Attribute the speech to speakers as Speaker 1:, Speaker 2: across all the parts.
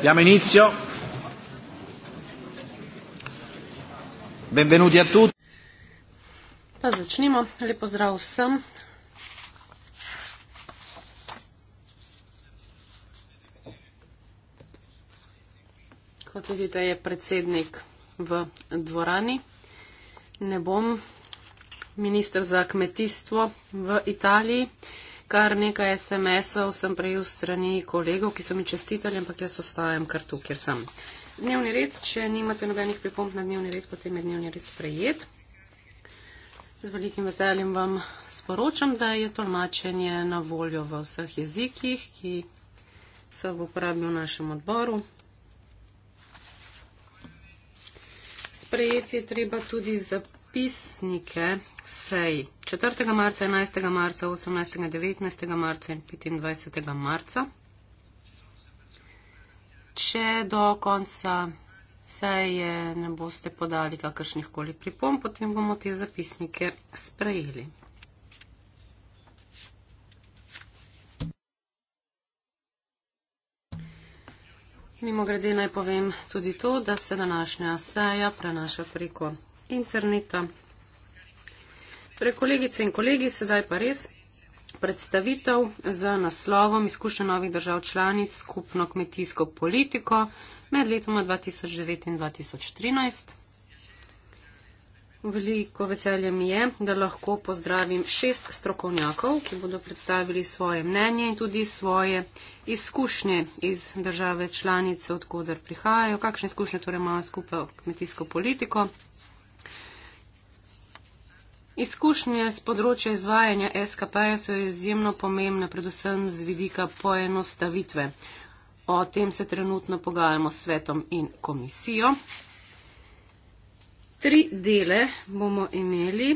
Speaker 1: Diamo inizio. Benvenuti a tutti.
Speaker 2: Pa začnimo. Lepo zdrav vsem. Kot vidite, je predsednik v dvorani. Ne bom minister za kmetijstvo v Italiji. Uh, kar nekaj SMS-ov sem prejel strani kolegov, ki so mi čestitali, ampak jaz ostajam kar tu, kjer sem. Dnevni red, če nimate nobenih pripomp na dnevni red, potem je dnevni red sprejet. Z velikim veseljem vam sporočam, da je tolmačenje na voljo v vseh jezikih, ki so v uporabi v našem odboru. Sprejeti je treba tudi zapisnike sej 4. marca, 11. marca, 18. 19. marca in 25. marca. Če do konca seje ne boste podali kakršnih koli pripomb, potem bomo te zapisnike sprejeli. Mimo grede naj povem tudi to, da se današnja seja prenaša preko interneta. Torej, kolegice in kolegi, sedaj pa res predstavitev z naslovom Izkušnja novih držav članic skupno kmetijsko politiko med letoma 2009 in 2013. Veliko veselje mi je, da lahko pozdravim šest strokovnjakov, ki bodo predstavili svoje mnenje in tudi svoje izkušnje iz države članice, odkuder prihajajo, kakšne izkušnje torej imajo skupaj kmetijsko politiko. Izkušnje z področja izvajanja SKP so izjemno pomembne, predvsem z vidika poenostavitve. O tem se trenutno pogajamo s svetom in komisijo. Tri dele bomo imeli.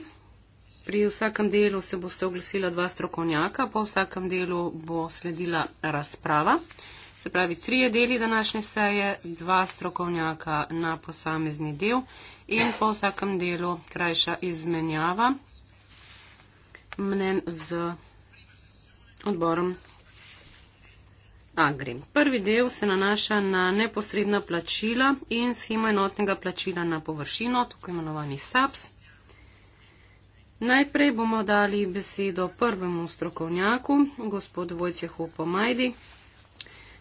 Speaker 2: Pri vsakem delu se boste oglasila dva strokovnjaka, po vsakem delu bo sledila razprava. Se pravi, tri je deli današnje seje, dva strokovnjaka na posamezni del in po vsakem delu krajša izmenjava mnen z odborom Agri. Prvi del se nanaša na neposredna plačila in schema enotnega plačila na površino, tako imenovani SAPS. Najprej bomo dali besedo prvemu strokovnjaku, gospod Vojcehu Pomajdi,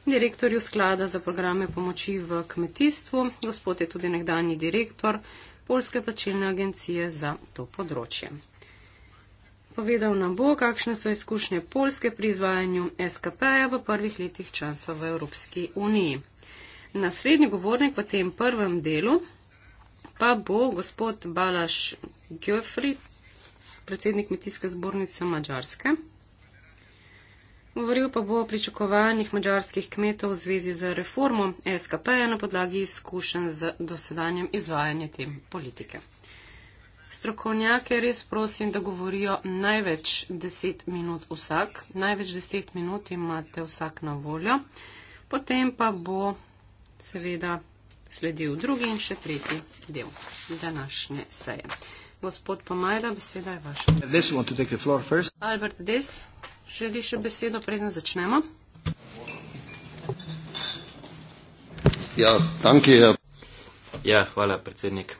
Speaker 2: direktorju sklada za programe pomoči v kmetijstvu. Gospod je tudi nekdani direktor Polske plačilne agencije za to področje. Povedal nam bo, kakšne so izkušnje Polske pri izvajanju SKP-ja v prvih letih članstva v Evropski uniji. Naslednji govornik v tem prvem delu pa bo gospod Balaš Gjofri, predsednik Kmetijske zbornice Mačarske. Govoril pa bo o pričakovanjih mađarskih kmetov v zvezi z reformo SKP -ja na podlagi izkušenj z dosedanjem izvajanjem te politike. Strokovnjake res prosim, da govorijo največ deset minut vsak. Največ deset minut imate vsak na voljo. Potem pa bo seveda sledil drugi in še tretji del današnje seje. Gospod Pomajda, beseda je vaša. Albert Des želi še besedo, preden začnemo?
Speaker 3: Ja, tanki je. Ja, hvala, predsednik.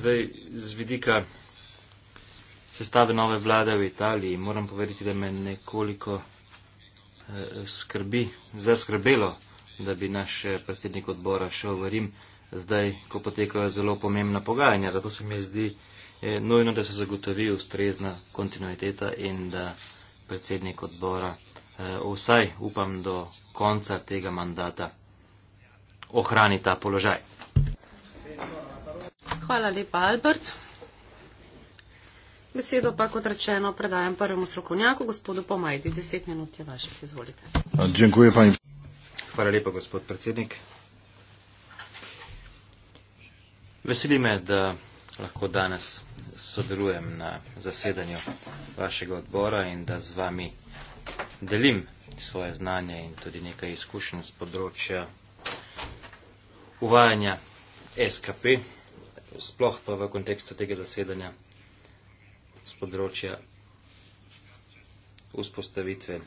Speaker 3: Zdaj, z vidika sestave nove vlade v Italiji, moram povedati, da me nekoliko eh, skrbi, zaskrbelo, da bi naš eh, predsednik odbora šel v Rim zdaj, ko potekajo zelo pomembna pogajanja. Zato se mi zdi eh, nujno, da se zagotovi ustrezna kontinuiteta in da predsednik odbora eh, vsaj upam do konca tega mandata ohrani ta položaj.
Speaker 2: Hvala lepa, Albert. Besedo pa, kot rečeno, predajam prvemu strokovnjaku, gospodu Pomajdi. Deset minut je vaših, izvolite.
Speaker 3: Hvala lepa, gospod predsednik. Veseli me, da lahko danes sodelujem na zasedanju vašega odbora in da z vami delim svoje znanje in tudi nekaj izkušenj z področja uvajanja SKP, sploh pa v kontekstu tega zasedanja z področja vzpostavitve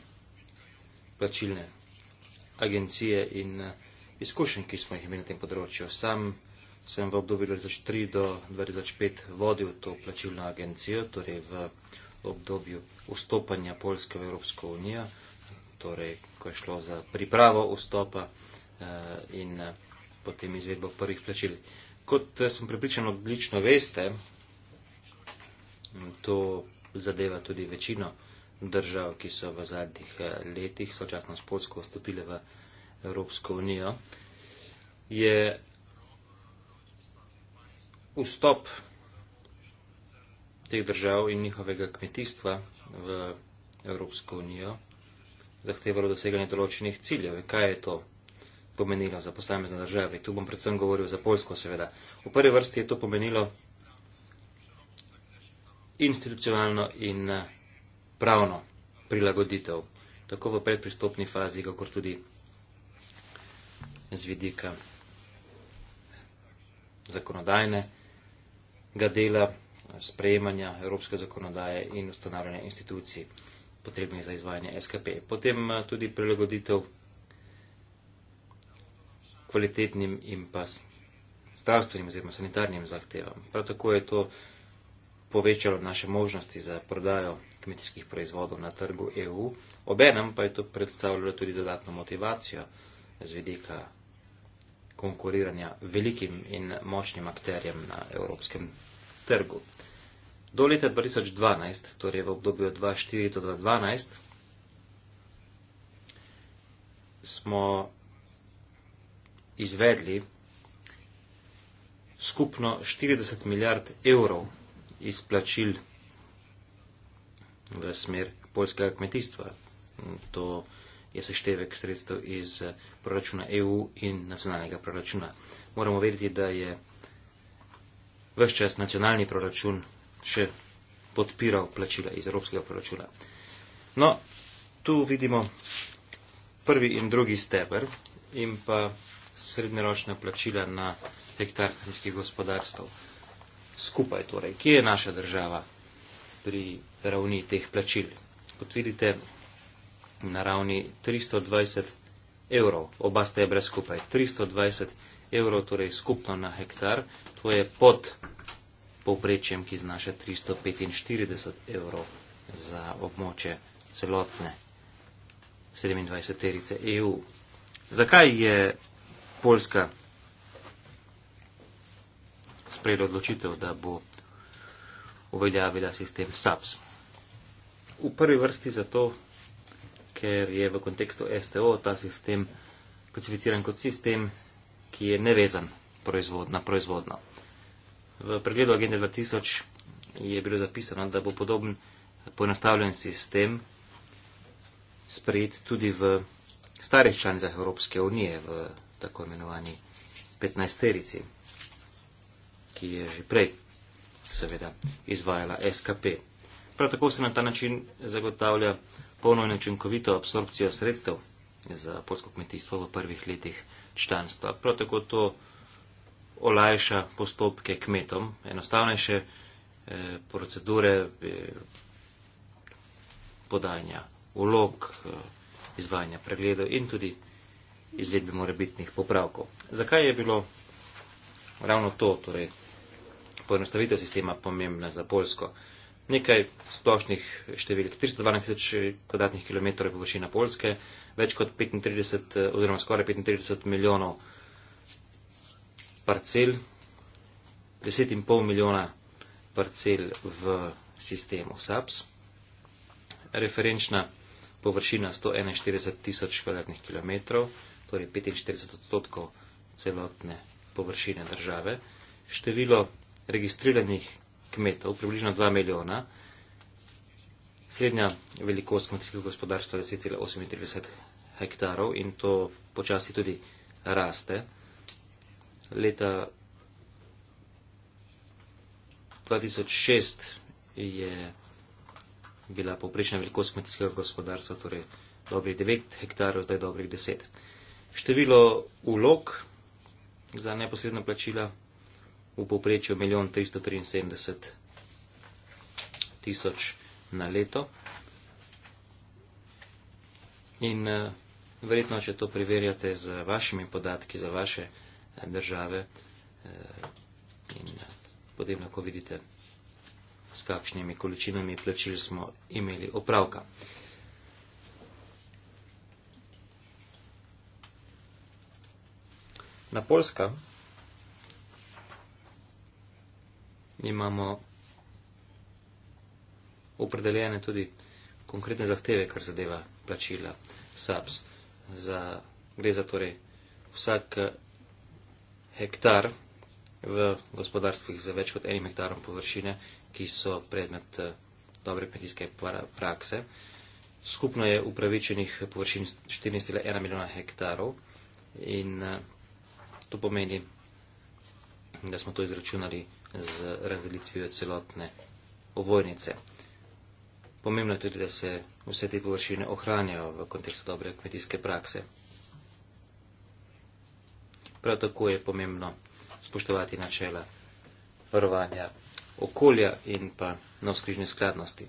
Speaker 3: plačilne agencije in eh, izkušenj, ki smo jih imeli na tem področju. Sam sem v obdobju 2003 do 2005 vodil to plačilno agencijo, torej v obdobju vstopanja Polske v Evropsko unijo, torej ko je šlo za pripravo vstopa eh, in eh, potem izvedbo prvih plačil. Kot eh, sem pripričan odlično veste, to zadeva tudi večino držav, ki so v zadnjih letih, sočasno s Polsko, vstopile v Evropsko unijo, je vstop teh držav in njihovega kmetijstva v Evropsko unijo zahtevalo doseganje določenih ciljev. In kaj je to pomenilo za posamezne države? Tu bom predvsem govoril za Polsko, seveda. V prvi vrsti je to pomenilo institucionalno in eh, pravno prilagoditev, tako v predpristopni fazi, kakor tudi z vidika zakonodajne ga dela sprejemanja evropske zakonodaje in ustanavljanja institucij potrebnih za izvajanje SKP. Potem eh, tudi prilagoditev kvalitetnim in pa zdravstvenim oziroma sanitarnim zahtevam. Prav tako je to povečalo naše možnosti za prodajo kmetijskih proizvodov na trgu EU. Obenem pa je to predstavljalo tudi dodatno motivacijo z vidika konkuriranja velikim in močnim akterjem na evropskem trgu. Do leta 2012, torej v obdobju 2004 do 2012, smo izvedli skupno 40 milijard evrov izplačil v smer poljskega kmetijstva. To je je seštevek sredstev iz eh, proračuna EU in nacionalnega proračuna. Moramo vedeti, da je vse čas nacionalni proračun še podpiral plačila iz evropskega proračuna. No, tu vidimo prvi in drugi steber in pa srednjeročna plačila na hektar kmetijskih gospodarstv. Skupaj torej, kje je naša država pri ravni teh plačil? Kot vidite, na ravni 320 evrov, oba stebra skupaj. 320 evrov, torej skupno na hektar, to je pod povprečjem, ki znaša 345 evrov za območje celotne 27-terice EU. Zakaj je Poljska sprejela odločitev, da bo uveljavila sistem SAPS? V prvi vrsti zato, ker je v kontekstu STO ta sistem klasificiran kot sistem, ki je nevezan proizvod, na proizvodno. V pregledu Agende 2000 je bilo zapisano, da bo podoben poenostavljen sistem sprejet tudi v starih članicah Evropske unije, v tako imenovani 15-terici, ki je že prej seveda izvajala SKP. Prav tako se na ta način zagotavlja polno in učinkovito absorpcijo sredstev za polsko kmetijstvo v prvih letih članstva. Prav tako to olajša postopke kmetom, enostavnejše eh, procedure eh, podajanja ulog, eh, izvajanja pregledov in tudi izvedbe morebitnih popravkov. Zakaj je bilo ravno to, torej poenostavitev sistema, pomembna za Polsko? Nekaj splošnih številk. 312 tisoč eh, kvadratnih kilometrov je površina Polske, več kot 35 eh, oziroma skoraj 35 milijonov parcel, 10,5 milijona parcel v sistemu SAPS, referenčna površina 141 tisoč kvadratnih kilometrov, torej 45 odstotkov celotne površine države, število registriranih kmetov, približno 2 milijona. Srednja velikost kmetijskega gospodarstva je 10,38 hektarov in to počasi tudi raste. Leta 2006 je bila povprečna velikost kmetijskega gospodarstva, torej dobrih 9 hektarov, zdaj dobrih 10. Število ulog za neposredna plačila v povprečju 1 373 tisoč na leto. In eh, verjetno, če to preverjate z vašimi podatki za vaše eh, države, eh, in potem lahko vidite, s kakšnimi količinami plačil smo imeli opravka. Na Polskem imamo opredeljene tudi konkretne zahteve, kar zadeva plačila SAPS. Za, gre za torej vsak hektar v gospodarstvih za več kot enim hektarom površine, ki so predmet dobre kmetijske prakse. Skupno je upravičenih površin 14,1 milijona hektarov in to pomeni, da smo to izračunali z razdelitvijo celotne ovojnice. Pomembno je tudi, da se vse te površine ohranjajo v kontekstu dobre kmetijske prakse. Prav tako je pomembno spoštovati načela varovanja okolja in pa navskrižne skladnosti.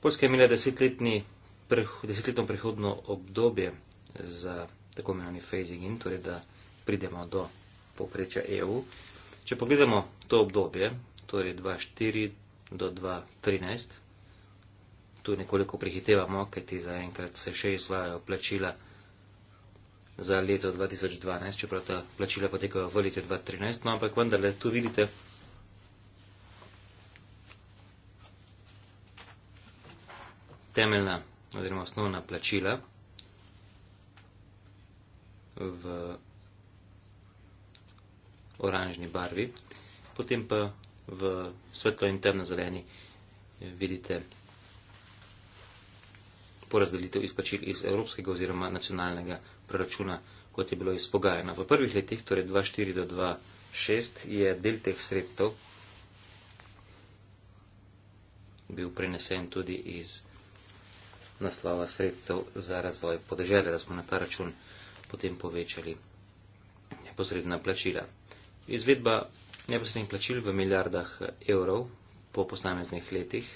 Speaker 3: Polska je imela desetletni, desetletno prehodno obdobje za tako imenovani phasing in, torej da pridemo do povprečja EU. Če pogledamo to obdobje, torej 2004 do 2013, tu nekoliko prihitevamo, kajti zaenkrat se še izvajajo plačila za leto 2012, čeprav ta plačila potekajo v letu 2013, no ampak vendarle tu vidite, temeljna oziroma osnovna plačila v oranžni barvi, potem pa v svetlo in temno zeleni eh, vidite porazdelitev izplačil iz evropskega oziroma nacionalnega proračuna, kot je bilo izpogajeno. V prvih letih, torej 2004 do 2006, je del teh sredstev bil prenesen tudi iz naslova sredstev za razvoj podeželja, da smo na ta račun potem povečali neposredna plačila. Izvedba neposrednih plačil v milijardah evrov po posameznih letih,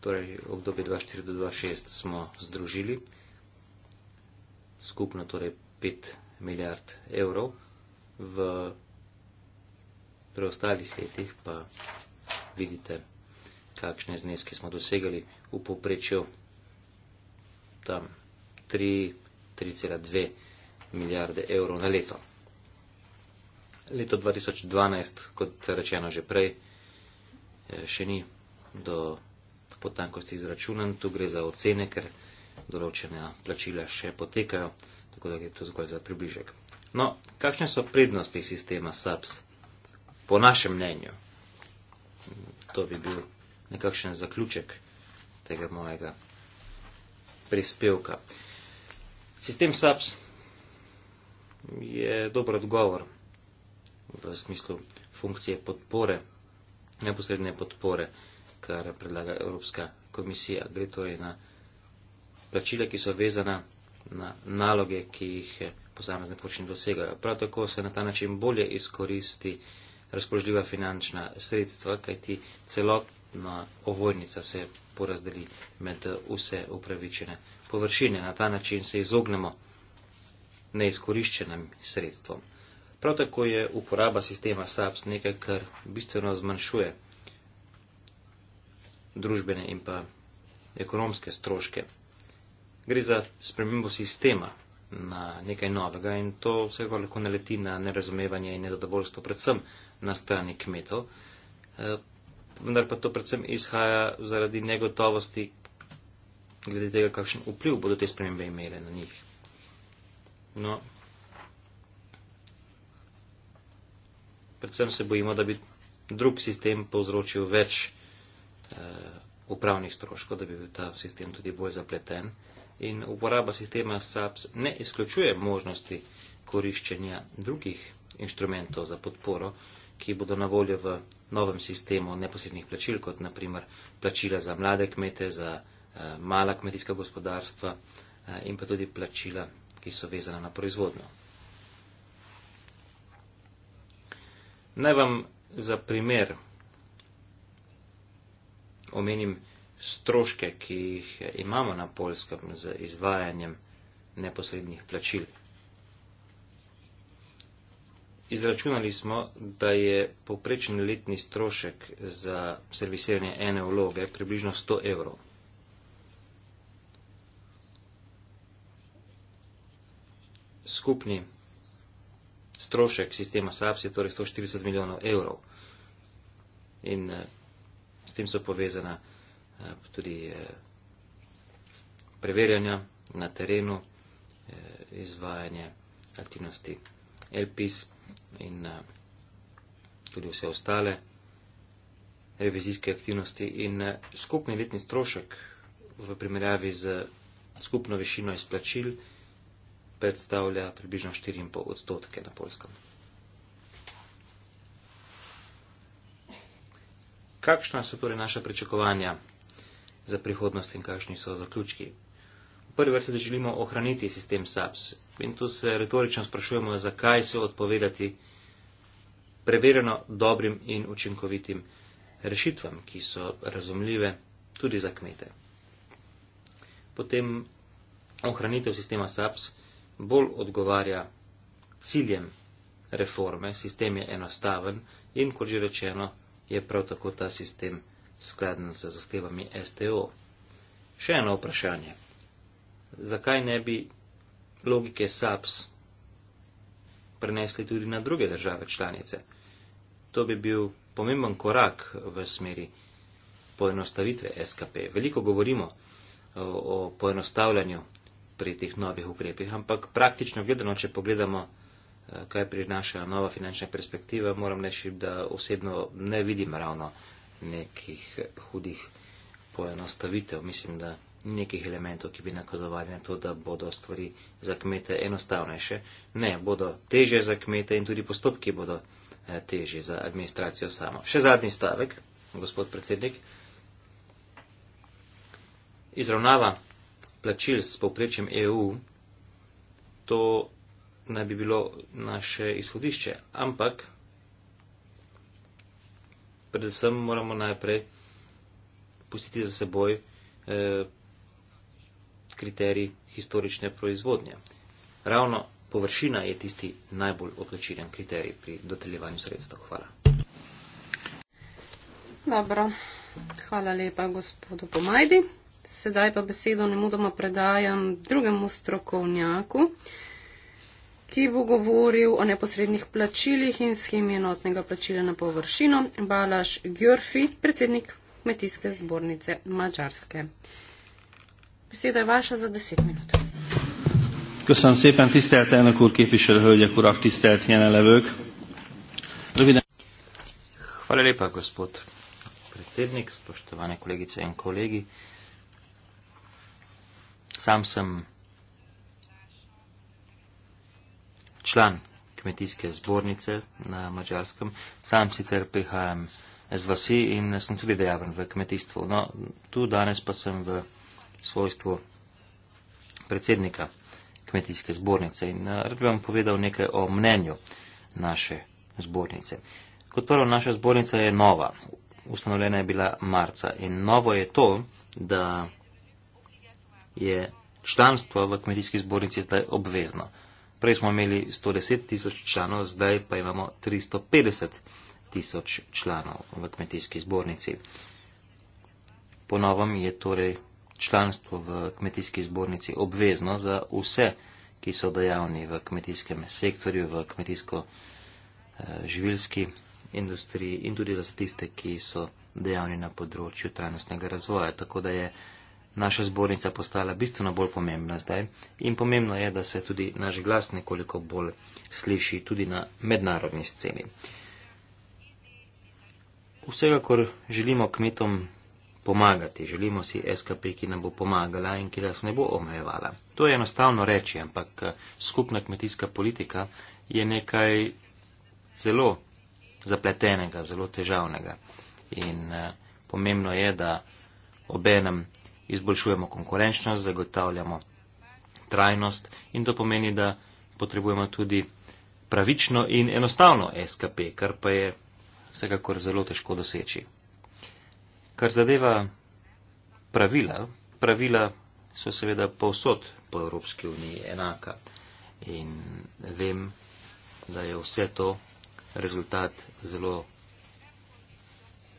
Speaker 3: torej obdobje 2004 do 2006 smo združili, skupno torej 5 milijard evrov, v preostalih letih pa vidite, kakšne zneske smo dosegali v poprečju tam 3,2 milijarde evrov na leto leto 2012, kot rečeno že prej, eh, še ni do potankosti izračunan. Tu gre za ocene, ker določene plačila še potekajo, tako da je to zgolj za približek. No, kakšne so prednosti sistema SAPS? Po našem mnenju, to bi bil nekakšen zaključek tega mojega prispevka. Sistem SAPS je dober odgovor v smislu funkcije podpore, neposredne podpore, kar predlaga Evropska komisija. Gre torej na plačila, ki so vezana na naloge, ki jih eh, posamezne počne dosegajo. Prav tako se na ta način bolje izkoristi razpoložljiva finančna sredstva, kajti celotna ovojnica se porazdeli med vse upravičene površine. Na ta način se izognemo neizkoriščenim sredstvom. Prav tako je uporaba sistema SAPS nekaj, kar bistveno zmanjšuje družbene in pa ekonomske stroške. Gre za spremembo sistema na nekaj novega in to vsega lahko naleti na nerazumevanje in nedodovoljstvo, predvsem na strani kmetov. E, vendar pa to predvsem izhaja zaradi negotovosti glede tega, kakšen vpliv bodo te spremembe imele na njih. No, predvsem se bojimo, da bi drug sistem povzročil več uh, upravnih stroškov, da bi bil ta sistem tudi bolj zapleten. In uporaba sistema SAPS ne izključuje možnosti koriščenja drugih inštrumentov za podporo, ki bodo na voljo v novem sistemu neposrednih plačil, kot naprimer plačila za mlade kmete, za uh, mala kmetijska gospodarstva uh, in pa tudi plačila, ki so vezana na proizvodno. Naj vam za primer omenim stroške, ki jih imamo na polskem z izvajanjem neposrednih plačil. Izračunali smo, da je poprečen letni strošek za serviseranje ene vloge približno 100 evrov. Skupni strošek sistema SAPS je torej 140 milijonov evrov. In eh, s tem so povezana eh, tudi eh, preverjanja na terenu, izvajanje aktivnosti ELPIS in tudi vse ostale revizijske aktivnosti in skupni letni strošek v primerjavi z skupno višino izplačil je predstavlja približno 4,5 odstotke na polskem. Kakšna so torej naša pričakovanja za prihodnost in kakšni so zaključki? V prvi vrsti želimo ohraniti sistem SAPS in tu se retorično sprašujemo, zakaj se odpovedati preverjeno dobrim in učinkovitim rešitvam, ki so razumljive tudi za kmete. Potem ohranitev sistema SAPS bolj odgovarja ciljem reforme, sistem je enostaven in, kot že rečeno, je prav tako ta sistem skladen z zahtevami STO. Še eno vprašanje. Zakaj ne bi logike SAPS prenesli tudi na druge države članice? To bi bil pomemben korak v smeri poenostavitve SKP. Veliko govorimo o poenostavljanju pri teh novih ukrepih. Ampak praktično gledano, če pogledamo, eh, kaj prinaša nova finančna perspektiva, moram reči, da osebno ne vidim ravno nekih eh, hudih poenostavitev. Mislim, da nekih elementov, ki bi nakazovali na to, da bodo stvari za kmete enostavnejše. Ne, bodo teže za kmete in tudi postopki bodo eh, teže za administracijo samo. Še zadnji stavek, gospod predsednik. Izravnava plačil s povprečjem EU, to naj bi bilo naše izhodišče. Ampak, predvsem moramo najprej pustiti za seboj eh, kriterij historične proizvodnje. Ravno površina je tisti najbolj odločilen kriterij pri doteljevanju sredstev. Hvala.
Speaker 2: Dobro. Hvala lepa gospodu Pomajdi sedaj pa besedo ne mudoma predajam drugemu strokovnjaku, ki bo govoril o neposrednih plačilih in schemi enotnega plačila na površino, Balaš Gjörfi, predsednik Kmetijske zbornice Mačarske. Beseda je vaša za deset minut.
Speaker 3: Köszönöm szépen, tisztelt elnök úr, képviselő hölgyek, urak, tisztelt jelenlevők. Röviden. Hvala lepa, gospod predsednik, spoštovane kolegice in kolegi. Sam sem član kmetijske zbornice na Mačarskem, sam sicer prihajam z vasi in sem tudi dejaven v kmetijstvu. No, tu danes pa sem v svojstvu predsednika kmetijske zbornice in eh, rad bi vam povedal nekaj o mnenju naše zbornice. Kot prvo, naša zbornica je nova. Ustanovljena je bila marca in novo je to, da je članstvo v kmetijski zbornici zdaj obvezno. Prej smo imeli 110 tisoč članov, zdaj pa imamo 350 tisoč članov v kmetijski zbornici. Ponovam je torej članstvo v kmetijski zbornici obvezno za vse, ki so dejavni v kmetijskem sektorju, v kmetijsko-živilski eh, industriji in tudi za tiste, ki so dejavni na področju trajnostnega razvoja. Tako da je naša zbornica postala bistveno bolj pomembna zdaj in pomembno je, da se tudi naš glas nekoliko bolj sliši tudi na mednarodni sceni. Vsega, kar želimo kmetom pomagati, želimo si SKP, ki nam bo pomagala in ki nas ne bo omejevala. To je enostavno reči, ampak eh, skupna kmetijska politika je nekaj zelo zapletenega, zelo težavnega. In eh, pomembno je, da obenem izboljšujemo konkurenčnost, zagotavljamo trajnost in to pomeni, da potrebujemo tudi pravično in enostavno SKP, kar pa je vsekakor zelo težko doseči. Kar zadeva pravila, pravila so seveda povsod po Evropski uniji enaka in vem, da je vse to rezultat zelo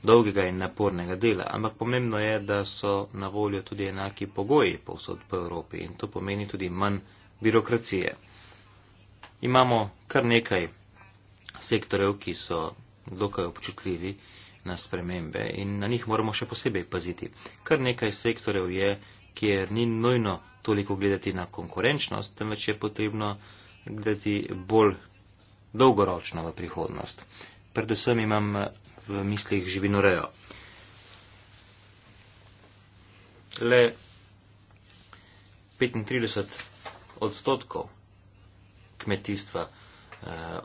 Speaker 3: dolgega in napornega dela, ampak pomembno je, da so na voljo tudi enaki pogoji povsod po Evropi in to pomeni tudi manj birokracije. Imamo kar nekaj sektorjev, ki so dokaj občutljivi na spremembe in na njih moramo še posebej paziti. Kar nekaj sektorjev je, kjer ni nojno toliko gledati na konkurenčnost, temveč je potrebno gledati bolj dolgoročno v prihodnost. Predvsem imam v mislih živinorejo. Le 35 odstotkov kmetijstva eh,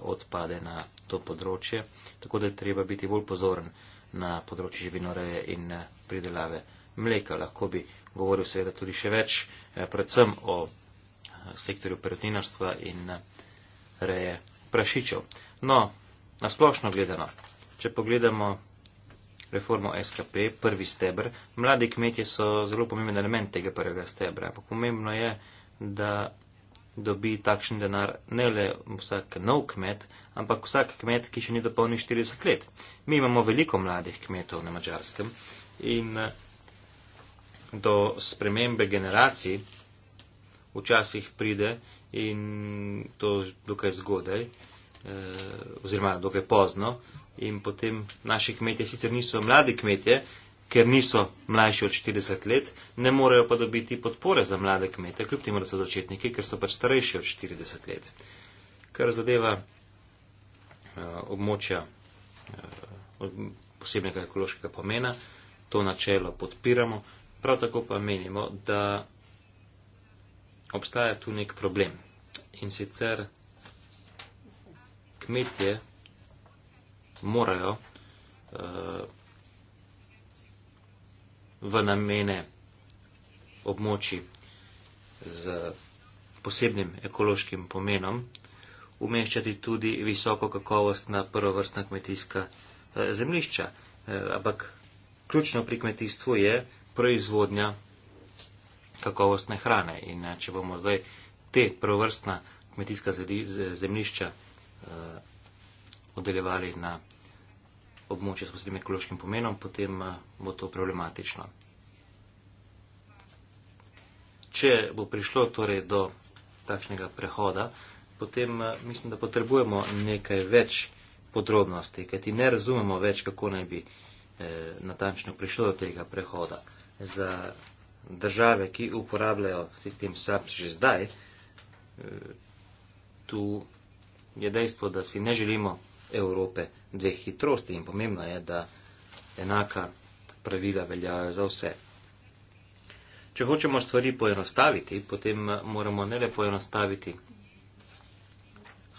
Speaker 3: odpade na to področje, tako da je treba biti bolj pozoren na področju živinoreje in eh, pridelave mleka. Lahko bi govoril seveda tudi še več, eh, predvsem o eh, sektorju perutninarstva in eh, reje prašičev. No, na splošno gledano, Če pogledamo reformo SKP, prvi stebr, mladi kmetje so zelo pomemben element tega prvega stebra. Ampak pomembno je, da dobi takšen denar ne le vsak nov kmet, ampak vsak kmet, ki še ni dopolnil 40 let. Mi imamo veliko mladih kmetov na mačarskem in eh, do spremembe generacij včasih pride in to dokaj zgodaj, eh, oziroma dokaj pozno, in potem naši kmetje sicer niso mladi kmetje, ker niso mlajši od 40 let, ne morejo pa dobiti podpore za mlade kmete, kljub temu, da so začetniki, ker so pač starejši od 40 let. Kar zadeva uh, območja uh, posebnega ekološkega pomena, to načelo podpiramo, prav tako pa menimo, da obstaja tu nek problem. In sicer kmetje morajo uh, v namene območij z posebnim ekološkim pomenom umeščati tudi visoko kakovostna prvovrstna kmetijska uh, eh, zemlišča. Uh, eh, ampak ključno pri kmetijstvu je proizvodnja kakovostne hrane. In uh, če bomo zdaj te prvovrstna kmetijska zemlišča uh, oddaljevali na območje s posebnim ekološkim pomenom, potem eh, bo to problematično. Če bo prišlo torej do takšnega prehoda, potem eh, mislim, da potrebujemo nekaj več podrobnosti, kajti ne razumemo več, kako naj bi eh, natančno prišlo do tega prehoda. Za države, ki uporabljajo sistem SAP že zdaj, eh, tu je dejstvo, da si ne želimo Evrope dveh hitrosti in pomembno je, da enaka pravila veljajo za vse. Če hočemo stvari poenostaviti, potem eh, moramo ne le poenostaviti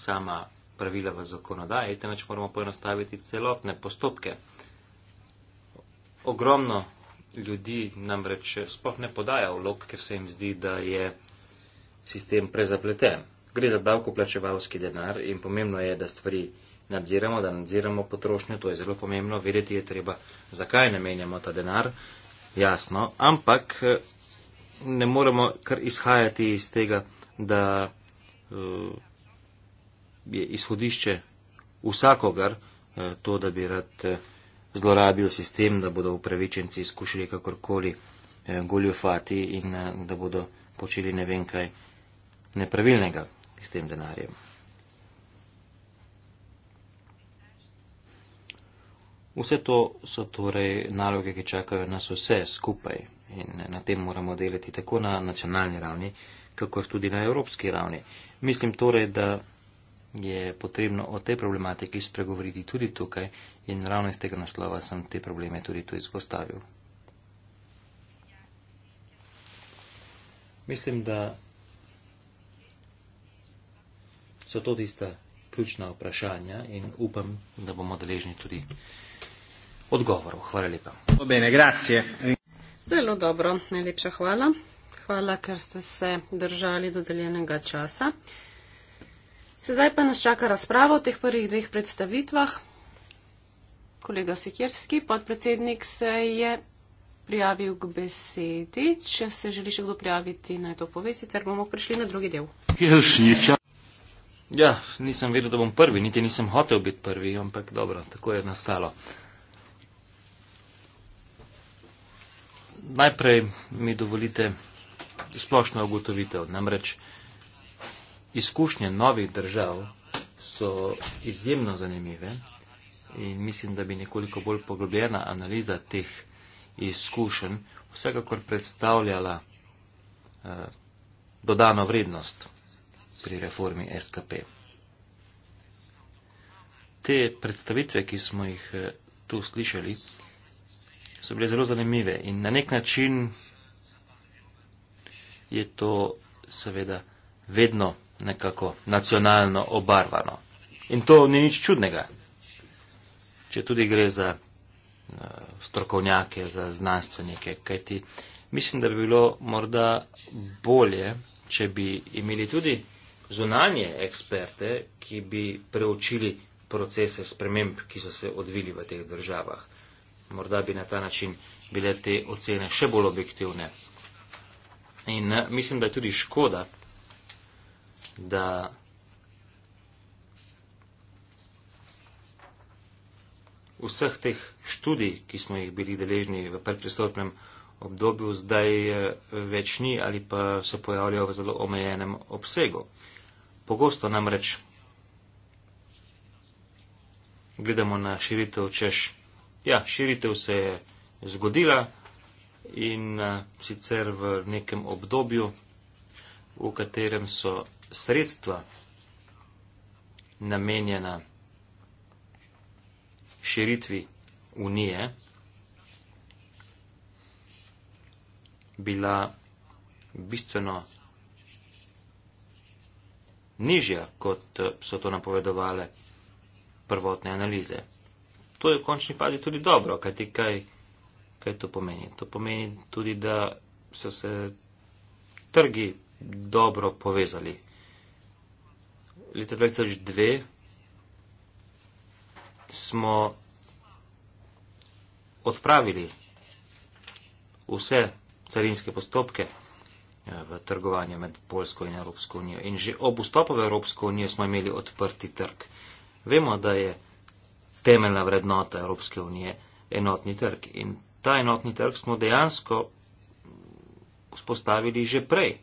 Speaker 3: sama pravila v zakonodaji, temveč moramo poenostaviti celotne postopke. Ogromno ljudi namreč sploh ne podaja vlog, ker se jim zdi, da je sistem prezapleten. Gre za davkoplačevalski denar in pomembno je, da stvari nadziramo, da nadziramo potrošnjo, to je zelo pomembno, vedeti je treba, zakaj namenjamo ta denar, jasno, ampak eh, ne moremo kar izhajati iz tega, da eh, je izhodišče vsakogar eh, to, da bi rad zlorabil sistem, da bodo upravičenci skušali kakorkoli goljufati in da bodo počeli ne vem kaj nepravilnega s tem denarjem. Vse to so torej naloge, ki čakajo nas vse skupaj in na tem moramo delati tako na nacionalni ravni, kakor tudi na evropski ravni. Mislim torej, da je potrebno o tej problematiki spregovoriti tudi tukaj in ravno iz tega naslova sem te probleme tudi tu izpostavil. Mislim, da so to tista ključna vprašanja in upam, da bomo deležni tudi odgovorov. Hvala lepa. Bene,
Speaker 2: Zelo dobro, najlepša hvala. Hvala, ker ste se držali dodeljenega časa. Sedaj pa nas čaka razprava o teh prvih dveh predstavitvah. Kolega Sikirski, podpredsednik, se je prijavil k besedi. Če se želi še kdo prijaviti, naj to pove, sicer bomo prišli na drugi del.
Speaker 3: Ja, nisem vedel, da bom prvi, niti nisem hotel biti prvi, ampak dobro, tako je nastalo. najprej mi dovolite splošno ugotovitev. Namreč izkušnje novih držav so izjemno zanimive in mislim, da bi nekoliko bolj poglobljena analiza teh izkušenj vsekakor predstavljala eh, dodano vrednost pri reformi SKP. Te predstavitve, ki smo jih eh, tu slišali, so bile zelo zanimive in na nek način je to seveda vedno nekako nacionalno obarvano. In to ni nič čudnega, če tudi gre za eh, strokovnjake, za znanstvenike, kajti mislim, da bi bilo morda bolje, če bi imeli tudi zunanje eksperte, ki bi preučili procese sprememb, ki so se odvili v teh državah morda bi na ta način bile te ocene še bolj objektivne. In eh, mislim, da je tudi škoda, da vseh teh študij, ki smo jih bili deležni v predpristopnem obdobju, zdaj eh, več ni ali pa se pojavljajo v zelo omejenem obsegu. Pogosto namreč gledamo na širitev češ ja, širitev se je zgodila in uh, sicer v nekem obdobju, v katerem so sredstva namenjena širitvi Unije bila bistveno nižja, kot eh, so to napovedovale prvotne analize to je v končni fazi tudi dobro, kajti kaj, kaj to pomeni? To pomeni tudi, da so se trgi dobro povezali. Leta 2002 smo odpravili vse carinske postopke eh, v trgovanju med Polsko in Evropsko unijo. In že ob vstopu v Evropsko unijo smo imeli odprti trg. Vemo, da je temeljna vrednota Evropske unije, enotni trg. In ta enotni trg smo dejansko vzpostavili že prej,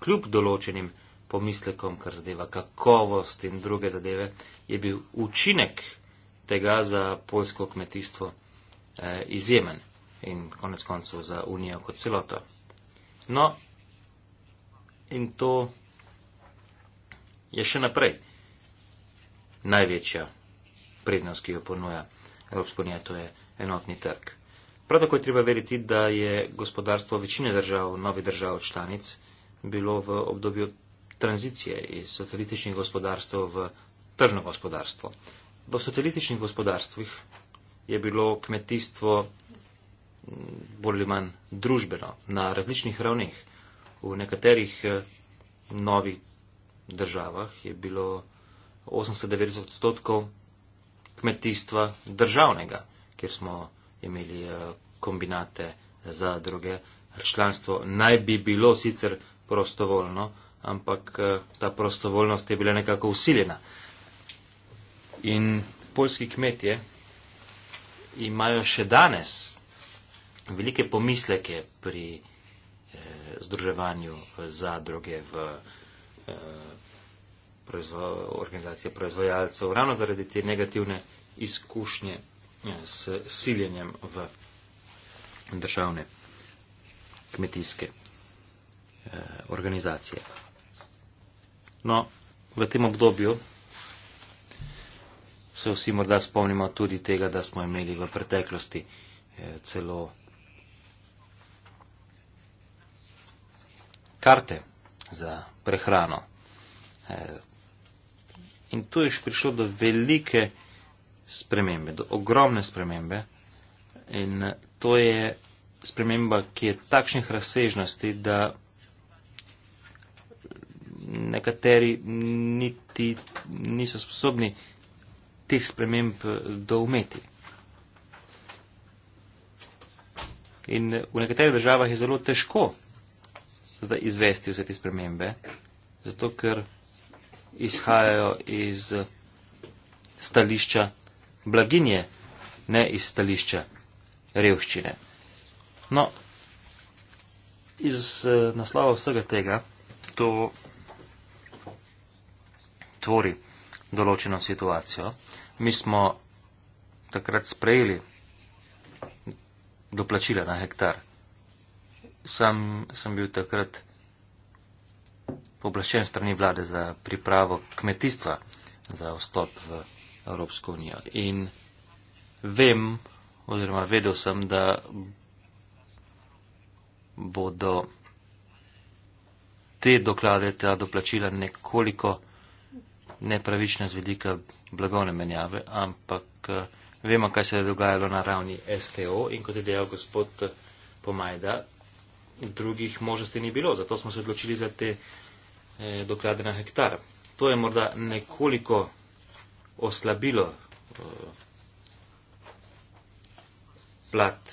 Speaker 3: kljub določenim pomislekom, kar zadeva kakovost in druge zadeve, je bil učinek tega za polsko kmetijstvo eh, izjemen in konec koncev za unijo kot celota. No, in to je še naprej največja prednost, ki jo ponuja Evropska unija, to je enotni trg. Prav tako je treba veriti, da je gospodarstvo večine držav, novih držav članic, bilo v obdobju tranzicije iz socialističnih gospodarstv v tržno gospodarstvo. V socialističnih gospodarstvih je bilo kmetijstvo bolj ali manj družbeno na različnih ravneh. V nekaterih eh, novih državah je bilo 80-90 odstotkov kmetijstva državnega, kjer smo imeli eh, kombinate za druge. Članstvo naj bi bilo sicer prostovoljno, ampak eh, ta prostovoljnost je bila nekako usiljena. In polski kmetje imajo še danes velike pomisleke pri eh, združevanju eh, zadruge v eh, proizvo, organizacije proizvajalcev, ravno zaradi te negativne izkušnje ja, s siljenjem v državne kmetijske eh, organizacije. No, v tem obdobju se vsi morda spomnimo tudi tega, da smo imeli v preteklosti eh, celo karte za prehrano. Eh, In tu je še prišlo do velike spremembe, do ogromne spremembe. In eh, to je sprememba, ki je takšnih razsežnosti, da nekateri niti niso sposobni teh sprememb eh, doumeti. In eh, v nekaterih državah je zelo težko zdaj izvesti vse te spremembe, zato ker izhajajo iz stališča blaginje, ne iz stališča revščine. No, iz eh, naslova vsega tega to tvori določeno situacijo. Mi smo takrat sprejeli doplačila na hektar. Sam sem bil takrat poblašen strani vlade za pripravo kmetijstva za vstop v Evropsko unijo. In vem, oziroma vedel sem, da bodo te doklade, ta doplačila nekoliko nepravična z vedika blagovne menjave, ampak eh, vemo, kaj se je dogajalo na ravni STO in kot je dejal gospod Pomajda, drugih možnosti ni bilo, zato smo se odločili za te Eh, do krade na hektar. To je morda nekoliko oslabilo eh, plat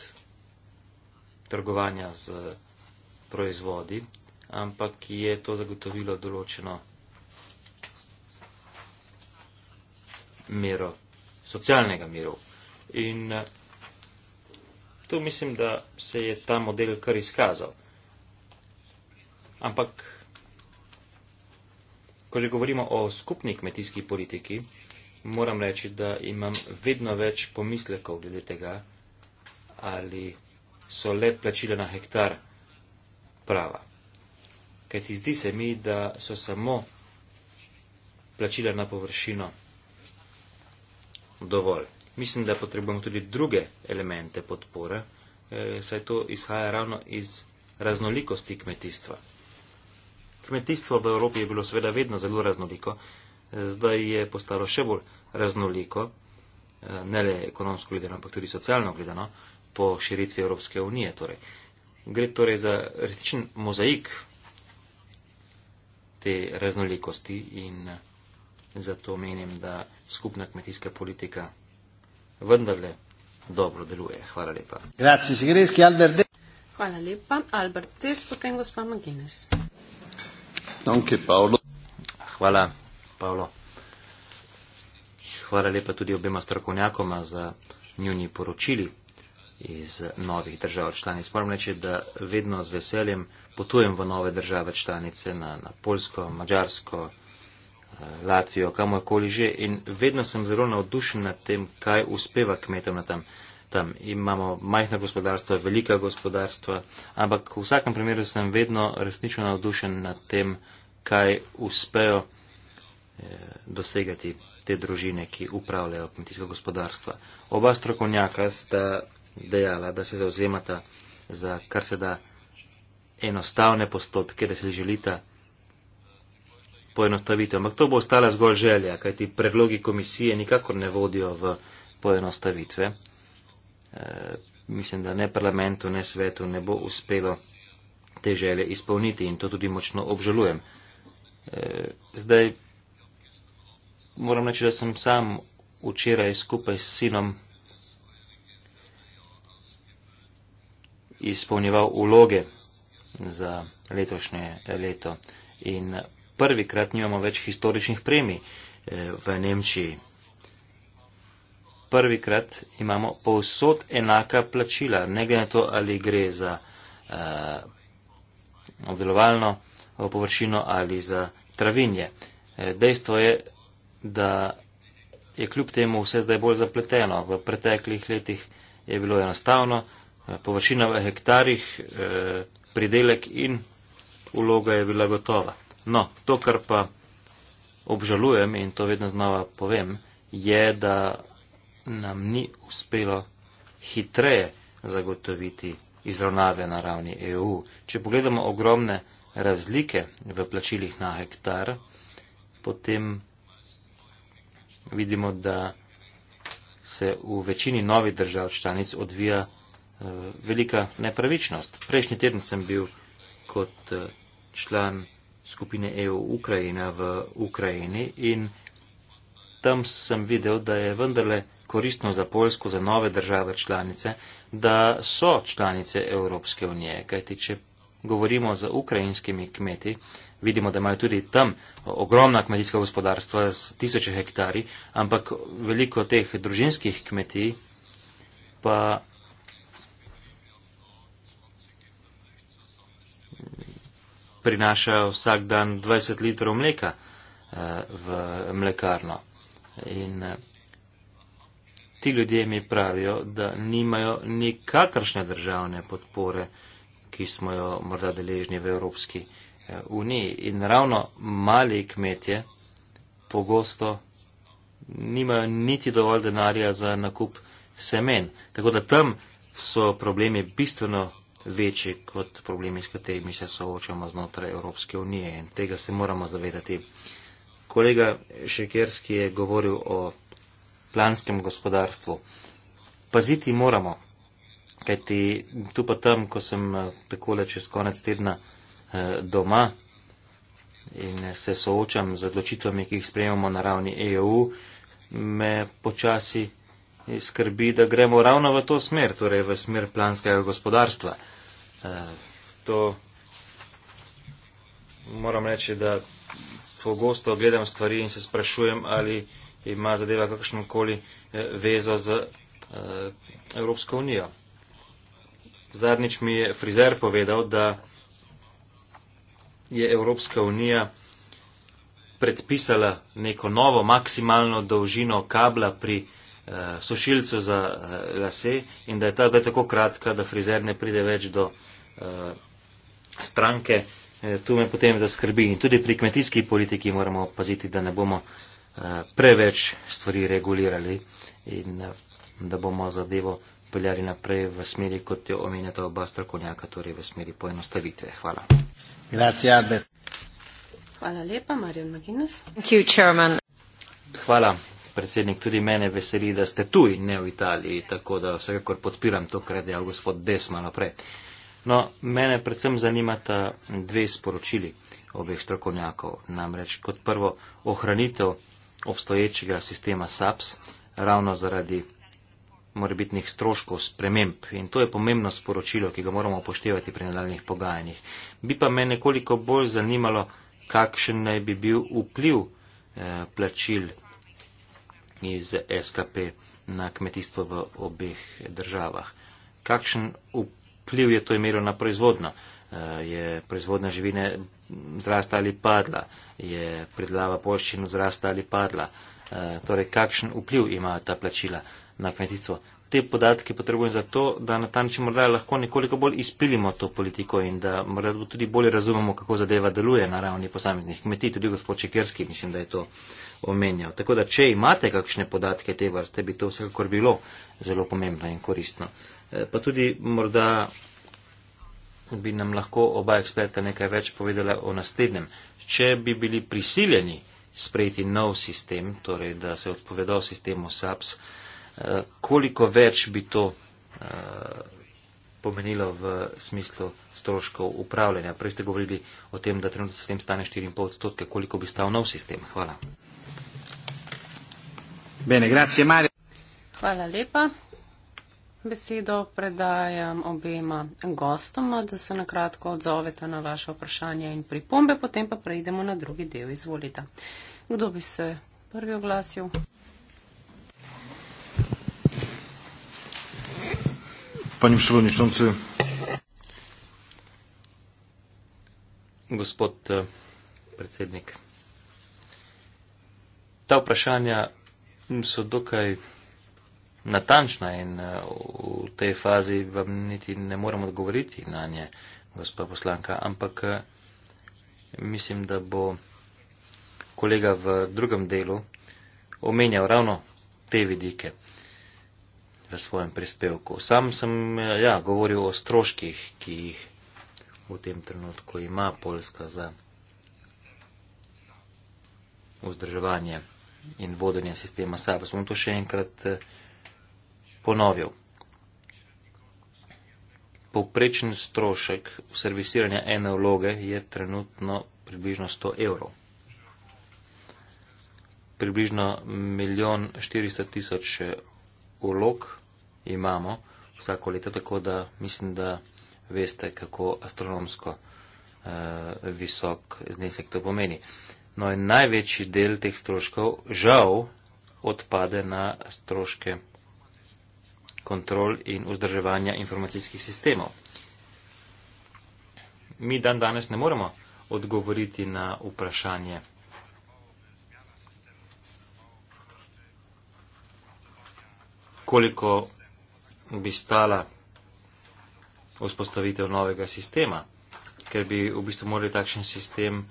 Speaker 3: trgovanja z proizvodi, ampak je to zagotovilo določeno mero, socialnega miru. In eh, tu mislim, da se je ta model kar izkazal. Ampak Ko že govorimo o skupni kmetijski politiki, moram reči, da imam vedno več pomislekov glede tega, ali so le plačile na hektar prava. Kaj ti zdi se mi, da so samo plačile na površino dovolj. Mislim, da potrebujemo tudi druge elemente podpore, eh, saj to izhaja ravno iz raznolikosti kmetijstva. Kmetijstvo v Evropi je bilo seveda vedno zelo raznoliko, zdaj je postalo še bolj raznoliko, eh, ne le ekonomsko gledano, ampak tudi socialno gledano, po širitvi Evropske unije. Torej. Gre torej za resničen mozaik te raznolikosti in eh, zato menim, da skupna kmetijska politika vendarle dobro deluje. Hvala lepa. Grazie, Sigreski, Albert De
Speaker 2: Hvala lepa. Albert Tes, potem gospa Maginis.
Speaker 3: Hvala, Pavlo. Hvala lepa tudi obema strokovnjakoma za njuni poročili iz novih držav članic. Moram reči, da vedno z veseljem potujem v nove države članice, na, na Polsko, Mačarsko, eh, Latvijo, kamorkoli že. In vedno sem zelo navdušen nad tem, kaj uspeva kmetom na tam tam. Imamo majhna gospodarstva, velika gospodarstva, ampak v vsakem primeru sem vedno resnično navdušen nad tem, kaj uspejo eh, dosegati te družine, ki upravljajo kmetijsko gospodarstvo. Oba strokovnjaka sta dejala, da se zauzemata za kar se da enostavne postopke, da se želita poenostaviti. Ampak to bo ostala zgolj želja, kajti predlogi komisije nikakor ne vodijo v poenostavitve. Eh, mislim, da ne parlamentu, ne svetu ne bo uspelo te želje izpolniti in to tudi močno obžalujem. Eh, zdaj moram reči, da sem sam včeraj skupaj s sinom izpolnjeval uloge za letošnje leto in prvikrat nimamo več historičnih premij eh, v Nemčiji prvi krat imamo povsod enaka plačila, ne glede na to, ali gre za uh, eh, obdelovalno eh, površino ali za travinje. Eh, dejstvo je, da je kljub temu vse zdaj bolj zapleteno. V preteklih letih je bilo enostavno, površina v hektarjih, pridelek in uloga je bila gotova. No, to, kar pa obžalujem in to vedno znova povem, je, da nam ni uspelo hitreje zagotoviti izravnave na ravni EU. Če pogledamo ogromne razlike v plačilih na hektar, potem vidimo, da se v večini novih držav članic odvija eh, velika nepravičnost. Prejšnji teden sem bil kot eh, član skupine EU Ukrajina v Ukrajini in tam sem videl, da je vendarle koristno za Poljsko, za nove države članice, da so članice Evropske unije. Kajti, če govorimo z ukrajinskimi kmeti, vidimo, da imajo tudi tam ogromna kmetijska gospodarstva z tisoče hektari, ampak veliko teh družinskih kmetij pa. prinaša vsak dan 20 litrov mleka eh, v mlekarno. In eh, ti ljudje mi pravijo, da nimajo nikakršne državne podpore, ki smo jo morda deležni v Evropski eh, uniji. In ravno mali kmetje pogosto nimajo niti dovolj denarja za nakup semen. Tako da tam so problemi bistveno večji kot problemi, s katerimi se soočamo znotraj Evropske unije. In tega se moramo zavedati. Kolega Šekerski je govoril o planskem gospodarstvu. Paziti moramo, kajti tu pa tam, ko sem eh, takole čez konec tedna eh, doma in se soočam z odločitvami, ki jih sprejemamo na ravni EU, me počasi skrbi, da gremo ravno v to smer, torej v smer planskega gospodarstva. Eh, to moram reči, da pogosto gledam stvari in se sprašujem, ali ima zadeva kakšnokoli eh, vezo z eh, Evropsko unijo. Zadnjič mi je frizer povedal, da je Evropska unija predpisala neko novo maksimalno dolžino kabla pri eh, sušilcu za lase in da je ta zdaj tako kratka, da frizer ne pride več do stranke. Tu me potem zaskrbi in tudi pri kmetijski politiki moramo paziti, da ne bomo preveč stvari regulirali in eh, da bomo zadevo peljali naprej v smeri, kot jo omenjata oba strokovnjaka, torej v smeri poenostavitve. Hvala. Grazie, Albert.
Speaker 2: Hvala lepa, Marjan Maginas.
Speaker 3: Hvala, predsednik. Tudi mene veseli, da ste tu in ne v Italiji, tako da vsekakor podpiram to, kar je dejal gospod Desma naprej. No, mene predvsem zanimata dve sporočili obeh strokovnjakov. Namreč kot prvo, ohranitev obstoječega sistema SAPS, ravno zaradi morebitnih stroškov sprememb. In to je pomembno sporočilo, ki ga moramo upoštevati pri nadaljnih pogajanjih. Bi pa me nekoliko bolj zanimalo, kakšen naj bi bil vpliv eh, plačil iz SKP na kmetijstvo v obeh državah. Kakšen vpliv je to imelo na proizvodno? Eh, je proizvodna živine zrasta ali padla? Eh, je predelava poščine zrasta ali padla. E, torej, kakšen vpliv imajo ta plačila na kmetijstvo. Te podatke potrebujem zato, da na ta način morda lahko nekoliko bolj izpilimo to politiko in da morda tudi bolje razumemo, kako zadeva deluje na ravni posameznih kmetij. Tudi gospod Čekerski mislim, da je to omenjal. Tako da, če imate kakšne podatke te vrste, bi to vsekakor bilo zelo pomembno in koristno. E, pa tudi morda bi nam lahko oba eksperta nekaj več povedala o naslednjem če bi bili prisiljeni sprejeti nov sistem, torej da se odpovedal sistemu SAPS, eh, koliko več bi to eh, pomenilo v smislu stroškov upravljanja. Prej ste govorili o tem, da trenutno sistem stane 4,5 odstotke, koliko bi stal nov sistem. Hvala. Bene, grazie,
Speaker 2: Hvala lepa besedo predajam obema gostoma, da se nakratko odzoveta na vaše vprašanje in pripombe, potem pa prejdemo na drugi del. Izvolite. Kdo bi se prvi oglasil?
Speaker 3: Pani Šivonič, on se. Gospod eh, predsednik, ta vprašanja so dokaj natančna in eh, v tej fazi vam niti ne morem odgovoriti na nje, gospa poslanka, ampak eh, mislim, da bo kolega v drugem delu omenjal ravno te vidike v svojem prispevku. Sam sem eh, ja, govoril o stroških, ki jih v tem trenutku ima Poljska za vzdrževanje in vodenje sistema SAP. Smo to še enkrat ponovil. Povprečen strošek servisiranja ene vloge je trenutno približno 100 evrov. Približno 1 400 tisoč vlog imamo vsako leto, tako da mislim, da veste, kako astronomsko eh, visok znesek to pomeni. No in največji del teh stroškov žal odpade na stroške kontrol in vzdrževanja informacijskih sistemov. Mi dan danes ne moremo odgovoriti na vprašanje, koliko bi stala vzpostavitev novega sistema, ker bi v bistvu morali takšen sistem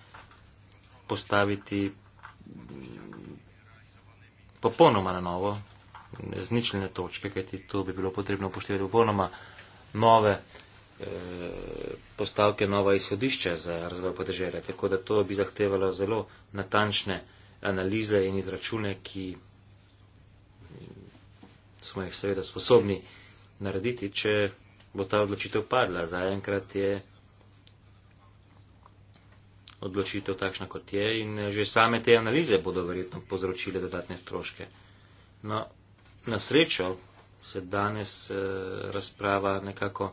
Speaker 3: postaviti popolnoma na novo, nezničljene točke, kajti to bi bilo potrebno upoštevati popolnoma nove eh, postavke, nova izhodišče za razvoj podeželja. Tako da to bi zahtevalo zelo natančne analize in izračune, ki smo jih seveda sposobni narediti, če bo ta odločitev padla. Zaenkrat je odločitev takšna, kot je in že same te analize bodo verjetno povzročile dodatne stroške. No, na srečo se danes eh, razprava nekako,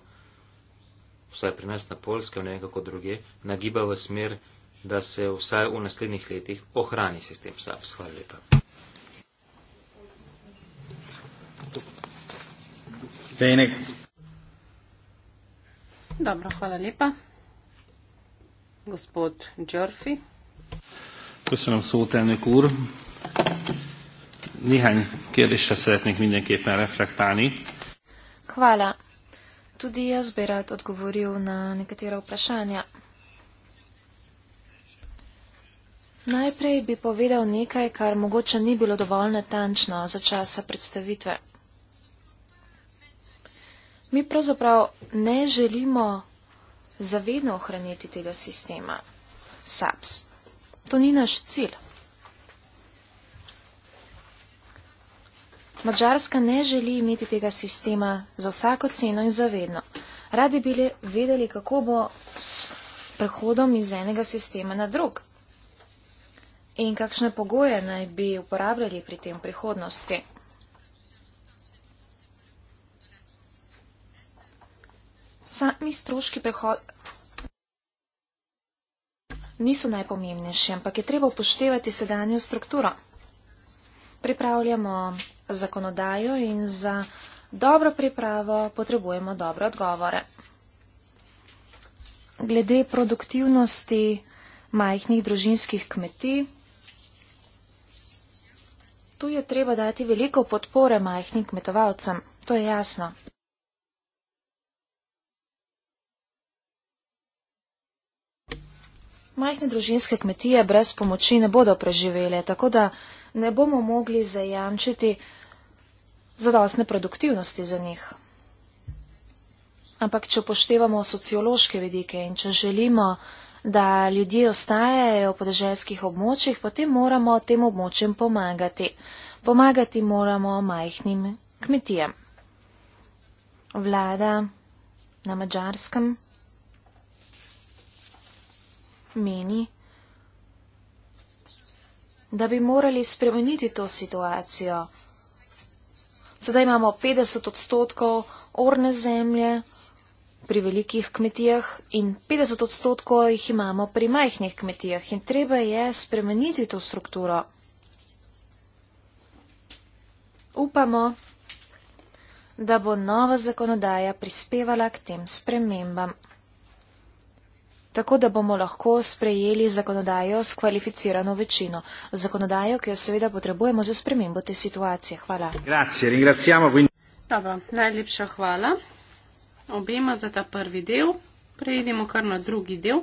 Speaker 3: vsaj pri nas na polskem, nekako druge, nagiba v smer, da se vsaj v naslednjih letih ohrani sistem SAPS. Hvala lepa. Penik.
Speaker 2: Dobro, hvala lepa. Gospod Džorfi.
Speaker 3: Ko sem vsotelnik ur. Néhány kérdésre szeretnék mindenképpen reflektálni.
Speaker 1: Hvala. Tudi jaz bi rád odgovoril na nekatera vprašanja. Najprej bi povedal nekaj, kar mogoče ni bilo dovolj natančno za časa predstavitve. Mi pravzaprav ne želimo zavedno ohraniti tega sistema SAPS. To ni naš cilj. Mačarska ne želi imeti tega sistema za vsako ceno in zavedno. Radi bi le vedeli, kako bo s prehodom iz enega sistema na drug in kakšne pogoje naj bi uporabljali pri tem prihodnosti. Sami stroški prehoda niso najpomembnejši, ampak je treba upoštevati sedanjo strukturo. Pripravljamo zakonodajo in za dobro pripravo potrebujemo dobre odgovore. Glede produktivnosti majhnih družinskih kmetij, tu je treba dati veliko podpore majhnim kmetovalcem, to je jasno. Majhne družinske kmetije brez pomoči ne bodo preživele, tako da ne bomo mogli zajamčiti zadostne produktivnosti za njih. Ampak, če upoštevamo sociološke vidike in če želimo, da ljudje ostajajo v podeželskih območjih, potem moramo tem območjem pomagati. Pomagati moramo majhnim kmetijam. Vlada na mačarskem meni, da bi morali spremeniti to situacijo. Sedaj imamo 50 odstotkov orne zemlje pri velikih kmetijah in 50 odstotkov jih imamo pri majhnih kmetijah in treba je spremeniti to strukturo. Upamo, da bo nova zakonodaja prispevala k tem spremembam tako da bomo lahko sprejeli zakonodajo s kvalificirano večino. Zakonodajo, ki jo seveda potrebujemo za spremembo te situacije. Hvala. Dobro,
Speaker 2: najlepša hvala obema za ta prvi del. Prejdemo kar na drugi del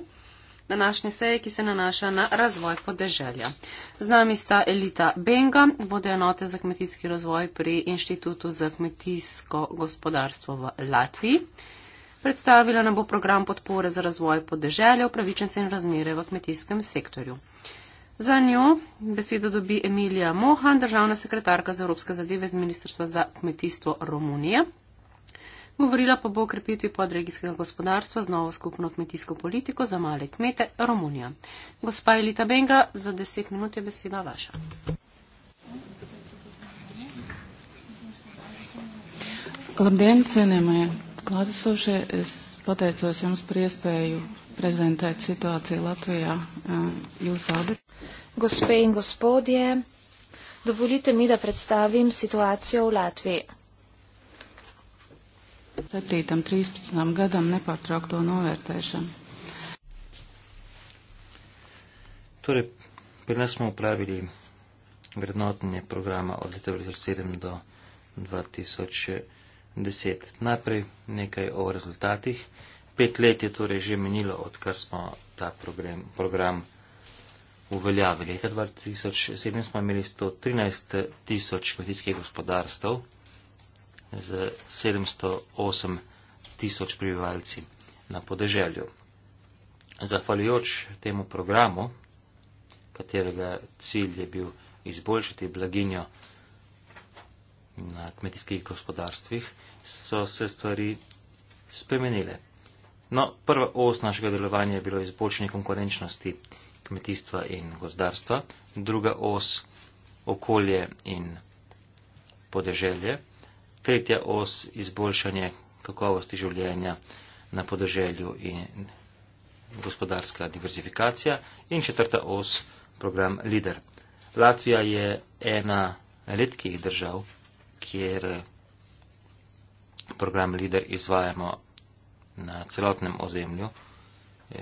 Speaker 2: današnje seje, ki se nanaša na razvoj podeželja. Z nami sta Elita Benga, vode enote za kmetijski razvoj pri Inštitutu za kmetijsko gospodarstvo v Latviji. Predstavila nam bo program podpore za razvoj podeželja, upravičence in razmere v kmetijskem sektorju. Za njo besedo dobi Emilija Mohan, državna sekretarka za Evropske zadeve z Ministrstva za kmetijstvo Romunije. Govorila pa bo o krepitvi podregijskega gospodarstva z novo skupno kmetijsko politiko za male kmete Romunija. Gospa Elita Benga, za deset minut je beseda vaša. Labdence, Klausoši, es pateicos jums par iespēju prezentēt situāciju Latvijā. Jūs audit.
Speaker 1: Gospējiem, gospodiem, dovolite mi da predstavim situāciju Latvijā.
Speaker 2: 7.13. gadam nepārtraukto novērtēšanu.
Speaker 3: Tur torej, ir pirmesmu pravīdī vrednotnie programma od 1997 do 2000. 10. Najprej nekaj o rezultatih. Pet let je torej že menilo, odkar smo ta program, program uveljavili. Leta 2007 smo imeli 113 tisoč kmetijskih gospodarstv z 708 tisoč prebivalci na podeželju. Zahvaljujoč temu programu, katerega cilj je bil izboljšati blaginjo na kmetijskih gospodarstvih, so se stvari spremenile. No, prva os našega delovanja je bilo izboljšanje konkurenčnosti kmetijstva in gozdarstva, druga os okolje in podeželje, tretja os izboljšanje kakovosti življenja na podeželju in gospodarska diverzifikacija in četrta os program LIDER. Latvija je ena redkih držav, kjer program LIDER izvajamo na celotnem ozemlju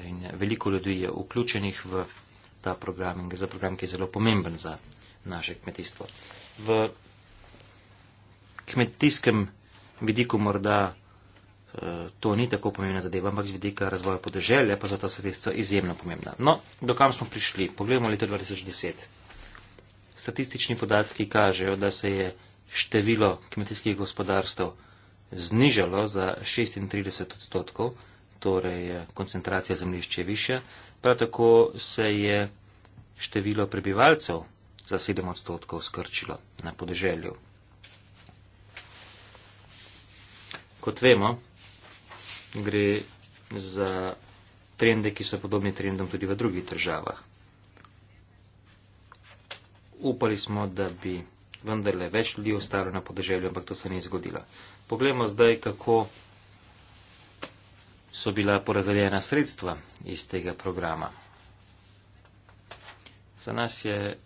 Speaker 3: in veliko ljudi je vključenih v ta program in za program, ki je zelo pomemben za naše kmetijstvo. V kmetijskem vidiku morda eh, to ni tako pomembna zadeva, ampak z vidika razvoja podeželja pa so ta sredstva izjemno pomembna. No, do kam smo prišli? Poglejmo leto 2010. Statistični podatki kažejo, da se je število kmetijskih gospodarstv znižalo za 36 odstotkov, torej koncentracija zemljišč je više, prav tako se je število prebivalcev za 7 odstotkov skrčilo na podeželju. Kot vemo, gre za trende, ki so podobni trendom tudi v drugih državah. Upali smo, da bi vendarle več ljudi ostalo na podeželju, ampak to se ni zgodilo. Poglejmo zdaj, kako so bila porazdeljena sredstva iz tega programa. Za nas je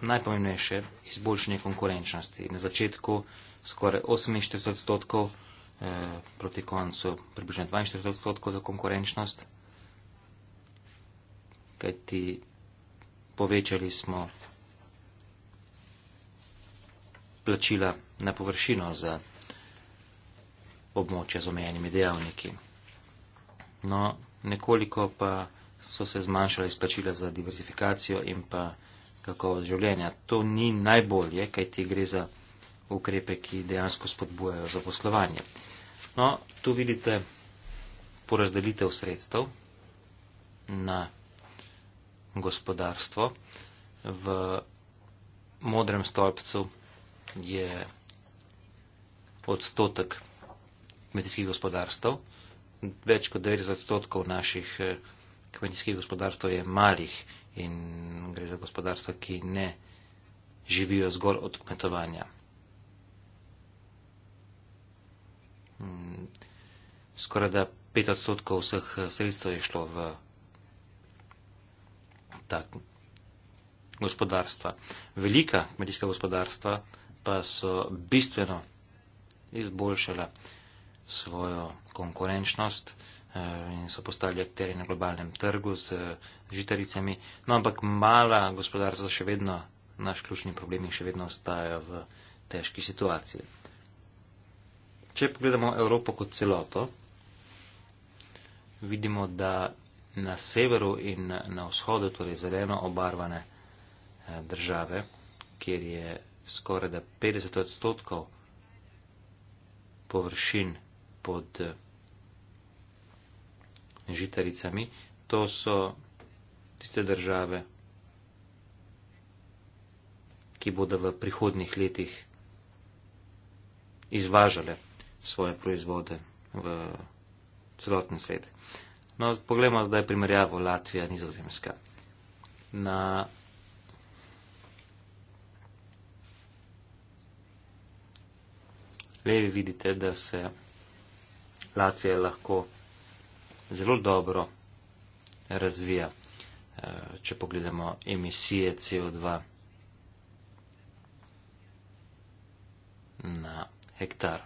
Speaker 3: najpomembnejše izboljšanje konkurenčnosti. Na začetku skoraj 48 odstotkov, eh, proti koncu približno 42 odstotkov za konkurenčnost, kajti povečali smo plačila na površino za območje z omejenimi dejavniki. No, nekoliko pa so se zmanjšale izplačila za diversifikacijo in pa kakovost življenja. To ni najbolje, kaj ti gre za ukrepe, ki dejansko spodbujajo zaposlovanje. No, tu vidite porazdelitev sredstev na gospodarstvo. V modrem stolpcu je odstotek kmetijskih gospodarstv. Več kot 90 odstotkov naših eh, kmetijskih gospodarstv je malih in gre za gospodarstva, ki ne živijo zgolj od kmetovanja. Hmm, skoraj da 5 odstotkov vseh eh, sredstev je šlo v tak gospodarstva. Velika kmetijska gospodarstva pa so bistveno izboljšala svojo konkurenčnost eh, in so postali akteri na globalnem trgu z eh, žitaricami. No, ampak mala gospodarstva še vedno, naš ključni problem in še vedno ostajajo v težki situaciji. Če pogledamo Evropo kot celoto, vidimo, da na severu in na vzhodu, torej zeleno obarvane eh, države, kjer je skoraj da 50 odstotkov površin pod žitaricami, to so tiste države, ki bodo v prihodnih letih izvažale svoje proizvode v celoten svet. No, poglejmo zdaj primerjavo Latvija-Nizozemska. Na levi vidite, da se Latvija lahko zelo dobro razvija, eh, če pogledamo emisije CO2 na hektar.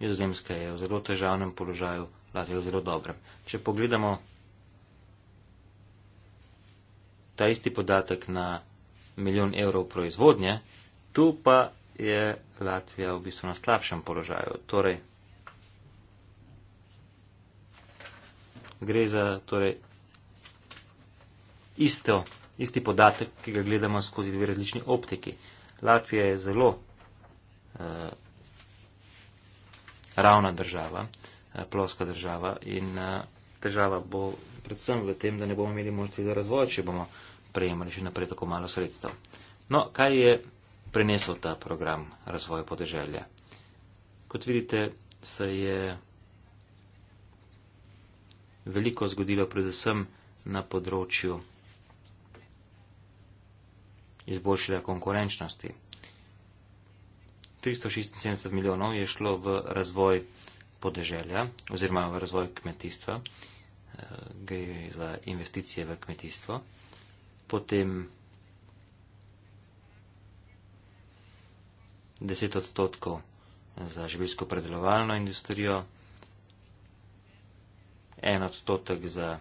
Speaker 3: Nizozemska je v zelo težavnem položaju, Latvija je v zelo dobrem. Če pogledamo ta isti podatek na milijon evrov proizvodnje, tu pa je Latvija v bistvu na slabšem položaju. Torej, gre za torej, isto, isti podatek, ki ga gledamo skozi dve različni optiki. Latvija je zelo eh, ravna država, eh, ploska država in eh, država bo predvsem v tem, da ne bomo imeli možnosti za razvoj, če bomo prejemali še naprej tako malo sredstev. No, kaj je prenesel ta program razvoja podeželja. Kot vidite, se je veliko zgodilo predvsem na področju izboljšanja konkurenčnosti. 376 milijonov je šlo v razvoj podeželja oziroma v razvoj kmetijstva, eh, gre za investicije v kmetijstvo, potem 10 odstotkov za živilsko predelovalno industrijo, 1 odstotek za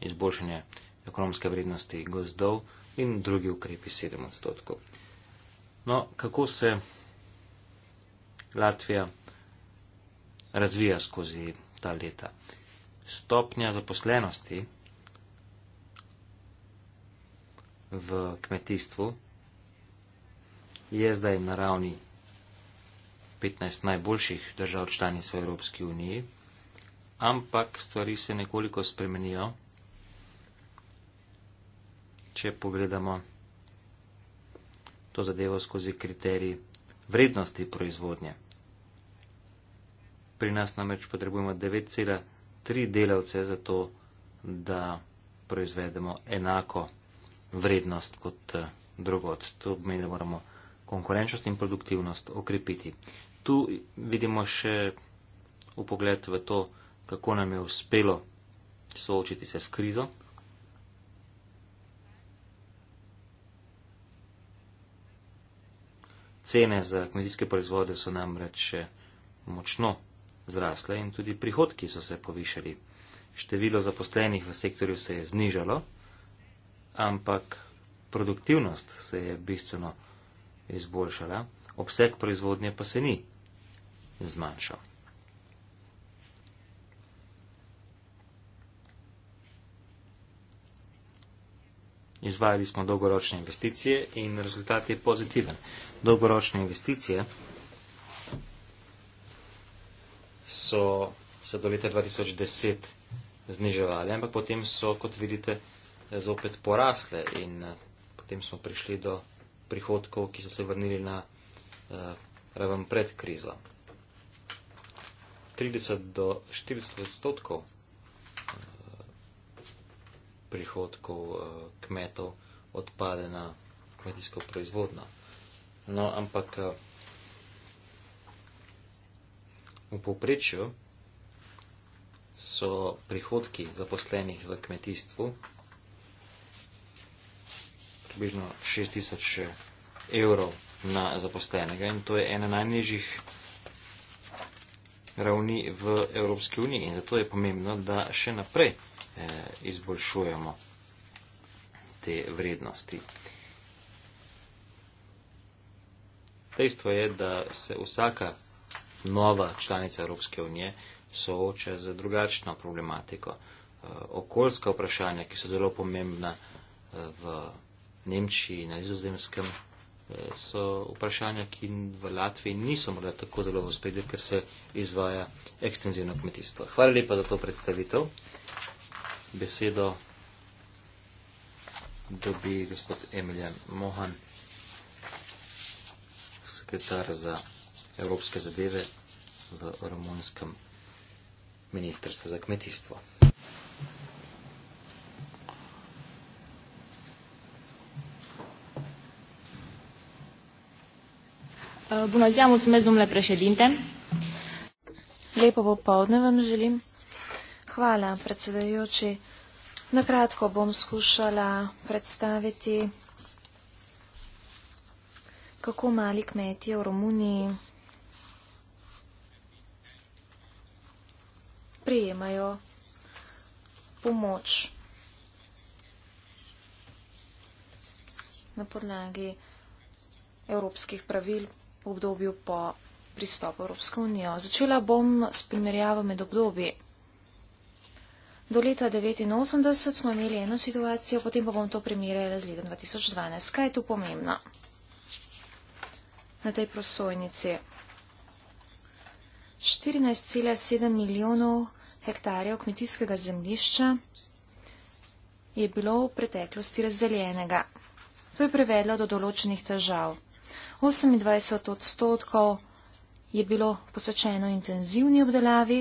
Speaker 3: izboljšanje ekonomske vrednosti gozdov in drugi ukrepi 7 odstotkov. No, kako se Latvija razvija skozi ta leta? Stopnja zaposlenosti v kmetijstvu je zdaj na ravni 15 najboljših držav članic v Evropski uniji, ampak stvari se nekoliko spremenijo, če pogledamo to zadevo skozi kriterij vrednosti proizvodnje. Pri nas namreč potrebujemo 9,3 delavce za to, da proizvedemo enako vrednost kot eh, drugot. To pomeni, da moramo konkurenčnost in produktivnost okrepiti. Tu vidimo še v pogled v to, kako nam je uspelo soočiti se s krizo. Cene za kmetijske proizvode so namreč močno zrasle in tudi prihodki so se povišali. Število zaposlenih v sektorju se je znižalo, ampak produktivnost se je bistveno povišala izboljšala, obseg proizvodnje pa se ni zmanjšal. Izvajali smo dolgoročne investicije in rezultat je pozitiven. Dolgoročne investicije so se do leta 2010 zniževali, ampak potem so, kot vidite, zopet porasle in eh, potem smo prišli do prihodkov, ki so se vrnili na uh, raven pred krizo. 30 do 40 odstotkov eh, prihodkov eh, kmetov odpade na kmetijsko proizvodno. No, ampak v povprečju so prihodki zaposlenih v kmetijstvu približno 6000 evrov na zaposlenega in to je ena najnižjih ravni v Evropski uniji in zato je pomembno, da še naprej eh, izboljšujemo te vrednosti. Dejstvo je, da se vsaka nova članica Evropske unije sooča z drugačno problematiko. Eh, okoljska vprašanja, ki so zelo pomembna eh, v Nemčiji, na Nizozemskem, eh, so vprašanja, ki v Latviji niso morda tako zelo v spredju, ker se izvaja ekstenzivno kmetijstvo. Hvala lepa za to predstavitev. Besedo dobi gospod Emiljan Mohan, sekretar za evropske zadeve v romunskem ministrstvu za kmetijstvo.
Speaker 1: Uh, bună ziua, mulțumesc, domnule președinte. Lepo popovdne vam želim. Hvala, predsedajoči. Nakratko bom skušala predstaviti, kako mali kmetje v Romuniji prijemajo pomoč na podlagi evropskih pravil, po obdobju po pristopu Evropske unije. Začela bom s primerjavo med obdobji. Do leta 1989 smo imeli eno situacijo, potem pa bom to primerjala z letom 2012. Kaj je tu pomembno na tej prosojnici? 14,7 milijonov hektarjev kmetijskega zemlišča je bilo v preteklosti razdeljenega. To je prevedlo do določenih težav. 28 odstotkov je bilo posvečeno intenzivni obdelavi,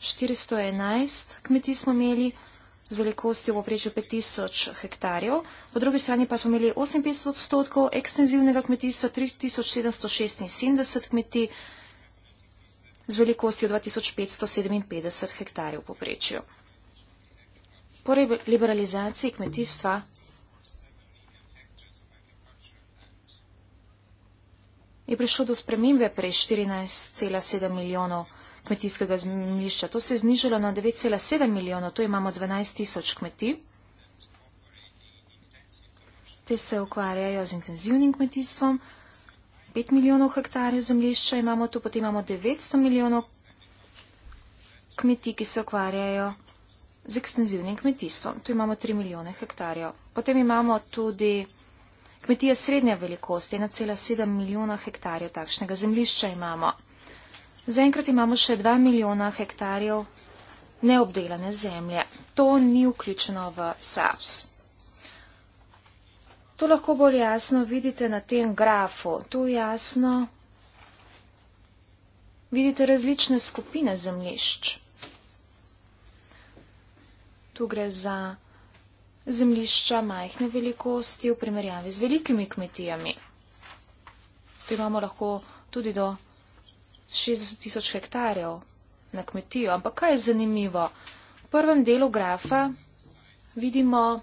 Speaker 1: 411 kmetij smo imeli z velikosti v oprečju 5000 hektarjev, po drugi strani pa smo imeli 58 odstotkov ekstenzivnega kmetijstva, 3776 kmetij z velikosti 2557 hektarjev v oprečju. Po liberalizaciji kmetijstva je prišlo do spremembe prej 14,7 milijonov kmetijskega zemljišča. To se je znižalo na 9,7 milijonov, to imamo 12 tisoč kmetij. Te se ukvarjajo z intenzivnim kmetijstvom. 5 milijonov hektarjev zemljišča imamo tu, potem imamo 900 milijonov kmetij, ki se ukvarjajo z ekstenzivnim kmetijstvom. Tu imamo 3 milijone hektarjev. Potem imamo tudi Kmetija srednje velikosti, 1,7 milijona hektarjev takšnega zemljišča imamo. Zaenkrat imamo še 2 milijona hektarjev neobdelane zemlje. To ni vključeno v SAPS. To lahko bolj jasno vidite na tem grafu. Tu jasno vidite različne skupine zemljišč. Tu gre za zemljišč zemlišča majhne velikosti v primerjavi z velikimi kmetijami. Tu imamo lahko tudi do 60 tisoč hektarjev na kmetijo. Ampak kaj je zanimivo? V prvem delu grafa vidimo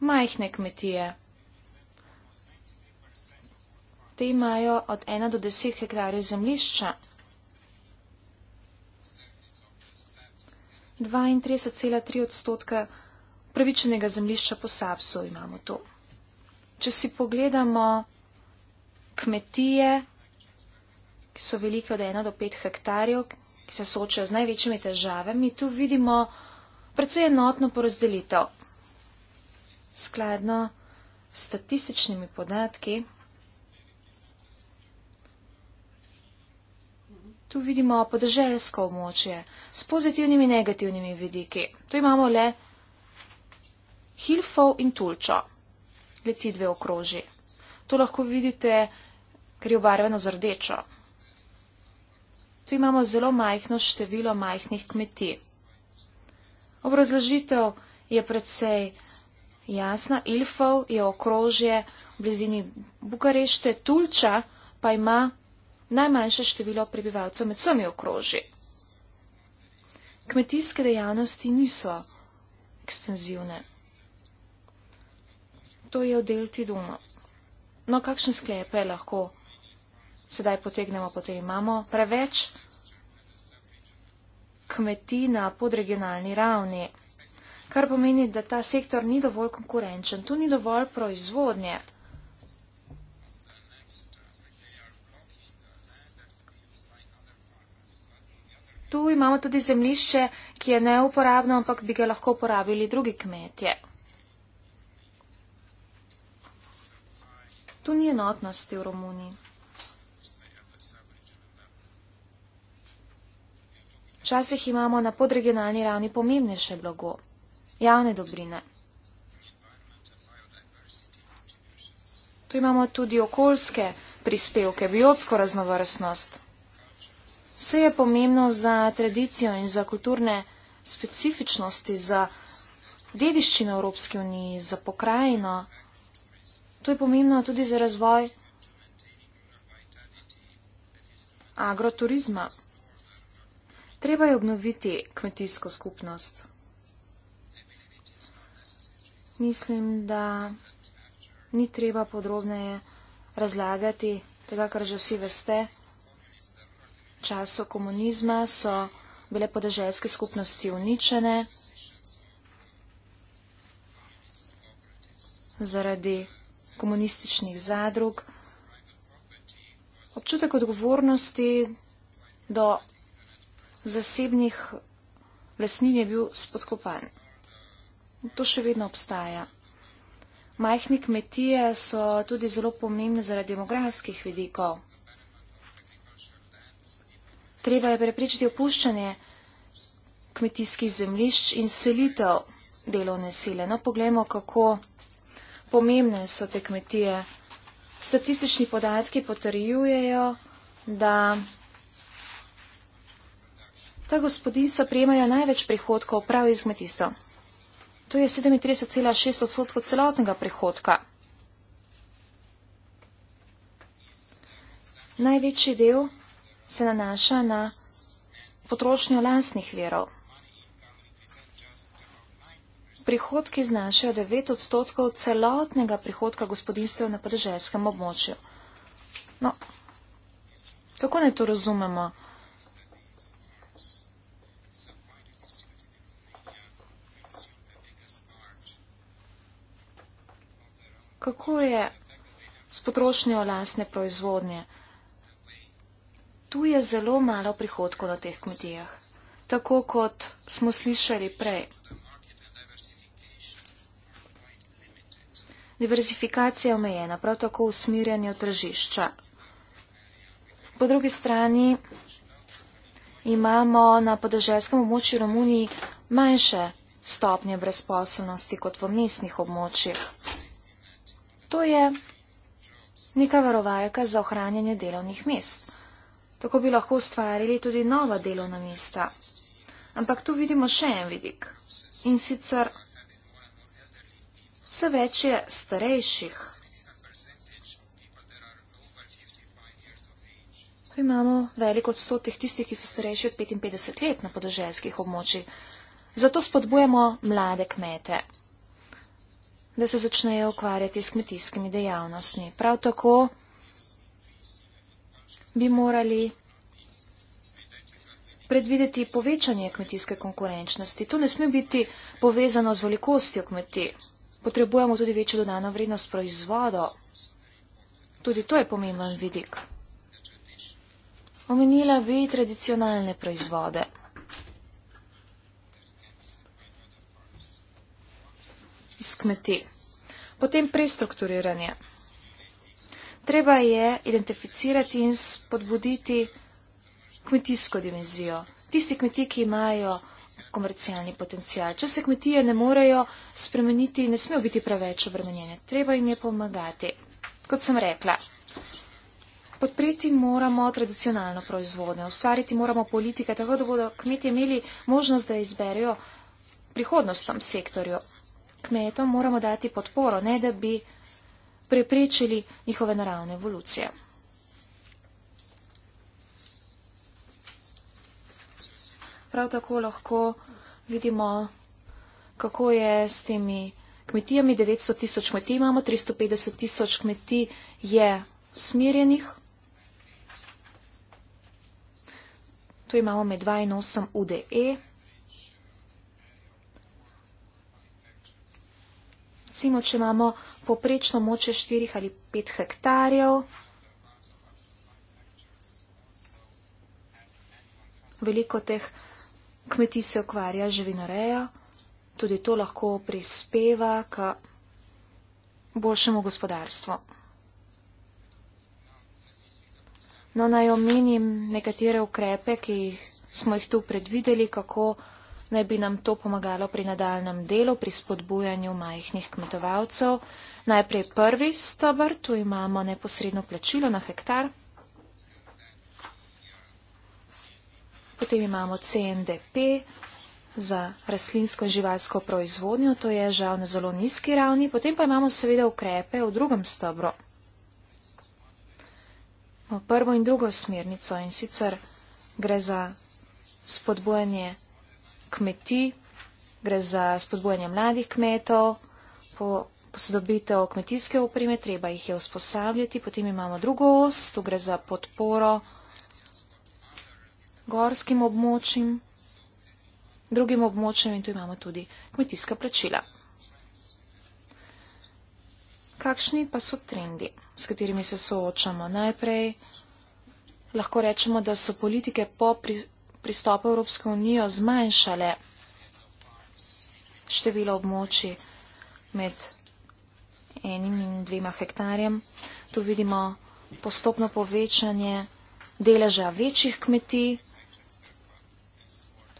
Speaker 1: majhne kmetije. Te imajo od 1 do 10 hektarjev zemlišča 32,3 odstotka pravičenega zemljišča po Savsu imamo to. Če si pogledamo kmetije, ki so velike od 1 do 5 hektarjev, ki se soočajo z največjimi težavami, tu vidimo predvsej enotno porazdelitev. Skladno s statističnimi podatki, Tu vidimo podeželjsko območje s pozitivnimi in negativnimi vidiki. Tu imamo le Hilfov in Tulčo, le ti dve okroži. To lahko vidite, ker je obarveno z rdečo. Tu imamo zelo majhno število majhnih kmetij. Obrazložitev je predvsej jasna. Ilfov je okrožje v blizini Bukarešte, Tulča pa ima najmanjše število prebivalcev med vsemi okroži. Kmetijske dejavnosti niso ekstenzivne. To je oddel Tiduno. No, kakšne sklepe lahko sedaj potegnemo, potem imamo preveč kmetij na podregionalni ravni, kar pomeni, da ta sektor ni dovolj konkurenčen, tu ni dovolj proizvodnje. Tu imamo tudi zemlišče, ki je neuporabno, ampak bi ga lahko uporabili drugi kmetje. Tu ni enotnosti v Romuniji. Včasih imamo na podregionalni ravni pomembnejše blago, javne dobrine. Tu imamo tudi okoljske prispevke, biotsko raznovrstnost. Vse je pomembno za tradicijo in za kulturne specifičnosti, za dediščino Evropske unije, za pokrajino. To je pomembno tudi za razvoj agroturizma. Treba je obnoviti kmetijsko skupnost. Mislim, da ni treba podrobneje razlagati tega, kar že vsi veste času komunizma so bile podeželske skupnosti uničene zaradi komunističnih zadrug. Občutek odgovornosti do zasebnih lesnin je bil spodkopan. To še vedno obstaja. Majhni kmetije so tudi zelo pomembne zaradi demografskih vidikov. Treba je preprečiti opuščanje kmetijskih zemlišč in selitev delovne sile. No, poglejmo, kako pomembne so te kmetije. Statistični podatki potrjujejo, da ta gospodinstva prijemajo največ prihodkov prav iz kmetijstva. To je 37,6 odstotkov celotnega prihodka. Največji del se nanaša na potrošnjo lastnih verov. Prihodki znašajo 9 odstotkov celotnega prihodka gospodinstva na podeželskem območju. No, kako naj to razumemo? Kako je s potrošnjo lastne proizvodnje? tu je zelo malo prihodkov na teh kmetijah, tako kot smo slišali prej. Diverzifikacija je omejena, prav tako usmirjanje tržišča. Po drugi strani imamo na podeželskem območju Romuniji manjše stopnje brezposobnosti kot v mestnih območjih. To je neka varovajka za ohranjanje delovnih mest. Tako bi lahko ustvarili tudi nova delovna mesta. Ampak tu vidimo še en vidik. In sicer vse več je starejših. Tu imamo velik odstotek tistih, ki so starejši od 55 let na podeželskih območjih. Zato spodbujamo mlade kmete, da se začnejo ukvarjati s kmetijskimi dejavnostmi. Prav tako bi morali predvideti povečanje kmetijske konkurenčnosti. To ne sme biti povezano z velikostjo kmetij. Potrebujemo tudi večjo dodano vrednost proizvodo. Tudi to je pomemben vidik. Omenila bi tradicionalne proizvode. Iz kmetij. Potem prestrukturiranje. Treba je identificirati in spodbuditi kmetijsko dimenzijo. Tisti kmetij, ki imajo komercialni potencial. Če se kmetije ne morejo spremeniti, ne smejo biti preveč obremenjene. Treba jim je pomagati. Kot sem rekla, podpreti moramo tradicionalno proizvodnjo, ustvariti moramo politike, tako da bodo kmetije imeli možnost, da izberejo prihodnost v tem sektorju. Kmetom moramo dati podporo, ne da bi preprečili njihove naravne evolucije. Prav tako lahko vidimo, kako je s temi kmetijami. 900 tisoč kmetij imamo, 350 tisoč kmetij je smirjenih. Tu imamo med 2 in 8 UDE. Simo, če imamo poprečno moče 4 ali 5 hektarjev. Veliko teh kmetij se ukvarja z živinorejo, tudi to lahko prispeva k boljšemu gospodarstvu. No, naj omenim nekatere ukrepe, ki smo jih tu predvideli, kako naj bi nam to pomagalo pri nadaljem delu, pri spodbujanju majhnih kmetovalcev. Najprej prvi stobr, tu imamo neposredno plačilo na hektar. Potem imamo CNDP za rastlinsko in živalsko proizvodnjo, to je žal na zelo nizki ravni. Potem pa imamo seveda ukrepe v drugem stobru. Prvo in drugo smernico in sicer gre za spodbojanje kmetij, gre za spodbojanje mladih kmetov, po posodobitev kmetijske opreme, treba jih je usposabljati. Potem imamo drugo os, tu gre za podporo gorskim območjem, drugim območjem in tu imamo tudi kmetijska plačila. Kakšni pa so trendi, s katerimi se soočamo? Najprej lahko rečemo, da so politike po pri pristopa Evropske unije zmanjšale število območij med enim in dvema hektarjem. Tu vidimo postopno povečanje deleža večjih kmetij.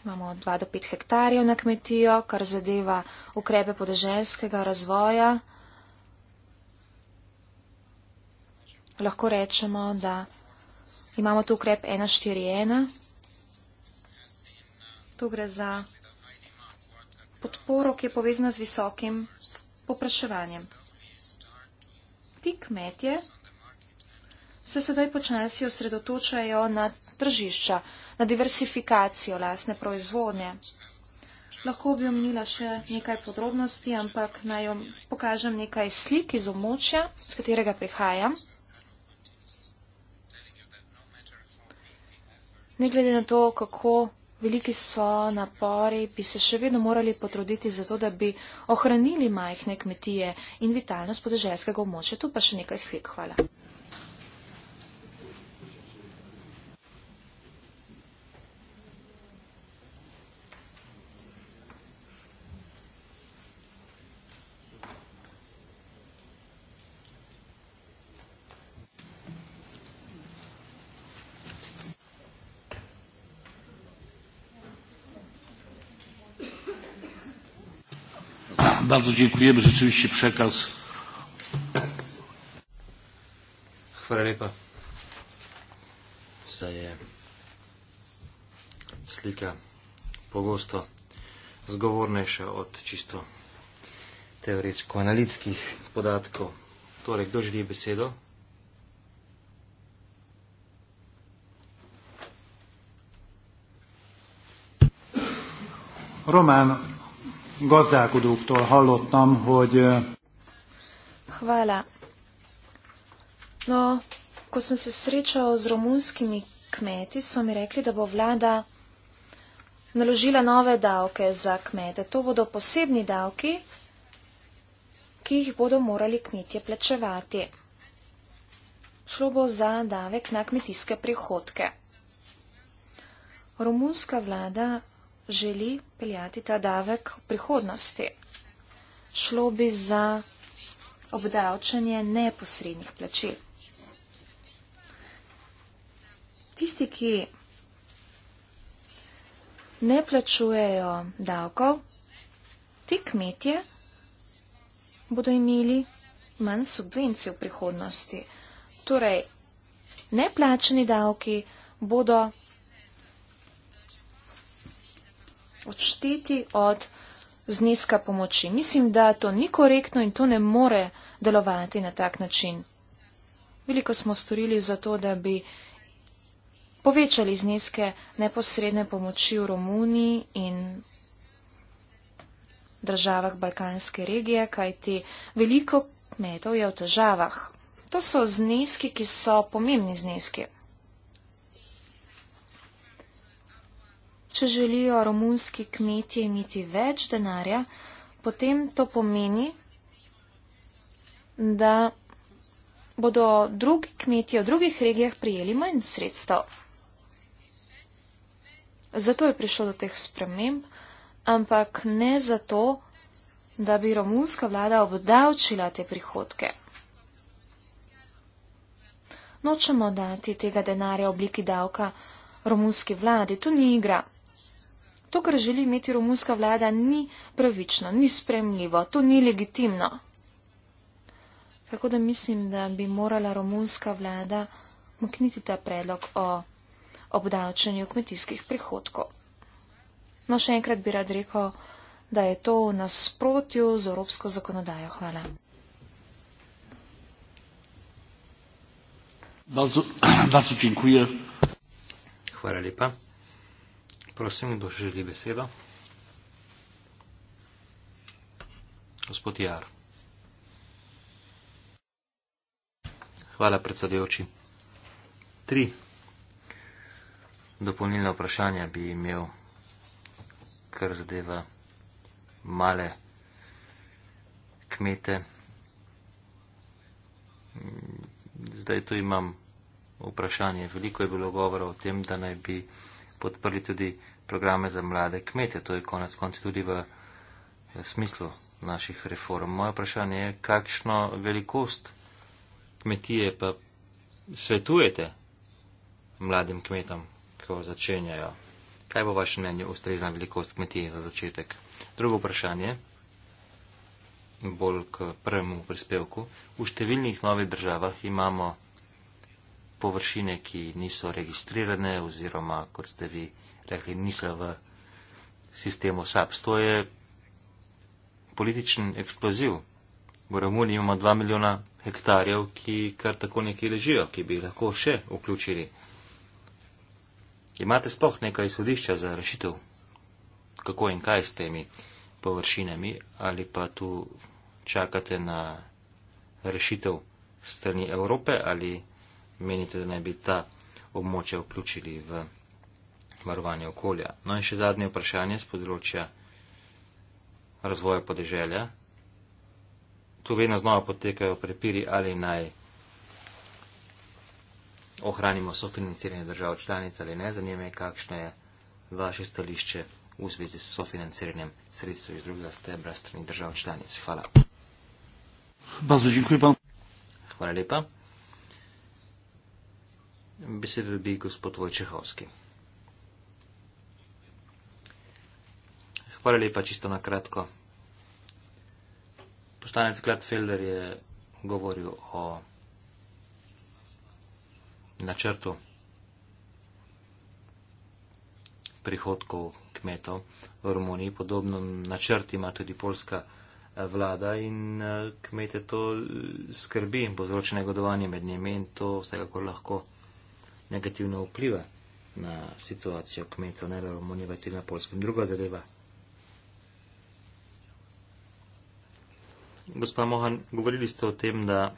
Speaker 1: Imamo 2 do 5 hektarjev na kmetijo, kar zadeva ukrepe podeželskega razvoja. Lahko rečemo, da imamo tu ukrep 141. Tu gre za podporo, ki je povezana z visokim popraševanjem. Ti kmetje se sedaj počasi osredotočajo na tržišča, na diversifikacijo lastne proizvodnje. Lahko bi omenila še nekaj podrobnosti, ampak naj vam pokažem nekaj slik iz območja, z katerega prihajam. Ne glede na to, kako Veliki so napori, bi se še vedno morali potruditi za to, da bi ohranili majhne kmetije in vitalnost podeželjskega območja. Tu pa še nekaj slik. Hvala.
Speaker 3: bardzo dziękujemy. Rzeczywiście przekaz. Hvala lepa. Se je slika pogosto zgovornejša od čisto teoretsko-analitskih podatkov. Torej, kdo želi besedo?
Speaker 1: Romano, gazdálkodóktól hallottam, hogy... Hvala. No, ko sem se srečal z romunskimi kmeti, so mi rekli, da bo vlada naložila nove davke za kmete. To bodo posebni davki, ki jih bodo morali kmetje plačevati. Šlo bo za davek na kmetijske prihodke. Romunska vlada želi peljati ta davek v prihodnosti. Šlo bi za obdavčanje neposrednih plačil. Tisti, ki ne plačujejo davkov, ti kmetje bodo imeli manj subvencij v prihodnosti. Torej, neplačeni davki bodo odšteti od zniska pomoči. Mislim, da to ni korektno in to ne more delovati na tak način. Veliko smo storili za to, da bi povečali zneske neposredne pomoči v Romuniji in državah Balkanske regije, kajti veliko kmetov je v težavah. To so zneski, ki so pomembni zneski. če želijo romunski kmetje imeti več denarja, potem to pomeni, da bodo drugi kmetje v drugih regijah prijeli manj sredstev. Zato je prišlo do teh sprememb, ampak ne zato, da bi romunska vlada obdavčila te prihodke. Nočemo dati tega denarja v obliki davka romunski vladi, to ni igra. To, kar želi imeti romunska vlada, ni pravično, ni spremljivo, to ni legitimno. Tako da mislim, da bi morala romunska vlada mkniti ta predlog o obdavčanju kmetijskih prihodkov. No, še enkrat bi rad rekel, da je to v nasprotju z evropsko zakonodajo. Hvala.
Speaker 3: Hvala lepa. Prosim, kdo še želi besedo? Gospod Jar. Hvala, predsedujoči. Tri dopolnilne vprašanja bi imel, kar zadeva male kmete. Zdaj tu imam vprašanje. Veliko je bilo govora o tem, da naj bi podprli tudi programe za mlade kmete. To je konec konca tudi v eh, smislu naših reform. Moje vprašanje je, kakšno velikost kmetije pa svetujete mladim kmetom, ko začenjajo? Kaj bo vaše mnenje ustrezna velikost kmetije za začetek? Drugo vprašanje, bolj k prvemu prispevku. V številnih novih državah imamo površine, ki niso registrirane oziroma, kot ste vi rekli, niso v sistemu SAP. To je političen eksploziv. V Romuniji imamo dva milijona hektarjev, ki kar tako nekje ležijo, ki bi lahko še vključili. Imate spoh nekaj izhodišča za rešitev, kako in kaj s temi površinami ali pa tu čakate na rešitev strani Evrope ali menite, da naj bi ta območja vključili v varovanje okolja. No in še zadnje vprašanje z področja razvoja podeželja. Tu vedno znova potekajo prepiri, ali naj ohranimo sofinanciranje držav članic ali ne. Zanima me, kakšno je vaše stališče v zvezi s sofinanciranjem sredstev iz drugega stebra strani držav članic. Hvala. Hvala lepa. Besedo dobi gospod Vojčehovski. Hvala lepa, čisto na kratko. Poslanec Gladfelder je govoril o načrtu prihodkov kmetov v Romuniji. Podobno načrt ima tudi polska eh, vlada in eh, kmete to eh, skrbi in povzroča negodovanje med njimi in to vsekakor lahko negativno vpliva na situacijo kmetov, ne da bomo nekaj tudi na polskem. Druga zadeva. Gospa Mohan, govorili ste o tem, da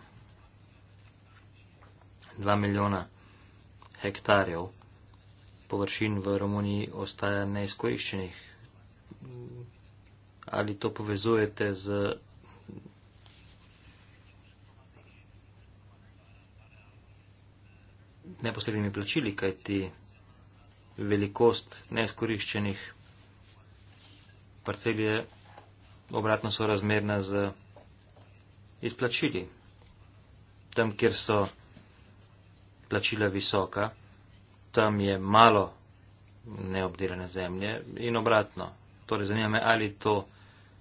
Speaker 3: 2 milijona hektarjev površin v Romuniji ostaja neizkoriščenih. Ali to povezujete z neposrednimi plačili, kajti velikost neizkoriščenih parcel je obratno sorazmerna z izplačili. Tam, kjer so plačila visoka, tam je malo neobdelane zemlje in obratno. Torej, zanima me, ali to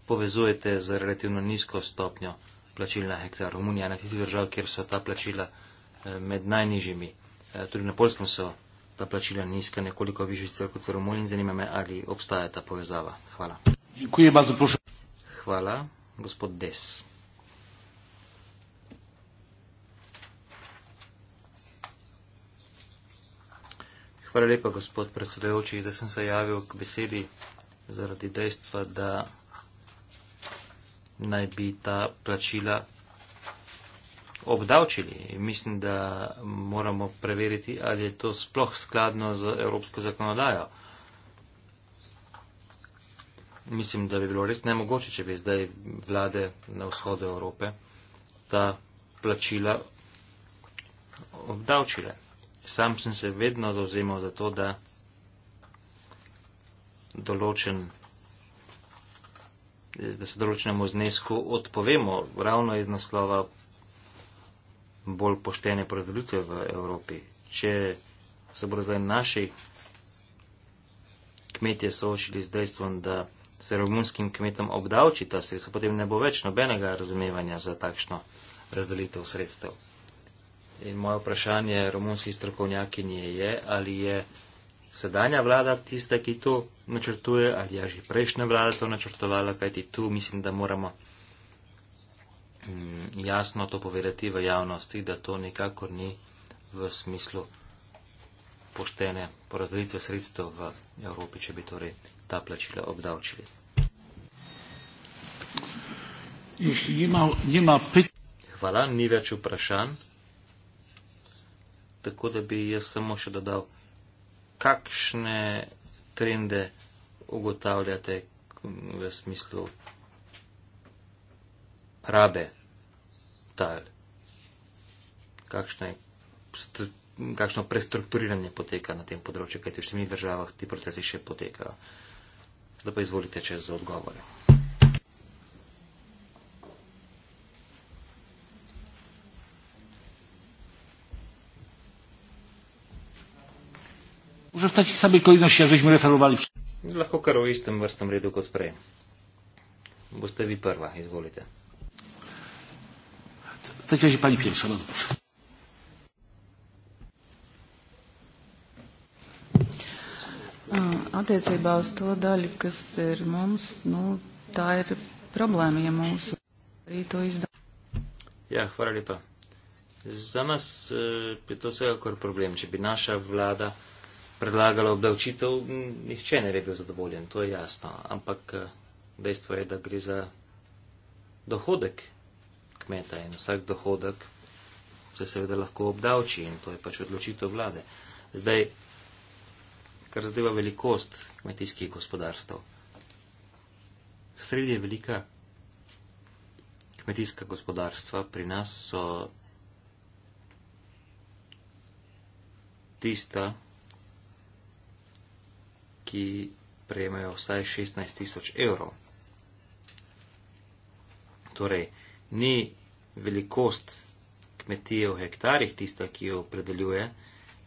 Speaker 3: povezujete z relativno nizko stopnjo plačil na hektar. Romunija je ena tistih držav, kjer so ta plačila eh, med najnižjimi. Eh, tudi na polskem so ta plačila nizka, nekoliko više kot v Romuniji. Zanima me, ali obstaja ta povezava. Hvala. Hvala, gospod Des. Hvala lepa, gospod predsedojoči, da sem se javil k besedi zaradi dejstva, da naj bi ta plačila obdavčili. Mislim, da moramo preveriti, ali je to sploh skladno z evropsko zakonodajo. Mislim, da bi bilo res nemogoče, če bi zdaj vlade na vzhodu Evrope ta plačila obdavčile. Sam sem se vedno dozemal za to, da določen da se določenemu znesku odpovemo. Ravno iz naslova bolj poštene porazdelitve v Evropi. Če se bodo zdaj naši kmetje soočili z dejstvom, da se romunskim kmetom obdavči ta sredstva, potem ne bo več nobenega razumevanja za takšno razdelitev sredstev. In moje vprašanje romunskih strokovnjakinje je, ali je sedanja vlada tista, ki to načrtuje, ali je že prejšnja vlada to načrtovala, kajti tu mislim, da moramo. Mm, jasno to povedati v javnosti, da to nikakor ni v smislu poštene porazdelitve sredstev v Evropi, če bi torej ta plačila obdavčili. Ima, ima pet... Hvala, ni več vprašanj. Tako da bi jaz samo še dodal, kakšne trende ugotavljate v smislu rabe tal. Kakšne, stru, kakšno prestrukturiranje poteka na tem področju, kajti v številnih državah ti procesi še potekajo. Zdaj pa izvolite čez odgovore. Lahko kar v istem vrstnem redu kot prej. Boste vi prva, izvolite. W takim razie pani pierwsza, bardzo no proszę.
Speaker 2: Attiecībā uz to daļu, kas ir mums, nu, tā ir problēma, ja mūsu arī to izdara.
Speaker 3: Jā, hvala lepa. Za nas, eh, pie to sve akor problem, če bi naša vlada predlagala obdavčitev, nihče ne bi bil zadovoljen, to je jasno. Ampak eh, dejstvo je, da gre za dohodek kmeta in vsak dohodek se seveda lahko obdavči in to je pač odločitev vlade. Zdaj, kar zadeva velikost kmetijskih gospodarstv. Sredi je velika kmetijska gospodarstva, pri nas so tista, ki prejemajo vsaj 16 tisoč evrov. Torej, ni velikost kmetije v hektarjih, tista, ki jo predeljuje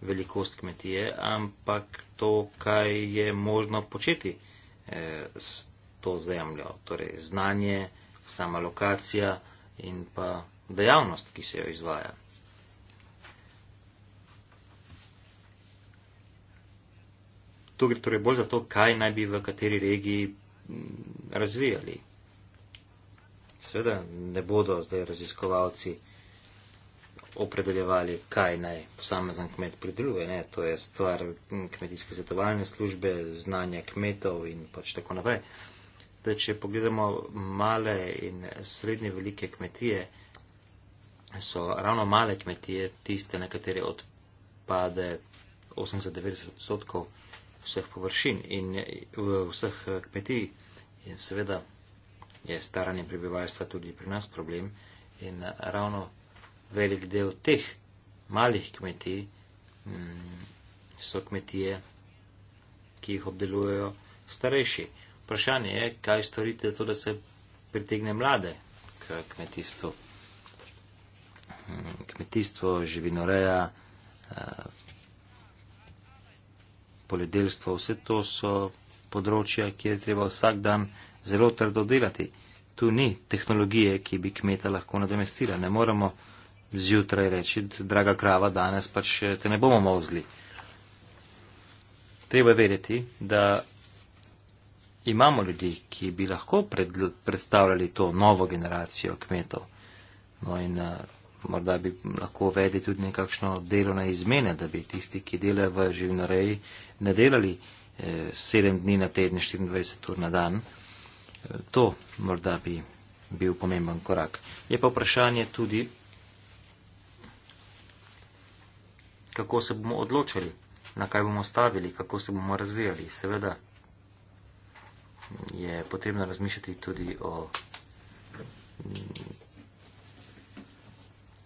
Speaker 3: velikost kmetije, ampak to, kaj je možno početi eh, s to zemljo, torej znanje, sama lokacija in pa dejavnost, ki se jo izvaja. Tu gre torej bolj za to, kaj naj bi v kateri regiji mm, razvijali. Sveda ne bodo zdaj raziskovalci opredeljevali, kaj naj posamezen kmet prideluje. Ne? To je stvar kmetijske svetovalne službe, znanja kmetov in pač tako naprej. Da, če pogledamo male in srednje velike kmetije, so ravno male kmetije tiste, na katere odpade 80-90 odstotkov vseh površin in eh, vseh eh, kmetij. In seveda je staranje prebivalstva tudi pri nas problem in ravno velik del teh malih kmetij mm, so kmetije, ki jih obdelujejo starejši. Vprašanje je, kaj storite to, da se pritegne mlade k kmetijstvu. Mm, kmetijstvo, živinoreja, eh, poljedelstvo, vse to so področja, kjer je treba vsak dan zelo trdo delati. Tu ni tehnologije, ki bi kmeta lahko nadomestila. Ne moramo zjutraj reči, draga krava, danes pač eh, te ne bomo mozli. Treba vedeti, da imamo ljudi, ki bi lahko predstavljali to novo generacijo kmetov. No in eh, morda bi lahko vedeli tudi nekakšno delo na izmene, da bi tisti, ki delajo v živinoreji, ne delali eh, 7 dni na teden, 24 ur na dan. To morda bi bil pomemben korak. Je pa vprašanje tudi, kako se bomo odločili, na kaj bomo stavili, kako se bomo razvijali. Seveda je potrebno razmišljati tudi o mm,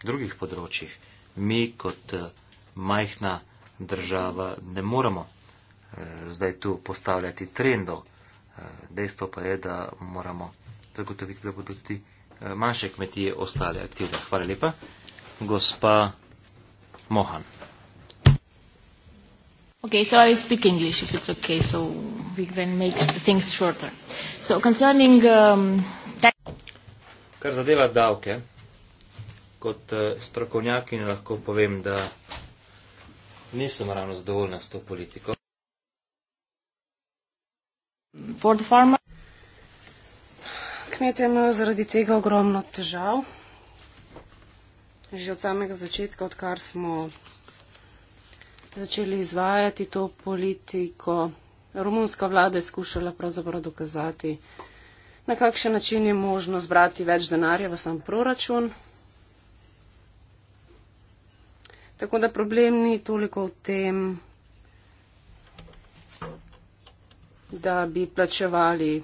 Speaker 3: drugih področjih. Mi kot eh, majhna država ne moremo eh, zdaj tu postavljati trendov. Dejstvo pa je, da moramo zagotoviti, da bodo tudi eh, manjše kmetije ostale aktivne. Hvala lepa. Gospa Mohan.
Speaker 1: Okay, so I speak English if it's okay, so we can make things shorter. So concerning um,
Speaker 3: Kar zadeva davke, kot eh, strokovnjaki lahko povem, da nisem ravno zadovoljna s to politiko.
Speaker 2: Ford Farmer. Kmetje imajo zaradi tega ogromno težav. Že od samega začetka, odkar smo začeli izvajati to politiko, romunska vlada je skušala pravzaprav dokazati, na kakšen način je možno zbrati več denarja v sam proračun. Tako da problem ni toliko v tem, da bi plačevali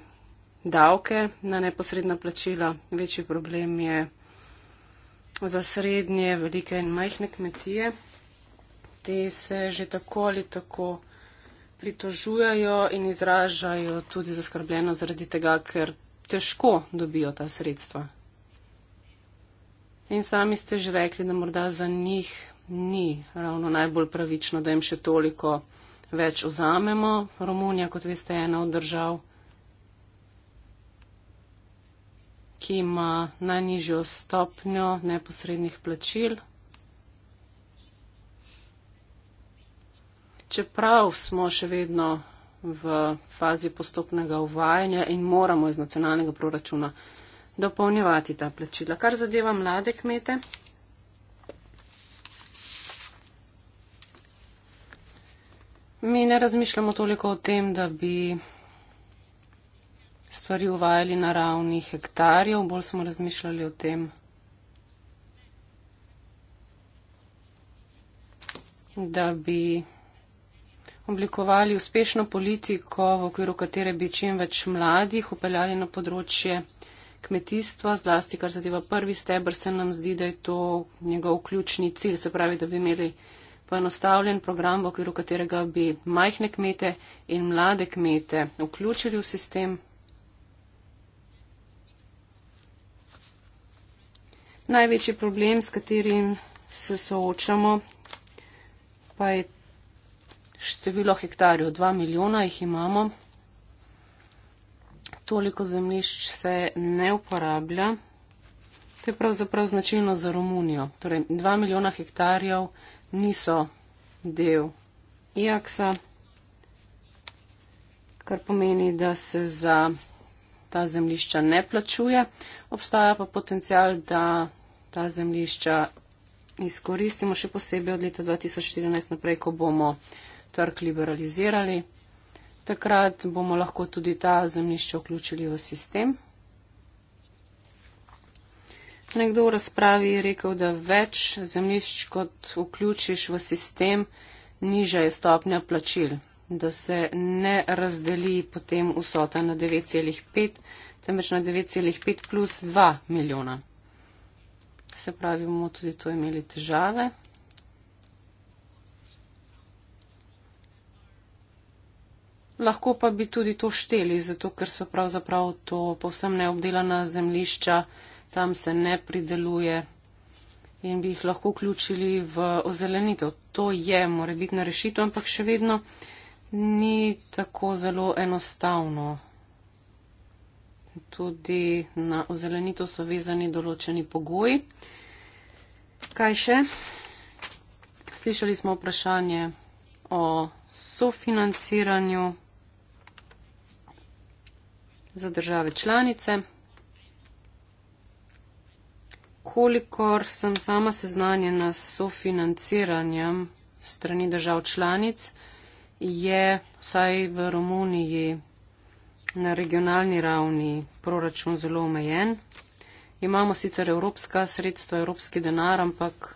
Speaker 2: davke na neposredna plačila. Večji problem je za srednje, velike in majhne kmetije. Te se že tako ali tako pritožujajo in izražajo tudi zaskrbljeno zaradi tega, ker težko dobijo ta sredstva. In sami ste že rekli, da morda za njih ni ravno najbolj pravično, da jim še toliko več vzamemo. Romunija, kot veste, je ena od držav, ki ima najnižjo stopnjo neposrednih plačil. Čeprav smo še vedno v fazi postopnega uvajanja in moramo iz nacionalnega proračuna dopolnjevati ta plačila. Kar zadeva mlade kmete, Mi ne razmišljamo toliko o tem, da bi stvari uvajali na ravni hektarjev, bolj smo razmišljali o tem, da bi oblikovali uspešno politiko, v okviru katere bi čim več mladih upeljali na področje kmetijstva, zlasti kar zadeva prvi stebr, se nam zdi, da je to njegov ključni cilj, se pravi, da bi imeli poenostavljen program, v okviru katerega bi majhne kmete in mlade kmete vključili v sistem? Največji problem, s katerim se soočamo, pa je število hektarjev. 2 milijona jih imamo. Toliko zemlišč se ne uporablja. To je pravzaprav značilno za Romunijo. Torej, 2 milijona hektarjev niso del IAKSA, kar pomeni, da se za ta zemlišča ne plačuje. Obstaja pa potencial, da ta zemlišča izkoristimo še posebej od leta 2014 naprej, ko bomo trg liberalizirali. Takrat bomo lahko tudi ta zemlišča vključili v sistem nekdo v razpravi rekel, da več zemljišč, kot vključiš v sistem, niža je stopnja plačil, da se ne razdeli potem vsota na 9,5, temveč na 9,5 plus 2 milijona. Se pravi, bomo tudi to imeli težave. Lahko pa bi tudi to šteli, zato ker so pravzaprav to povsem neobdelana zemljišča, tam se ne prideluje in bi jih lahko vključili v ozelenitev. To je morebitna rešitev, ampak še vedno ni tako zelo enostavno. Tudi na ozelenitev so vezani določeni pogoji. Kaj še? Slišali smo vprašanje o sofinanciranju za države članice kolikor sem sama seznanjena s sofinanciranjem strani držav članic, je vsaj v Romuniji na regionalni ravni proračun zelo omejen. Imamo sicer evropska sredstva, evropski denar, ampak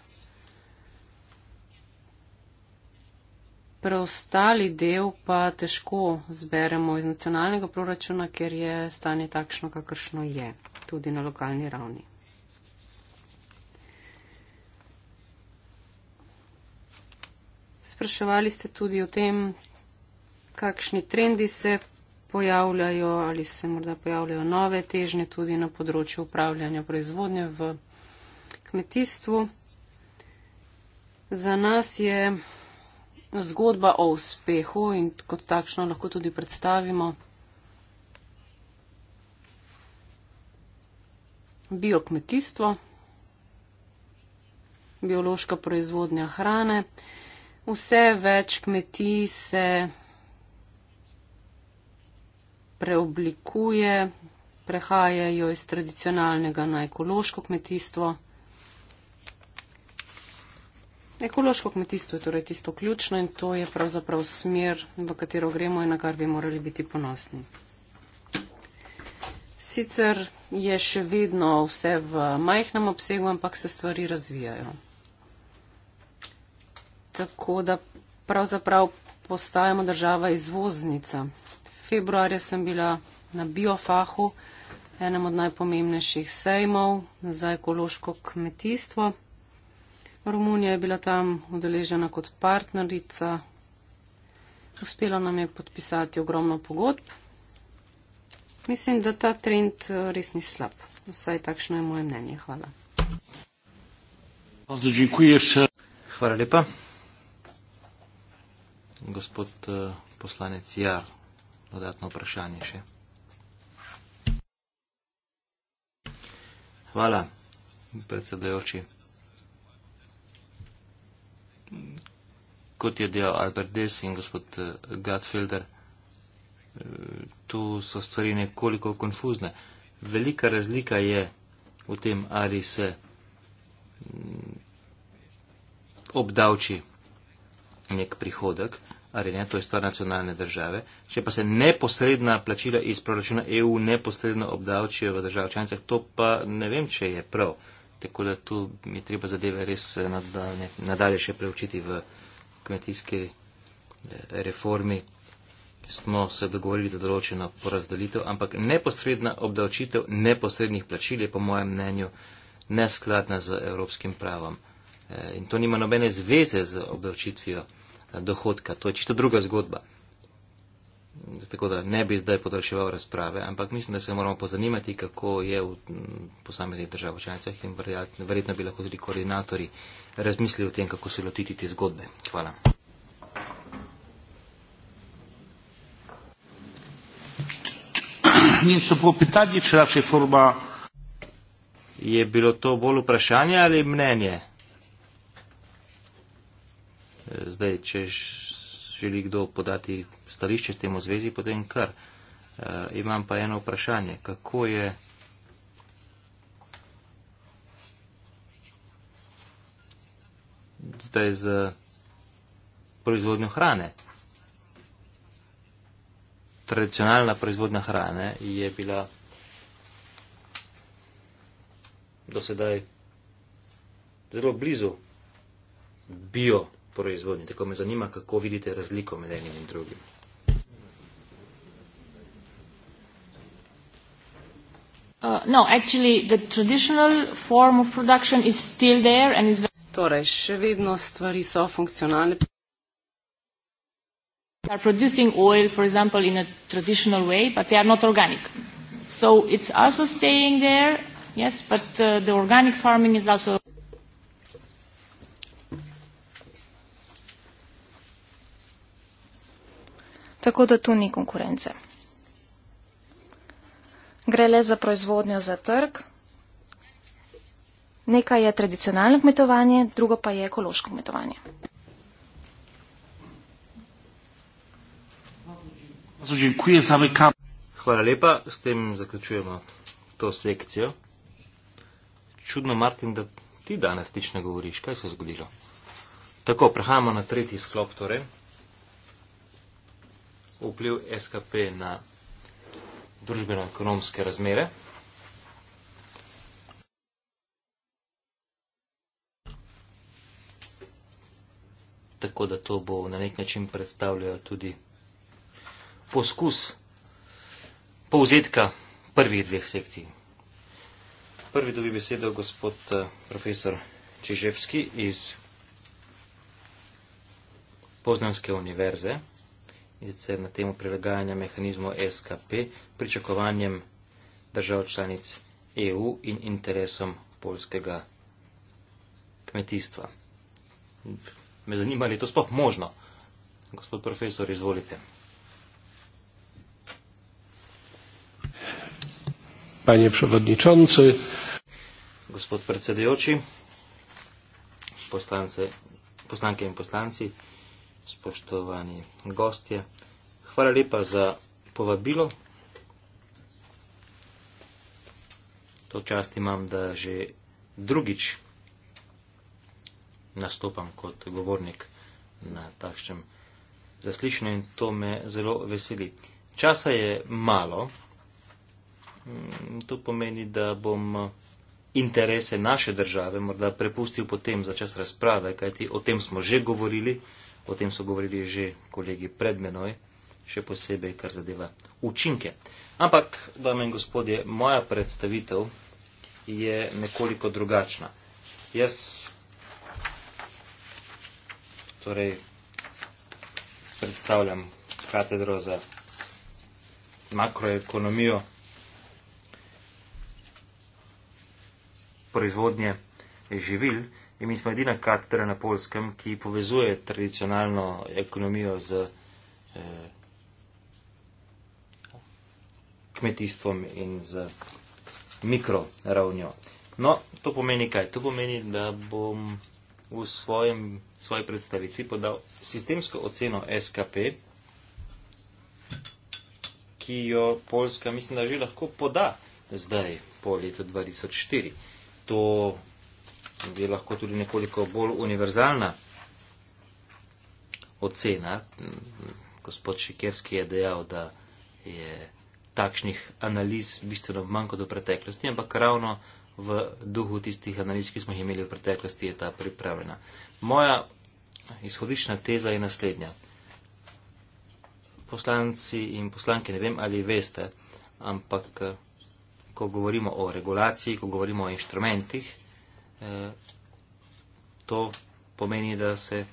Speaker 2: preostali del pa težko zberemo iz nacionalnega proračuna, ker je stanje takšno, kakršno je, tudi na lokalni ravni. spraševali ste tudi o tem, kakšni trendi se pojavljajo ali se morda pojavljajo nove težnje tudi na področju upravljanja proizvodnje v kmetijstvu. Za nas je zgodba o uspehu in kot takšno lahko tudi predstavimo biokmetijstvo, biološka proizvodnja hrane vse več kmetij se preoblikuje, prehajajo iz tradicionalnega na ekološko kmetijstvo. Ekološko kmetijstvo je torej tisto ključno in to je pravzaprav smer, v katero gremo in na kar bi morali biti ponosni. Sicer je še vedno vse v majhnem obsegu, ampak se stvari razvijajo tako da pravzaprav postajamo država izvoznica. Februarja sem bila na biofahu, enem od najpomembnejših sejmov za ekološko kmetijstvo. Romunija je bila tam udeležena kot partnerica. Uspelo nam je podpisati ogromno pogodb. Mislim, da ta trend eh, res ni slab. Vsaj takšno je moje mnenje. Hvala.
Speaker 3: Hvala lepa gospod eh, poslanec Jar, dodatno vprašanje še. Hvala, predsedajoči. Kot je dejal Albert Des in gospod eh, Gatfelder, eh, tu so stvari nekoliko konfuzne. Velika razlika je v tem, ali se mm, obdavči nek prihodek ali ne, to je stvar nacionalne države. Če pa se neposredna plačila iz proračuna EU neposredno obdavčijo v državah članicah, to pa ne vem, če je prav. Tako da tu mi je treba zadeve res eh, nadalje, nadalje še preučiti v kmetijski eh, reformi. Smo se dogovorili za določeno porazdelitev, ampak neposredna obdavčitev neposrednih plačil je po mojem mnenju neskladna z evropskim pravom. Eh, in to nima nobene zveze z obdavčitvijo dohodka. To je čisto druga zgodba. Tako da ne bi zdaj podaljševal razprave, ampak mislim, da se moramo pozanimati, kako je v posameznih državah članicah in verjetno bi lahko tudi koordinatori razmislili o tem, kako se lotiti te zgodbe. Hvala. Je bilo to bolj vprašanje ali mnenje? Zdaj, če želi kdo podati stališče s tem v zvezi, potem kar. Uh, imam pa eno vprašanje. Kako je. Zdaj z proizvodnjo hrane. Tradicionalna proizvodnja hrane je bila do sedaj zelo blizu bio proizvodnji. Tako me zanima, kako vidite razliko med enim in drugim.
Speaker 2: Uh, no, actually, the traditional form of production is still there and is very They torej, are producing oil, for example, in a traditional way, but they are not organic. So it's also staying there, yes, but uh, the organic farming is also
Speaker 1: tako da tu ni konkurence. Gre le za proizvodnjo za trg. Nekaj je tradicionalno kmetovanje, drugo pa je ekološko kmetovanje.
Speaker 3: Hvala lepa, s tem zaključujemo to sekcijo. Čudno, Martin, da ti danes tič ne govoriš, kaj se je zgodilo. Tako, prehajamo na tretji sklop, torej vpliv SKP na družbeno-ekonomske razmere. Tako da to bo na nek način predstavljal tudi poskus povzetka prvih dveh sekcij. Prvi dobi besedo gospod eh, profesor Čiževski iz Poznanske univerze in sicer na temo prilagajanja mehanizmov SKP pričakovanjem držav članic EU in interesom polskega kmetijstva. Me zanima, ali je to sploh možno. Gospod profesor, izvolite.
Speaker 1: Panje prevodničanci.
Speaker 3: Gospod predsedujoči, poslanke in poslanci spoštovani gostje. Hvala lepa za povabilo. To čast imam, da že drugič nastopam kot govornik na takšnem zaslišanju in to me zelo veseli. Časa je malo, mm, to pomeni, da bom eh, interese naše države morda prepustil potem za čas razprave, kajti o tem smo že govorili. O tem so govorili že kolegi pred menoj, še posebej, kar zadeva učinke. Ampak, dame in gospodje, moja predstavitev je nekoliko drugačna. Jaz torej, predstavljam katedro za makroekonomijo proizvodnje živil In mi smo edina katedra na polskem, ki povezuje tradicionalno ekonomijo z eh, kmetijstvom in z mikro ravnjo. No, to pomeni kaj? To pomeni, da bom v svojem, svoji predstavitvi podal sistemsko oceno SKP, ki jo Polska mislim, da že lahko poda zdaj po letu 2004. To bi lahko tudi nekoliko bolj univerzalna ocena. Gospod Šikerski je dejal, da je takšnih analiz bistveno manj kot v preteklosti, ampak ravno v duhu tistih analiz, ki smo jih imeli v preteklosti, je ta pripravljena. Moja izhodična teza je naslednja. Poslanci in poslanke, ne vem, ali veste, ampak eh, ko govorimo o regulaciji, ko govorimo o inštrumentih, E, to pomeni, da se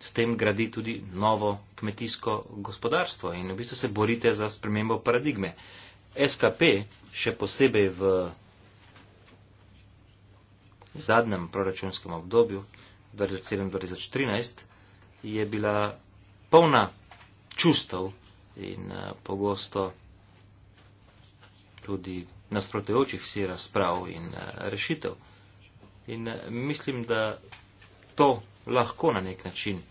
Speaker 3: s tem gradi tudi novo kmetijsko gospodarstvo in v bistvu se borite za spremembo paradigme. SKP, še posebej v zadnjem proračunskem obdobju, 2007-2013, je bila polna čustev in e, pogosto tudi nasprotujočih si razprav in e, rešitev. In eh, mislim, da to lahko na nek način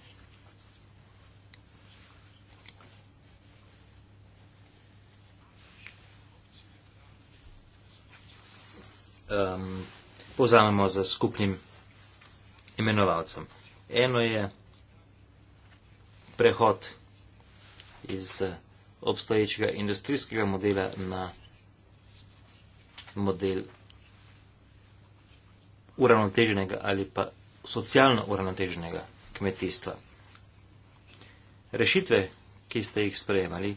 Speaker 3: um, povzamemo z skupnim imenovalcem. Eno je prehod iz eh, obstoječega industrijskega modela na model uravnoteženega ali pa socialno uravnoteženega kmetijstva. Rešitve, ki ste jih sprejemali,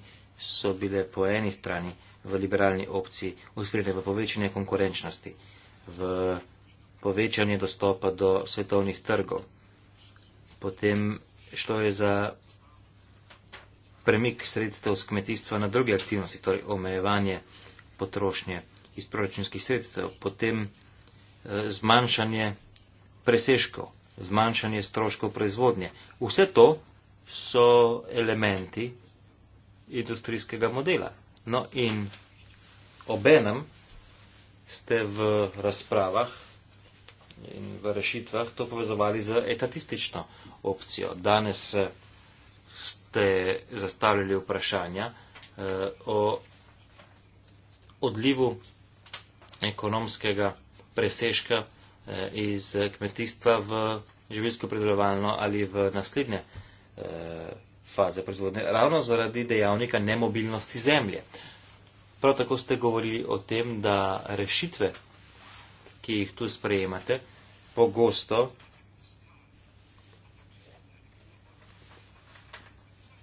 Speaker 3: so bile po eni strani v liberalni opciji usmerjene v povečanje konkurenčnosti, v povečanje dostopa do svetovnih trgov. Potem šlo je za premik sredstev z kmetijstva na druge aktivnosti, torej omejevanje potrošnje iz proračunskih sredstev. Potem zmanjšanje presežkov, zmanjšanje stroškov proizvodnje. Vse to so elementi industrijskega modela. No in obenem ste v razpravah in v rešitvah to povezovali z etatistično opcijo. Danes ste zastavljali vprašanja eh, o odlivu ekonomskega presežka eh, iz eh, kmetijstva v živilsko predelovalno ali v naslednje eh, faze proizvodnje, ravno zaradi dejavnika nemobilnosti zemlje. Prav tako ste govorili o tem, da rešitve, ki jih tu sprejemate, pogosto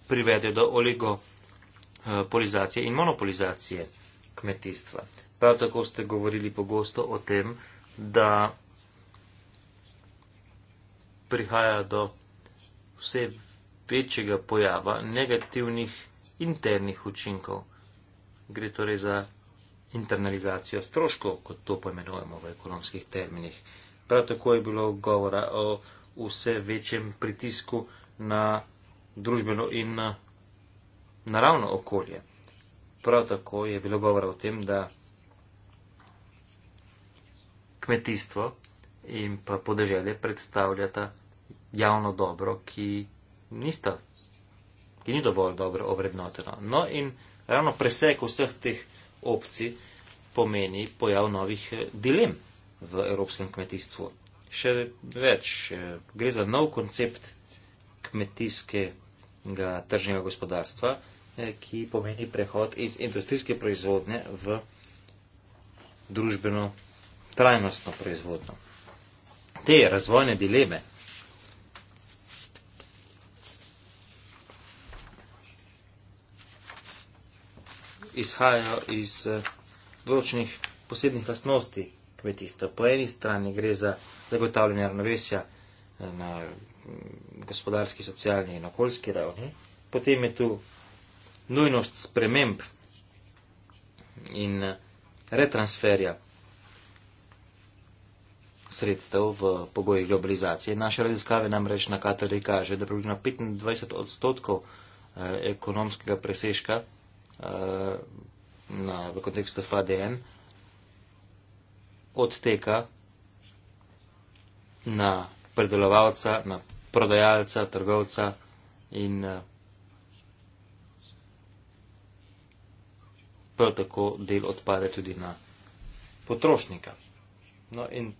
Speaker 3: privedejo do oligopolizacije in monopolizacije kmetijstva. Prav tako ste govorili pogosto o tem, da prihaja do vse večjega pojava negativnih internih učinkov. Gre torej za internalizacijo stroškov, kot to pojmenujemo v ekonomskih terminih. Prav tako je bilo govora o vse večjem pritisku na družbeno in naravno okolje. Prav tako je bilo govora o tem, da kmetijstvo in pa podeželje predstavljata javno dobro, ki nista, ki ni dovolj dobro ovrednoteno. No in ravno presek vseh teh opcij pomeni pojav novih eh, dilem v evropskem kmetijstvu. Še več, eh, gre za nov koncept kmetijskega tržnega gospodarstva, eh, ki pomeni prehod iz industrijske proizvodnje v družbeno trajnostno proizvodno. Te razvojne dileme izhajajo iz eh, določenih posebnih lastnosti kmetijstva. Po eni strani gre za zagotavljanje ravnovesja eh, na mm, gospodarski, socialni in okoljski ravni. Potem je tu nujnost sprememb in eh, retransferja sredstev v pogojih globalizacije. Naše raziskave namreč na kateri kaže, da približno 25 odstotkov eh, ekonomskega presežka eh, na, v kontekstu FADN odteka na predelovalca, na prodajalca, trgovca in eh, prav tako del odpade tudi na potrošnika. No in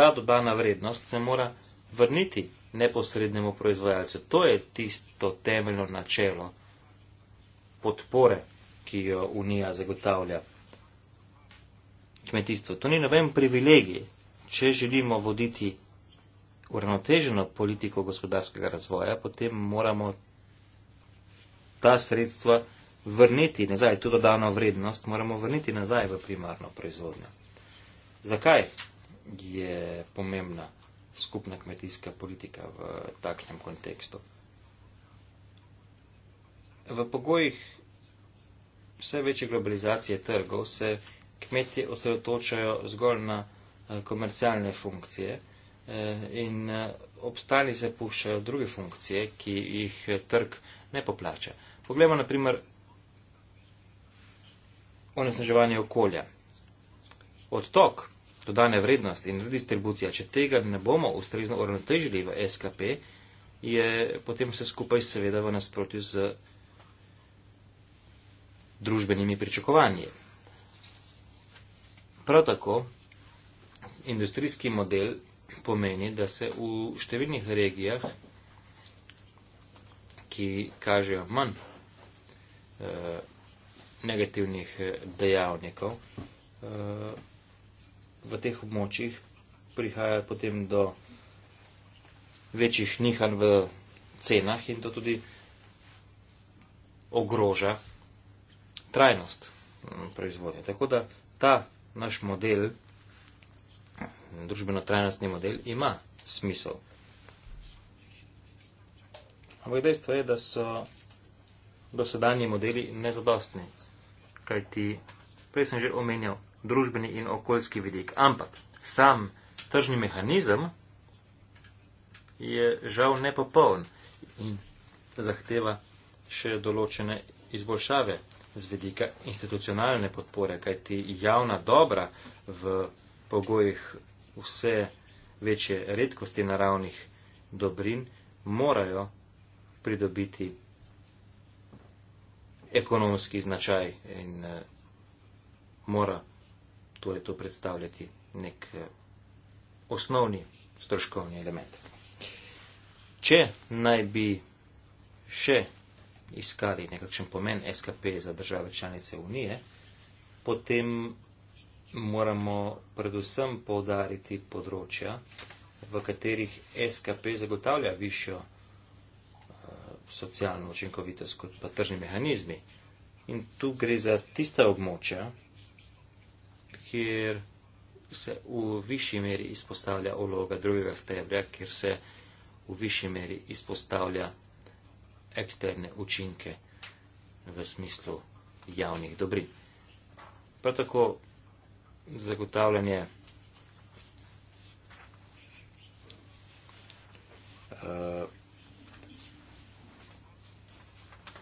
Speaker 3: ta dodana vrednost se mora vrniti neposrednemu proizvajalcu. To je tisto temeljno načelo podpore, ki jo Unija zagotavlja kmetijstvo. To ni noben privilegij, če želimo voditi uravnoteženo politiko gospodarskega razvoja, potem moramo ta sredstva vrniti nazaj, to dodano vrednost moramo vrniti nazaj v primarno proizvodnjo. Zakaj? je pomembna skupna kmetijska politika v takšnem kontekstu. V pogojih vse večje globalizacije trgov se kmetje osredotočajo zgolj na eh, komercialne funkcije eh, in eh, obstani se puščajo druge funkcije, ki jih trg ne poplača. Poglejmo na primer onesnaževanje okolja. Odtok dodane vrednosti in redistribucija, če tega ne bomo ustrezno uravnotežili v SKP, je potem vse skupaj seveda v nasprotju z družbenimi pričakovanji. Prav tako industrijski model pomeni, da se v številnih regijah, ki kažejo manj eh, negativnih eh, dejavnikov, eh, v teh območjih prihaja potem do večjih nihanj v cenah in to tudi ogroža trajnost mm, proizvodnje. Tako da ta naš model, družbeno trajnostni model, ima smisel. Ampak dejstvo je, da so dosedanji modeli nezadostni, kajti prej sem že omenjal družbeni in okoljski vidik. Ampak sam tržni mehanizem je žal nepopoln in zahteva še določene izboljšave z vidika institucionalne podpore, kajti javna dobra v pogojih vse večje redkosti naravnih dobrin morajo pridobiti ekonomski značaj in eh, mora torej to predstavljati nek eh, osnovni stroškovni element. Če naj bi še iskali nekakšen pomen SKP za države članice Unije, potem moramo predvsem povdariti področja, v katerih SKP zagotavlja višjo eh, socialno učinkovitost kot pa tržni mehanizmi. In tu gre za tista območja, kjer se v višji meri izpostavlja vloga drugega stebra, kjer se v višji meri izpostavlja eksterne učinke v smislu javnih dobrin. Prav tako zagotavljanje uh,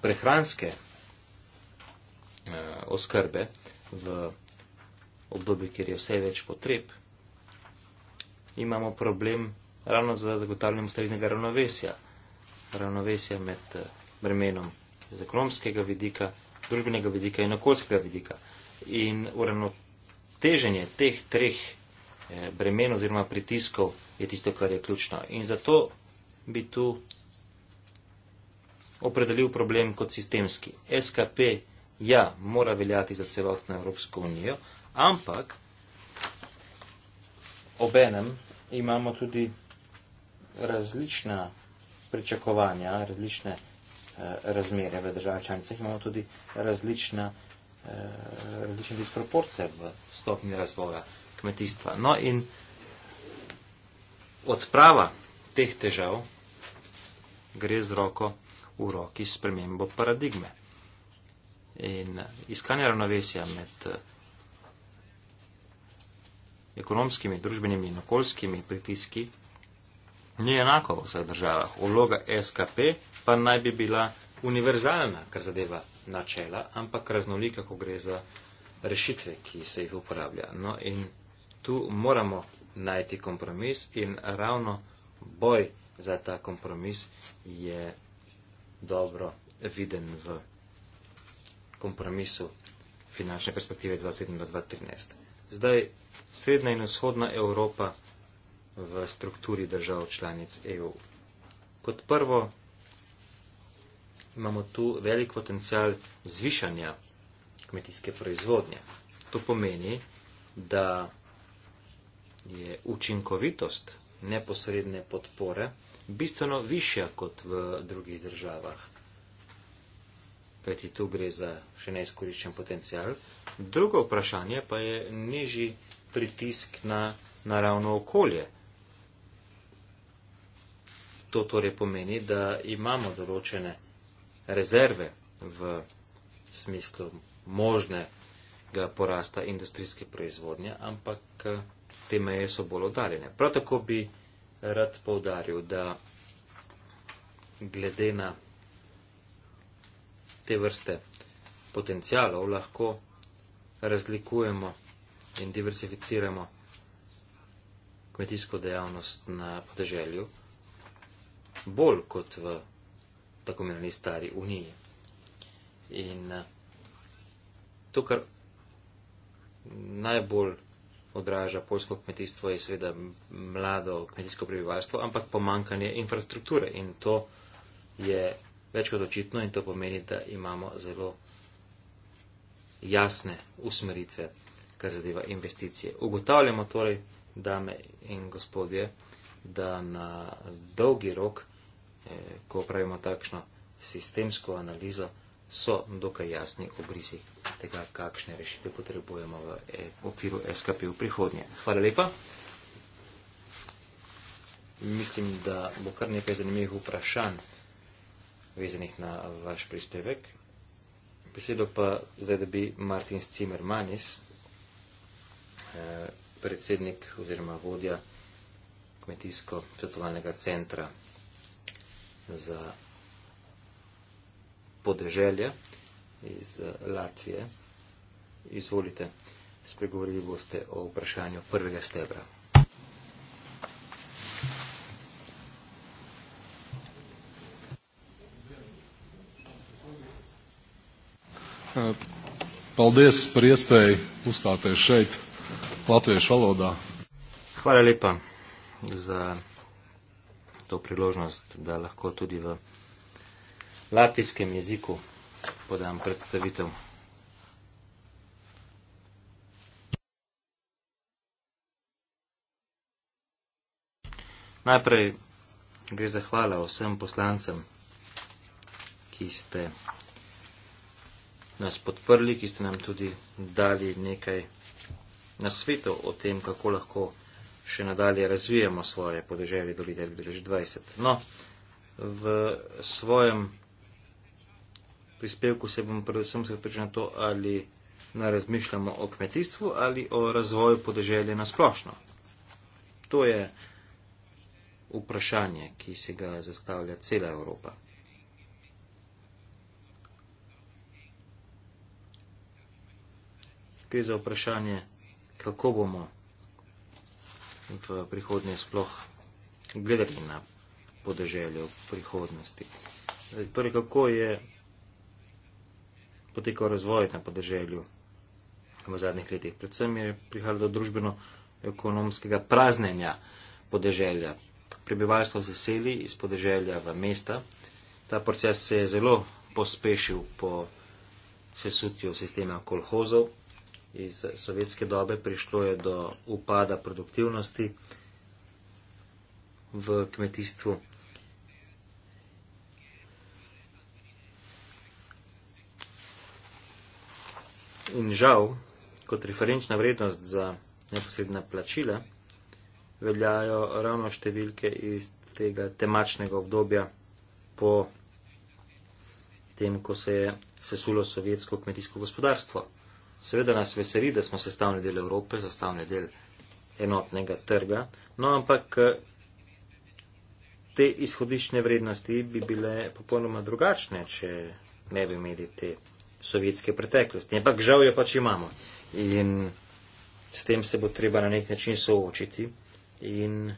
Speaker 3: prehranske uh, oskrbe v obdobje, kjer je vse več potreb, imamo problem ravno za zagotavljanje ustreznega ravnovesja. Ravnovesja med eh, bremenom iz ekonomskega vidika, družbenega vidika in okoljskega vidika. In uravnoteženje teh treh eh, bremen oziroma pritiskov je tisto, kar je ključno. In zato bi tu opredelil problem kot sistemski. SKP ja mora veljati za celotno Evropsko unijo, Ampak, obenem imamo tudi različna pričakovanja, različne eh, razmere v državah članicah, imamo tudi različna, eh, različne disproporce v stopni razvoja kmetijstva. No in odprava teh težav gre z roko v roki s premembo paradigme in iskanje ravnovesja med eh, ekonomskimi, družbenimi in okoljskimi pritiski ni enako v vseh državah. Vloga SKP pa naj bi bila univerzalna, kar zadeva načela, ampak raznolika, ko gre za rešitve, ki se jih uporablja. No in tu moramo najti kompromis in ravno boj za ta kompromis je dobro viden v kompromisu finančne perspektive 2007-2013. Zdaj, Srednja in vzhodna Evropa v strukturi držav članic EU. Kot prvo imamo tu velik potencial zvišanja kmetijske proizvodnje. To pomeni, da je učinkovitost neposredne podpore bistveno višja kot v drugih državah. Kajti tu gre za še neizkoriščen potencial. Drugo vprašanje pa je nižji pritisk na naravno okolje. To torej pomeni, da imamo določene rezerve v smislu možnega porasta industrijske proizvodnje, ampak te meje so bolj oddaljene. Prav tako bi rad povdaril, da glede na te vrste potencijalov lahko razlikujemo in diversificiramo kmetijsko dejavnost na podeželju, bolj kot v tako imenovani stari uniji. In eh, to, kar najbolj odraža polsko kmetijstvo, je seveda mlado kmetijsko prebivalstvo, ampak pomankanje infrastrukture. In to je več kot očitno in to pomeni, da imamo zelo jasne usmeritve kar zadeva investicije. Ugotavljamo torej, dame in gospodje, da na dolgi rok, eh, ko pravimo takšno sistemsko analizo, so dokaj jasni obrisi tega, kakšne rešitve potrebujemo v eh, okviru SKP v prihodnje. Hvala lepa. Mislim, da bo kar nekaj zanimivih vprašanj vezanih na vaš prispevek. Besedo pa zdaj, da bi Martin Cimermanis Eh, predsednik oziroma vodja kmetijsko svetovalnega centra za podeželje iz eh, Latvije. Izvolite, spregovorili boste o vprašanju prvega stebra. Eh, paldies par iespēju uzstāties šeit. Matej Šaloda. Hvala lepa za to priložnost, da lahko tudi v latijskem jeziku podam predstavitev. Najprej gre zahvala vsem poslancem, ki ste nas podprli, ki ste nam tudi dali nekaj na svetu o tem, kako lahko še nadalje razvijamo svoje podeželje do leta 2020. No, v svojem prispevku se bom predvsem sredpričal na to, ali ne razmišljamo o kmetijstvu ali o razvoju podeželja na splošno. To je vprašanje, ki se ga zastavlja cela Evropa. Gre za vprašanje kako bomo v prihodnje sploh gledali na podeželje v prihodnosti. Torej, kako je potekal razvoj na podeželju v zadnjih letih? Predvsem je prihajalo do družbeno-ekonomskega praznenja podeželja. Prebivalstvo se seli iz podeželja v mesta. Ta proces se je zelo pospešil po sesutju sistema kolhozov iz sovjetske dobe prišlo je do upada produktivnosti v kmetijstvu. In žal, kot referenčna vrednost za neposredna plačila, veljajo ravno številke iz tega temačnega obdobja po tem, ko se je sesulo sovjetsko kmetijsko gospodarstvo. Seveda nas veseli, da smo sestavni del Evrope, sestavni del enotnega trga, no ampak te izhodišne vrednosti bi bile popolnoma drugačne, če ne bi imeli te sovjetske preteklosti. Ampak žal jo pač imamo in s tem se bo treba na nek način soočiti in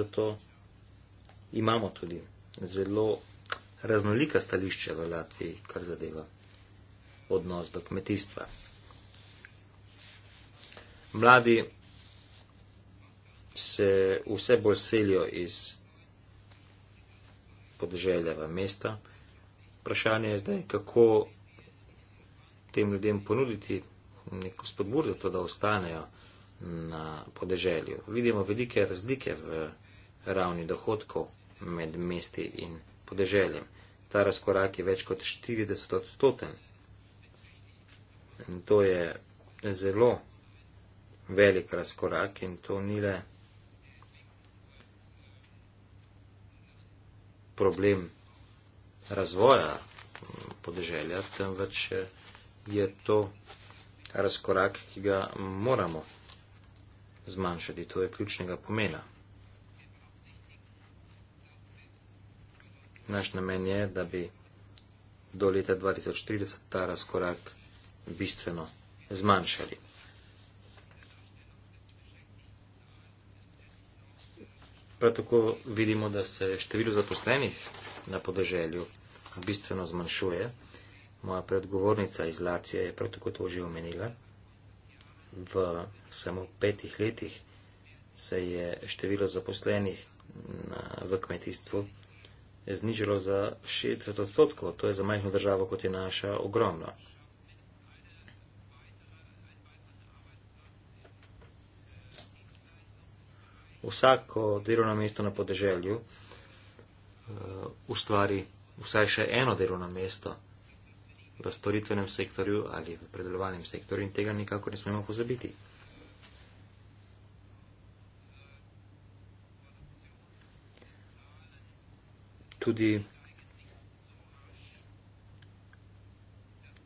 Speaker 3: zato imamo tudi zelo raznolika stališča v Latviji, kar zadeva odnos do kmetijstva. Mladi se vse bolj selijo iz podeželja v mesta. Vprašanje je zdaj, kako tem ljudem ponuditi neko spodbudo, to, da ostanejo na podeželju. Vidimo velike razlike v ravni dohodkov med mesti in mesti podeželjem. Ta razkorak je več kot 40 odstoten. In to je zelo velik razkorak in to ni le problem razvoja podeželja, temveč je to razkorak, ki ga moramo zmanjšati. To je ključnega pomena. Naš namen je, da bi do leta 2030 ta razkorak bistveno zmanjšali. Prav tako vidimo, da se število zaposlenih na podeželju bistveno zmanjšuje. Moja predgovornica iz Latvije je prav tako to že omenila. V samo petih letih se je število zaposlenih na, v kmetijstvu znižalo za 60 odstotkov. To je za majhno državo, kot je naša, ogromno. Vsako delovno mesto na podeželju uh, ustvari vsaj še eno delovno mesto v storitvenem sektorju ali v predelovalnem sektorju in tega nikako ne smemo pozabiti. tudi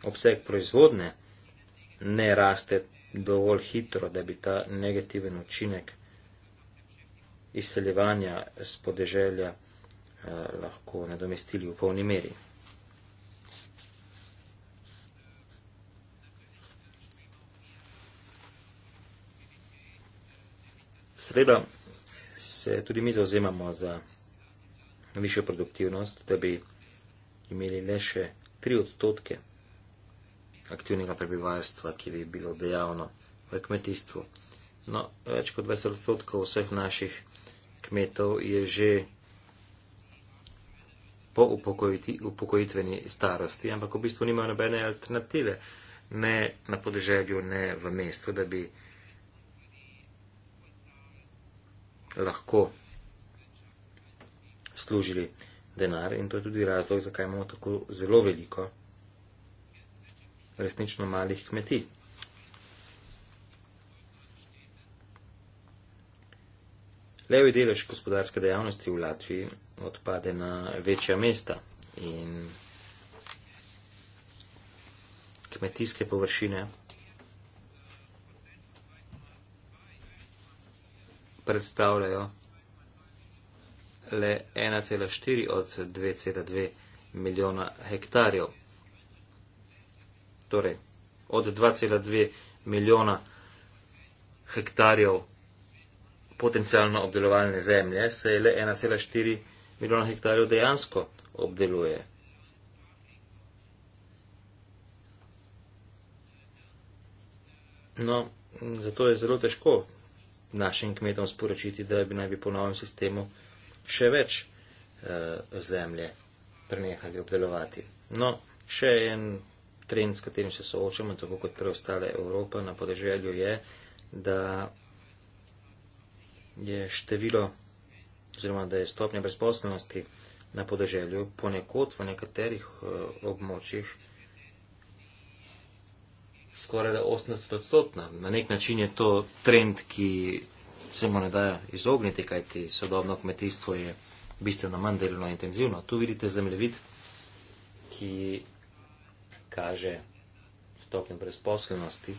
Speaker 3: obseg proizvodne ne raste dovolj hitro, da bi ta negativen učinek izseljevanja z podeželja eh, lahko nadomestili v polni meri. Seveda se tudi mi zauzemamo za višjo produktivnost, da bi imeli le še 3 odstotke aktivnega prebivalstva, ki bi bilo dejavno v kmetijstvu. No, več kot 20 odstotkov vseh naših kmetov je že po upokojitveni starosti, ampak v bistvu nimajo nobene alternative, ne na podeželju, ne v mestu, da bi lahko služili denar in to je tudi razlog, zakaj imamo tako zelo veliko resnično malih kmetij. Levi delež gospodarske dejavnosti v Latviji odpade na večja mesta in kmetijske površine predstavljajo le 1,4 od 2,2 milijona hektarjev. Torej, od 2,2 milijona hektarjev potencijalno obdelovalne zemlje se le 1,4 milijona hektarjev dejansko obdeluje. No, zato je zelo težko našim kmetom sporočiti, da bi naj bi po novem sistemu še več uh, zemlje prenehali obdelovati. No, še en trend, s katerim se soočamo, tako kot preostale Evropa na podeželju, je, da je število oziroma da je stopnja brezposobnosti na podeželju ponekod v nekaterih uh, območjih skoraj da 80 odstotna. Na nek način je to trend, ki se mu ne da izogniti, kajti sodobno kmetijstvo je bistveno manj delovno intenzivno. Tu vidite zemljevid, ki kaže stopnjo brezposelnosti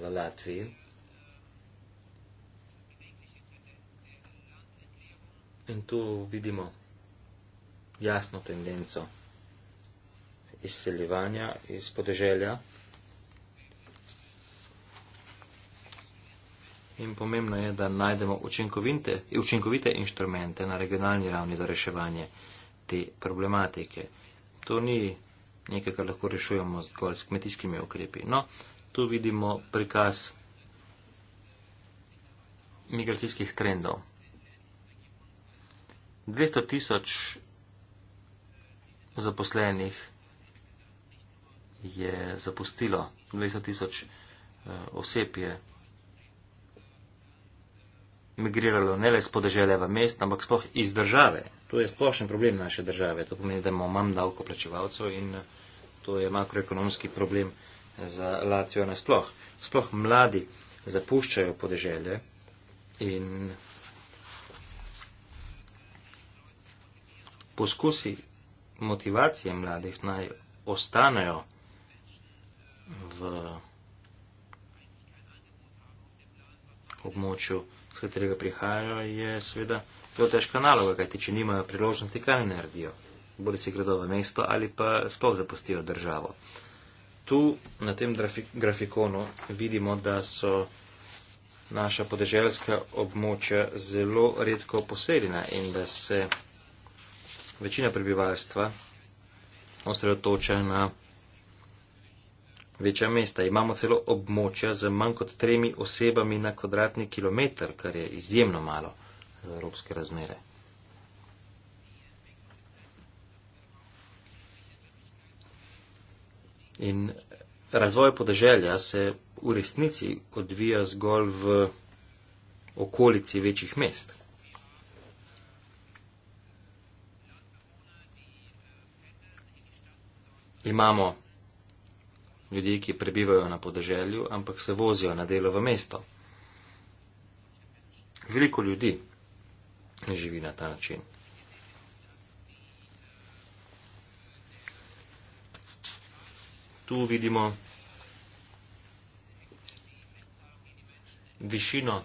Speaker 3: v Latviji. In tu vidimo jasno tendenco izseljevanja iz podeželja. In pomembno je, da najdemo učinkovite, učinkovite inštrumente na regionalni ravni za reševanje te problematike. To ni nekaj, kar lahko rešujemo zgolj s kmetijskimi ukrepi. No, tu vidimo prikaz migracijskih trendov. 200 tisoč zaposlenih je zapustilo, 200 tisoč eh, oseb je zapustilo migriralo ne le z podeželja v mest, ampak sploh iz države. To je splošen problem naše države. To pomeni, da imamo manj davkoplačevalcev in eh, to je makroekonomski problem za Lacijo nasploh. Sploh mladi zapuščajo podeželje in poskusi motivacije mladih naj ostanejo v območju katerega prihajajo, je seveda zelo težka naloga, kajti če nimajo priložnosti, kaj ne naredijo. Bodi si gredo v mesto ali pa sploh zapustijo državo. Tu na tem grafikonu vidimo, da so naša podeželska območja zelo redko poseljena in da se večina prebivalstva osredotoča na večja mesta. Imamo celo območja z manj kot tremi osebami na kvadratni kilometr, kar je izjemno malo za evropske razmere. In razvoj podeželja se v resnici odvija zgolj v okolici večjih mest. Imamo ljudi, ki prebivajo na podeželju, ampak se vozijo na delo v mesto. Veliko ljudi živi na ta način. Tu vidimo višino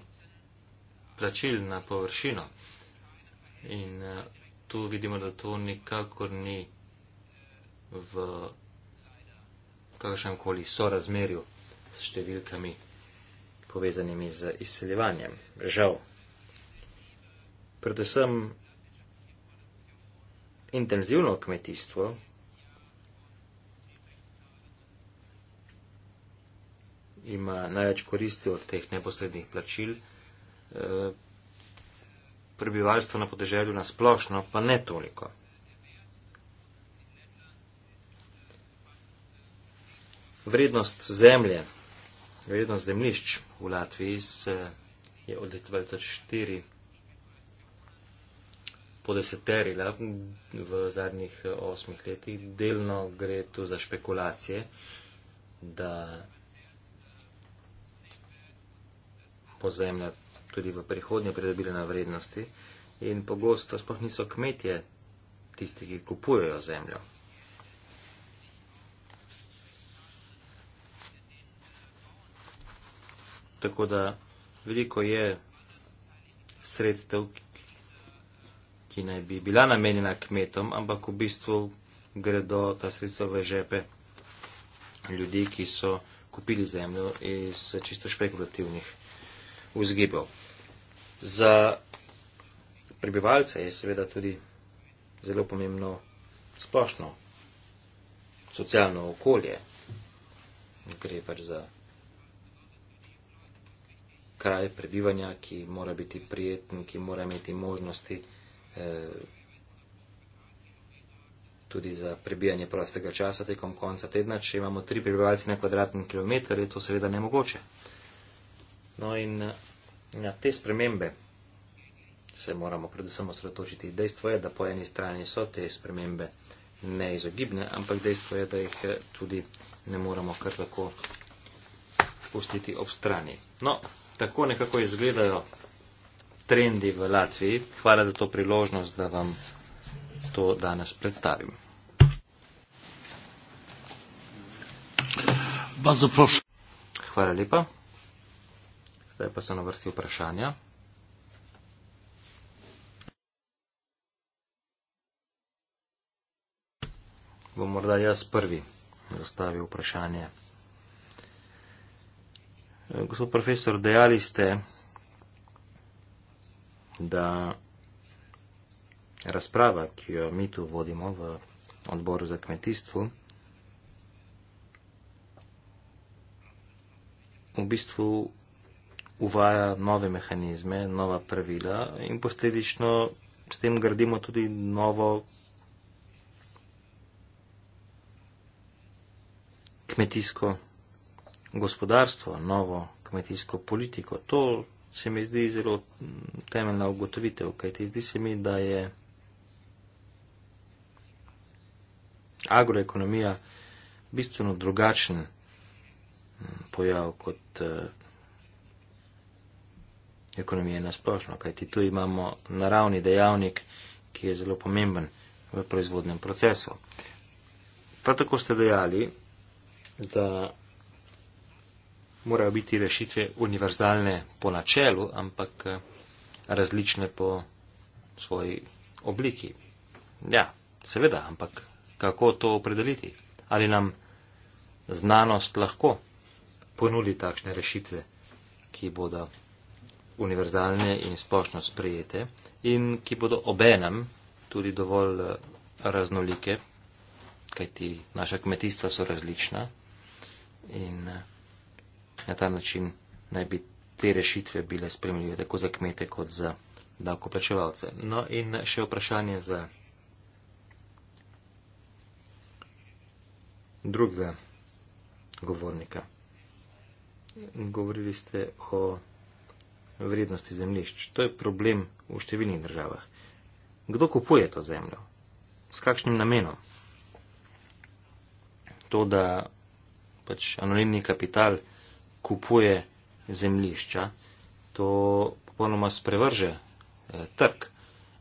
Speaker 3: plačil na površino in eh, tu vidimo, da to nikakor ni v kakšnem koli sorazmerju s številkami povezanimi z izseljevanjem. Žal. Predvsem intenzivno kmetijstvo ima največ koristi od teh neposrednih plačil. Eh, prebivalstvo na podeželju nasplošno pa ne toliko. vrednost zemlje, vrednost zemlišč v Latviji se je od 2004 podeseterila v zadnjih eh, osmih letih. Delno gre tu za špekulacije, da bo zemlja tudi v prihodnje pridobila na vrednosti in pogosto sploh niso kmetje tisti, ki kupujejo zemljo. tako da veliko je sredstev, ki naj bi bila namenjena kmetom, ampak v bistvu gredo ta sredstva v žepe ljudi, ki so kupili zemljo iz čisto špekulativnih vzgibov. Za prebivalce je seveda tudi zelo pomembno splošno socialno okolje. Gre pač za kraj prebivanja, ki mora biti prijeten, ki mora imeti možnosti eh, tudi za prebijanje prostega časa tekom konca tedna, če imamo tri prebivalce na kvadratni kilometr, je to seveda nemogoče. No in eh, na te spremembe se moramo predvsem osredotočiti. Dejstvo je, da po eni strani so te spremembe neizogibne, ampak dejstvo je, da jih eh, tudi ne moramo kar tako pustiti ob strani. No, tako nekako izgledajo trendi v Latviji. Hvala za to priložnost, da vam to danes predstavim. Hvala lepa. Zdaj pa so na vrsti vprašanja. Bom morda jaz prvi zastavil vprašanje. Eh, gospod profesor, dejali ste, da razprava, ki jo mi tu vodimo v odboru za kmetijstvo, v bistvu uvaja nove mehanizme, nova pravila in posledično s tem gradimo tudi novo kmetijsko gospodarstvo, novo kmetijsko politiko. To se mi zdi zelo temeljna ugotovitev, kajti zdi se mi, da je agroekonomija bistveno drugačen pojav kot eh, ekonomija nasplošno, kajti tu imamo naravni dejavnik, ki je zelo pomemben v proizvodnem procesu. Prav tako ste dejali, da morajo biti rešitve univerzalne po načelu, ampak eh, različne po svoji obliki. Ja, seveda, ampak kako to opredeliti? Ali nam znanost lahko ponudi takšne rešitve, ki bodo univerzalne in splošno sprejete in ki bodo obenem tudi dovolj eh, raznolike, kajti naša kmetijstva so različna in eh, Na ta način naj bi te rešitve bile spremljive tako za kmete kot za davkoplačevalce. No in še vprašanje za drugega govornika. Govorili ste o vrednosti zemljišč. To je problem v številnih državah. Kdo kupuje to zemljo? S kakšnim namenom? To, da pač anonimni kapital kupuje zemlišča, to popolnoma sprevrže eh, trg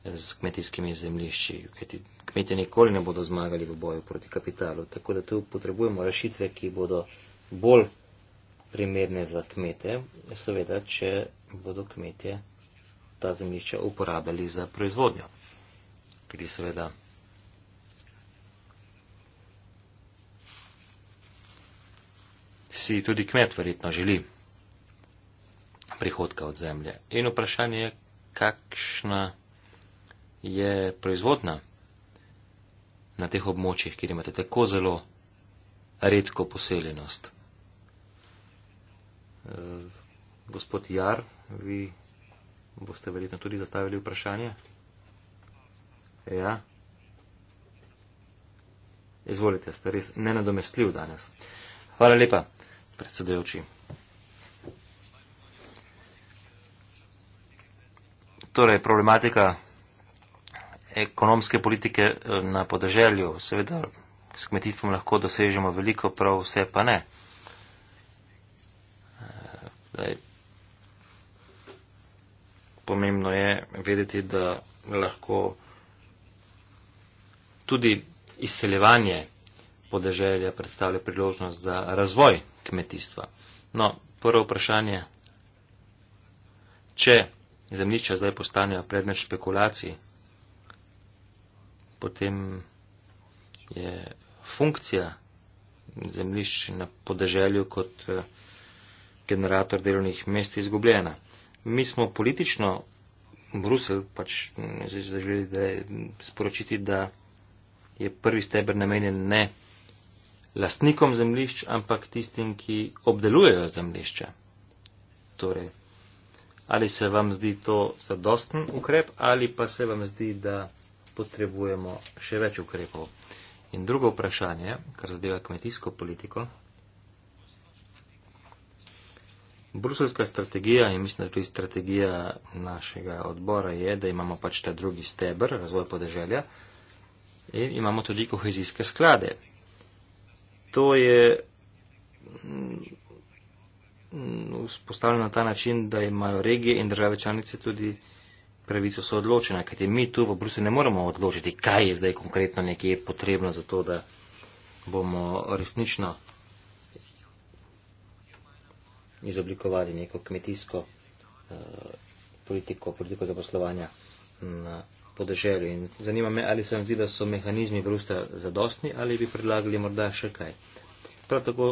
Speaker 3: z eh, kmetijskimi zemlišči, kajti kmetje nikoli ne bodo zmagali v boju proti kapitalu. Tako da tu potrebujemo rešitve, ki bodo bolj primerne za kmete, seveda, če bodo kmetje ta zemlišča uporabljali za proizvodnjo. Kajti seveda si tudi kmet verjetno želi prihodka od zemlje. In vprašanje je, kakšna je proizvodna na teh območjih, kjer imate tako zelo redko poseljenost. Eh, gospod Jar, vi boste verjetno tudi zastavili vprašanje. Ja. Izvolite, ste res nenadomestljiv danes. Hvala lepa predsedujoči. Torej, problematika ekonomske politike eh, na podeželju, seveda s kmetijstvom lahko dosežemo veliko, prav vse pa ne. Eh, pomembno je vedeti, da lahko tudi izseljevanje podeželja predstavlja priložnost za razvoj kmetijstva. No, prvo vprašanje, če zemljišča zdaj postanejo predmet špekulacij, potem je funkcija zemljišč na podeželju kot eh, generator delovnih mest izgubljena. Mi smo politično, Brusel pač mm, želi sporočiti, da je prvi stebr namenjen ne lastnikom zemljišč, ampak tistim, ki obdelujejo zemljišče. Torej, ali se vam zdi to zadosten ukrep ali pa se vam zdi, da potrebujemo še več ukrepov. In drugo vprašanje, kar zadeva kmetijsko politiko. Bruselska strategija in mislim, da tudi strategija našega odbora je, da imamo pač ta drugi stebr, razvoj podeželja in imamo tudi kohezijske sklade to je mm, mm, vzpostavljeno na ta način, da imajo regije in države članice tudi pravico so odločena, kajte mi tu v Bruslju ne moremo odločiti, kaj je zdaj konkretno nekje potrebno za to, da bomo resnično izoblikovali neko kmetijsko uh, politiko, politiko zaposlovanja na. Uh, podeželju. In zanima me, ali se vam zdi, da so mehanizmi brusta zadostni ali bi predlagali morda še kaj. Prav tako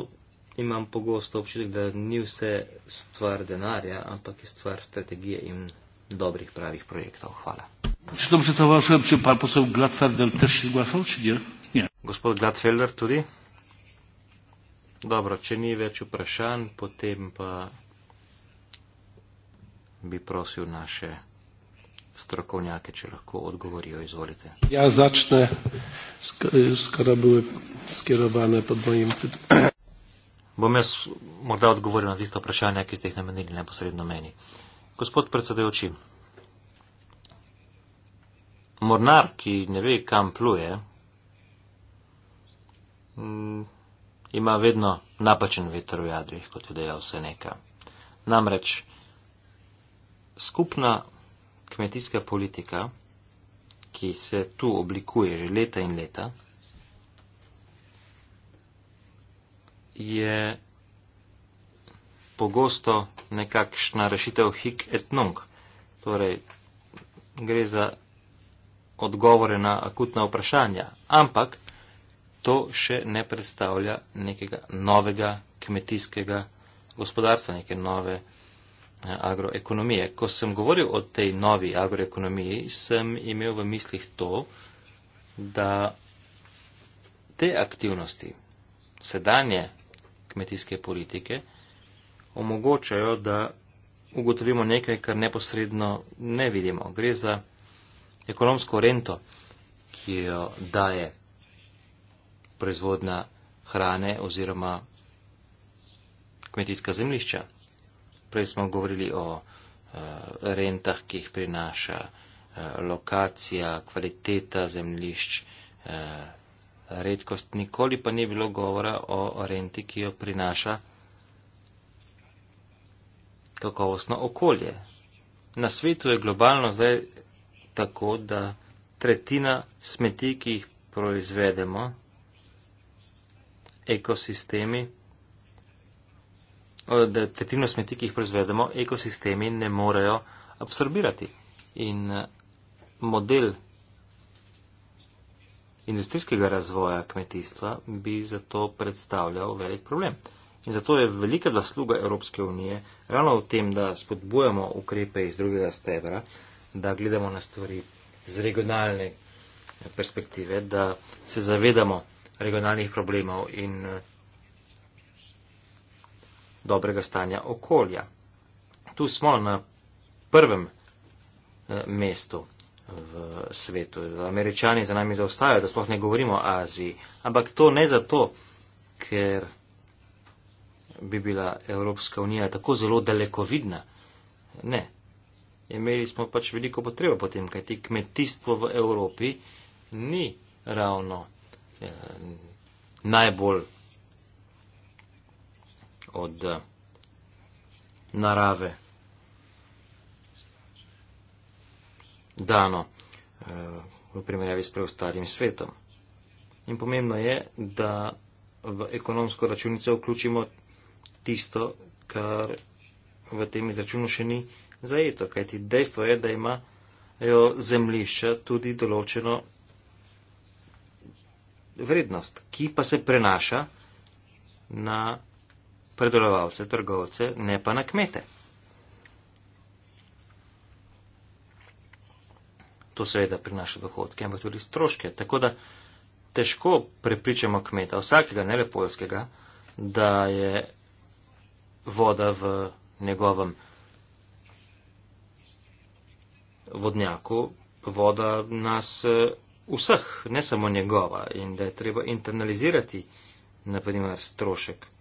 Speaker 3: imam pogosto občutek, da ni vse stvar denarja, ampak je stvar strategije in dobrih pravih projektov. Hvala. Gospod Gladfelder tudi. Dobro, če ni več vprašanj, potem pa bi prosil naše strokovnjake, če lahko odgovorijo, izvolite.
Speaker 1: Ja, začne skoraj bilo skirovane pod mojim.
Speaker 3: Bom jaz morda odgovoril na tisto vprašanje, ki ste jih namenili neposredno meni. Gospod predsedujoči, mornar, ki ne ve, kam pluje, mm, ima vedno napačen veter v jadrih, kot je dejal Seneka. Namreč skupna kmetijska politika, ki se tu oblikuje že leta in leta, je pogosto nekakšna rešitev hik et nunk. Torej, gre za odgovore na akutna vprašanja, ampak to še ne predstavlja nekega novega kmetijskega gospodarstva, neke nove agroekonomije. Ko sem govoril o tej novi agroekonomiji, sem imel v mislih to, da te aktivnosti sedanje kmetijske politike omogočajo, da ugotovimo nekaj, kar neposredno ne vidimo. Gre za ekonomsko rento, ki jo daje proizvodna hrane oziroma kmetijska zemlišča. Prej smo govorili o uh, rentah, ki jih prinaša uh, lokacija, kvaliteta zemljišč, uh, redkost. Nikoli pa ni bilo govora o renti, ki jo prinaša kakovostno okolje. Na svetu je globalno zdaj tako, da tretjina smeti, ki jih proizvedemo, ekosistemi, detektivno smeti, ki jih proizvedemo, ekosistemi ne morejo absorbirati. In eh, model industrijskega razvoja kmetijstva bi zato predstavljal velik problem. In zato je velika zasluga Evropske unije ravno v tem, da spodbujamo ukrepe iz drugega stebra, da gledamo na stvari z regionalne perspektive, da se zavedamo regionalnih problemov in eh, dobrega stanja okolja. Tu smo na prvem eh, mestu v svetu. Američani za nami zaostajajo, da sploh ne govorimo o Aziji. Ampak to ne zato, ker bi bila Evropska unija tako zelo dalekovidna. Ne. Imeli smo pač veliko potrebo potem, kajti kmetijstvo v Evropi ni ravno eh, najbolj od eh, narave dano eh, v primerjavi s preostalim svetom. In pomembno je, da v ekonomsko računico vključimo tisto, kar v tem izračunu še ni zajeto. Kajti dejstvo je, da imajo zemlišča tudi določeno vrednost, ki pa se prenaša na predelovalce, trgovce, ne pa na kmete. To seveda prinaša dohodke, ampak tudi stroške. Tako da težko prepričamo kmeta, vsakega ne le polskega, da je voda v njegovem vodnjaku voda nas eh, vseh, ne samo njegova, in da je treba internalizirati, naprimer, strošek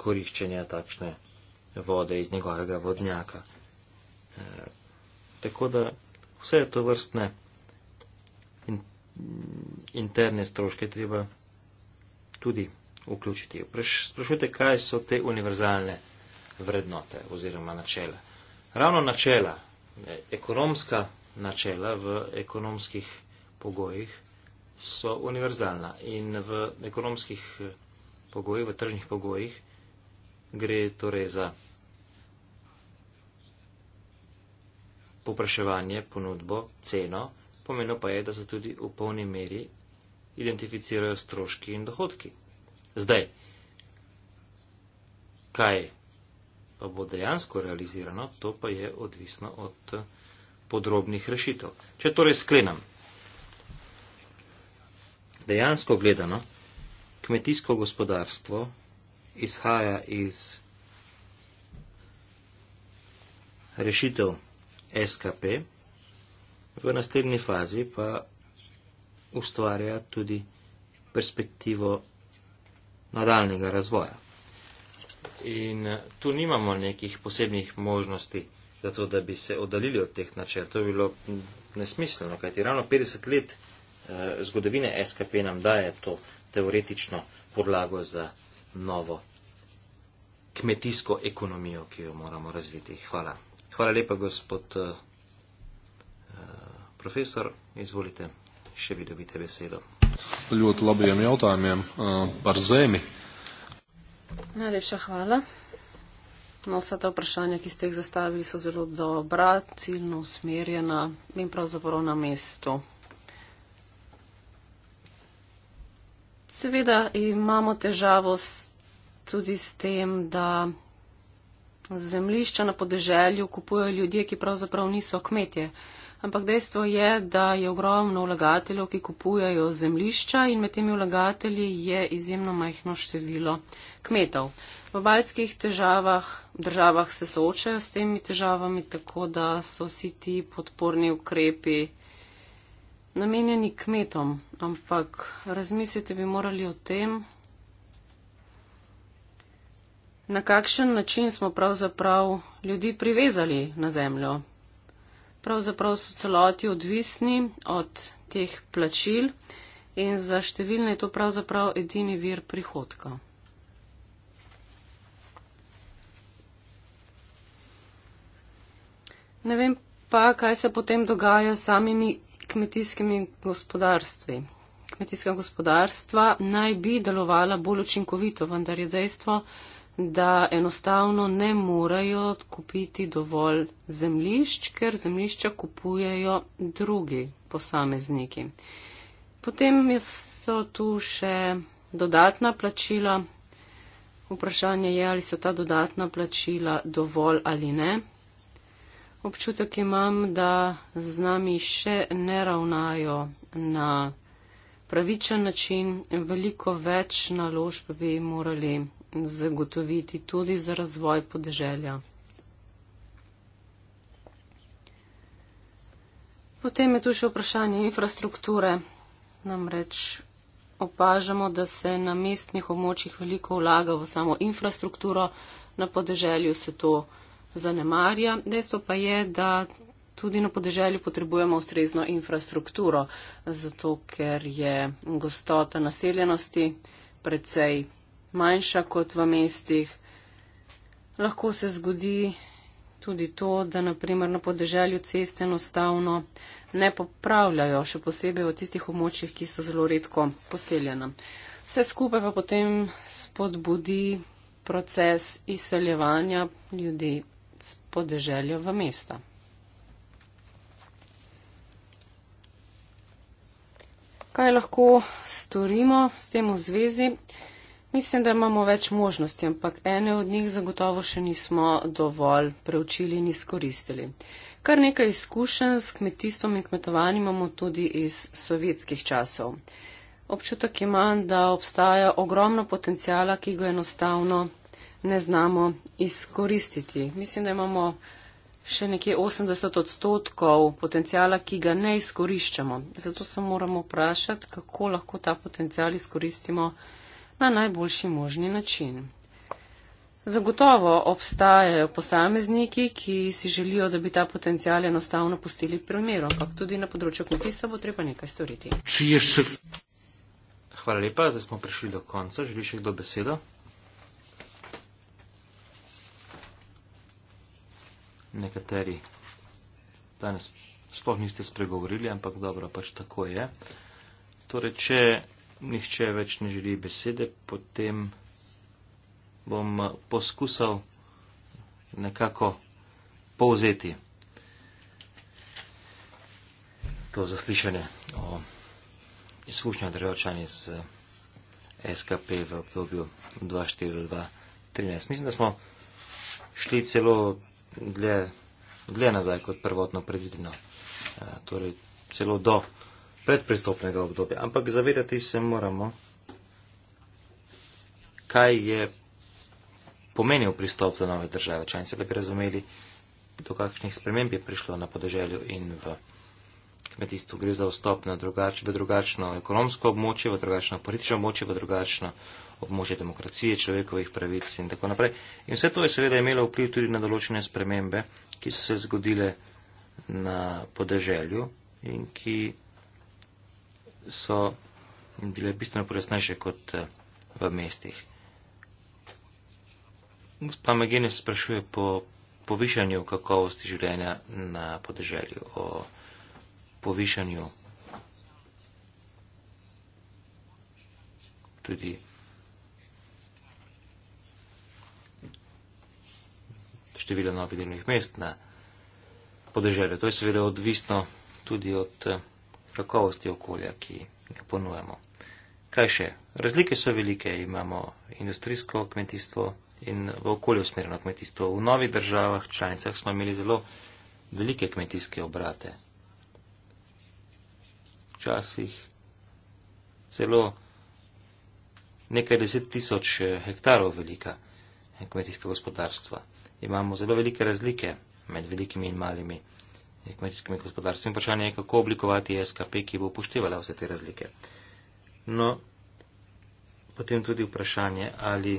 Speaker 3: koriščenja takšne vode iz njegovega vodnjaka. E, tako da vse je to vrstne in, interne stroške treba tudi vključiti. Sprašujte, kaj so te univerzalne vrednote oziroma načela. Ravno načela, e, ekonomska načela v ekonomskih pogojih so univerzalna in v ekonomskih e, pogojih, v tržnih pogojih gre torej za popraševanje, ponudbo, ceno, pomeno pa je, da se tudi v polni meri identificirajo stroški in dohodki. Zdaj, kaj pa bo dejansko realizirano, to pa je odvisno od podrobnih rešitev. Če torej sklenem, dejansko gledano, kmetijsko gospodarstvo izhaja iz rešitev SKP, v naslednji fazi pa ustvarja tudi perspektivo nadaljnega razvoja. In eh, tu nimamo nekih posebnih možnosti za to, da bi se oddalili od teh načel. To je bilo nesmiselno, kajti ravno 50 let eh, zgodovine SKP nam daje to teoretično podlago za novo kmetijsko ekonomijo, ki jo moramo razviti. Hvala. Hvala lepa, gospod uh, profesor. Izvolite, še vi dobite besedo. Ljubot, lobijem, jautajem, barzemi. Eh,
Speaker 2: Najlepša hvala. No, vsa ta vprašanja, ki ste jih zastavili, so zelo dobra, ciljno usmerjena in pravzaprav na mestu. Seveda imamo težavo s tudi s tem, da zemlišča na podeželju kupujejo ljudje, ki pravzaprav niso kmetje. Ampak dejstvo je, da je ogromno vlagateljev, ki kupujajo zemlišča in med temi vlagatelji je izjemno majhno število kmetov. V baljskih težavah državah se soočajo s temi težavami, tako da so vsi ti podporni ukrepi namenjeni kmetom. Ampak razmisliti bi morali o tem, na kakšen način smo pravzaprav ljudi privezali na zemljo. Pravzaprav so celoti odvisni od teh plačil in za številne je to pravzaprav edini vir prihodka. Ne vem pa, kaj se potem dogaja s samimi kmetijskimi gospodarstvi. Kmetijska gospodarstva naj bi delovala bolj učinkovito, vendar je dejstvo, da enostavno ne morajo kupiti dovolj zemlišč, ker zemlišča kupujejo drugi posamezniki. Potem so tu še dodatna plačila. Vprašanje je, ali so ta dodatna plačila dovolj ali ne. Občutek imam, da z nami še ne ravnajo na pravičen način. Veliko več naložb bi morali zagotoviti tudi za razvoj podeželja. Potem je tu še vprašanje infrastrukture. Namreč opažamo, da se na mestnih območjih veliko vlaga v samo infrastrukturo, na podeželju se to zanemarja. Dejstvo pa je, da tudi na podeželju potrebujemo ustrezno infrastrukturo, zato ker je gostota naseljenosti precej manjša kot v mestih. Lahko se zgodi tudi to, da naprimer na podeželju ceste enostavno ne popravljajo, še posebej v tistih območjih, ki so zelo redko poseljena. Vse skupaj pa potem spodbudi proces izseljevanja ljudi z podeželja v mesta. Kaj lahko storimo s tem v zvezi? Mislim, da imamo več možnosti, ampak ene od njih zagotovo še nismo dovolj preučili in izkoristili. Kar nekaj izkušenj s kmetijstvom in kmetovanjem imamo tudi iz sovjetskih časov. Občutek imam, da obstaja ogromno potencijala, ki ga enostavno ne znamo izkoristiti. Mislim, da imamo še nekje 80 odstotkov potencijala, ki ga ne izkoriščamo. Zato se moramo vprašati, kako lahko ta potencial izkoristimo na najboljši možni način. Zagotovo obstajajo posamezniki, ki si želijo, da bi ta potencial enostavno pustili pri miru, ampak tudi na področju kmetijstva bo treba nekaj storiti.
Speaker 3: Še... Hvala lepa, zdaj smo prišli do konca. Želi še kdo besedo? Nekateri danes sploh niste spregovorili, ampak dobro, pač tako je. Torej, če nihče več ne želi besede, potem bom eh, poskusal nekako povzeti to zaslišanje o izkušnjah državčani z eh, SKP v obdobju 2004-2013. Mislim, da smo šli celo dlje, dlje nazaj kot prvotno predvideno, eh, torej celo do predpristopnega obdobja. Ampak zavedati se moramo, kaj je pomenil pristop do nove države. Če ne bi razumeli, do kakšnih sprememb je prišlo na podeželju in v kmetijstvu. Gre za vstop drugač, v drugačno ekonomsko območje, v drugačno politično območje, v drugačno območje demokracije, človekovih pravic in tako naprej. In vse to je seveda imelo vpliv tudi na določene spremembe, ki so se zgodile na podeželju in ki so bile bistveno poresnejše kot eh, v mestih. Gospa Magine se sprašuje po povišanju kakovosti življenja na podeželju, o povišanju tudi števila novih delovnih mest na podeželju. To je seveda odvisno tudi od eh, kakovosti okolja, ki ga ponujemo. Kaj še? Razlike so velike. Imamo industrijsko kmetijstvo in v okolju usmerjeno kmetijstvo. V novih državah, članicah smo imeli zelo velike kmetijske obrate. Včasih celo nekaj deset tisoč eh, hektarov velika eh, kmetijska gospodarstva. Imamo zelo velike razlike med velikimi in malimi kmetijskim in gospodarstvim, vprašanje je, kako oblikovati SKP, ki bo upoštevala vse te razlike. No, potem tudi vprašanje, ali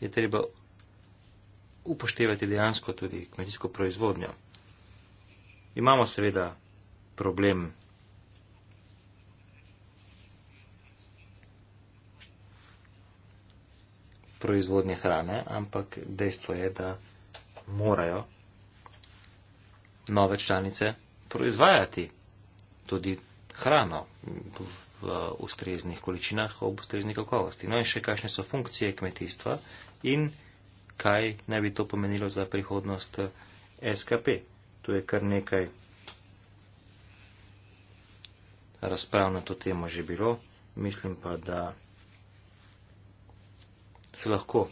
Speaker 3: je treba upoštevati dejansko tudi kmetijsko proizvodnjo. Imamo seveda problem proizvodnje hrane, ampak dejstvo je, da morajo nove članice proizvajati tudi hrano v ustreznih količinah, ob ustrezni kakovosti. No in še kakšne so funkcije kmetijstva in kaj naj bi to pomenilo za prihodnost eh, SKP. Tu je kar nekaj razprav na to temo že bilo. Mislim pa, da se lahko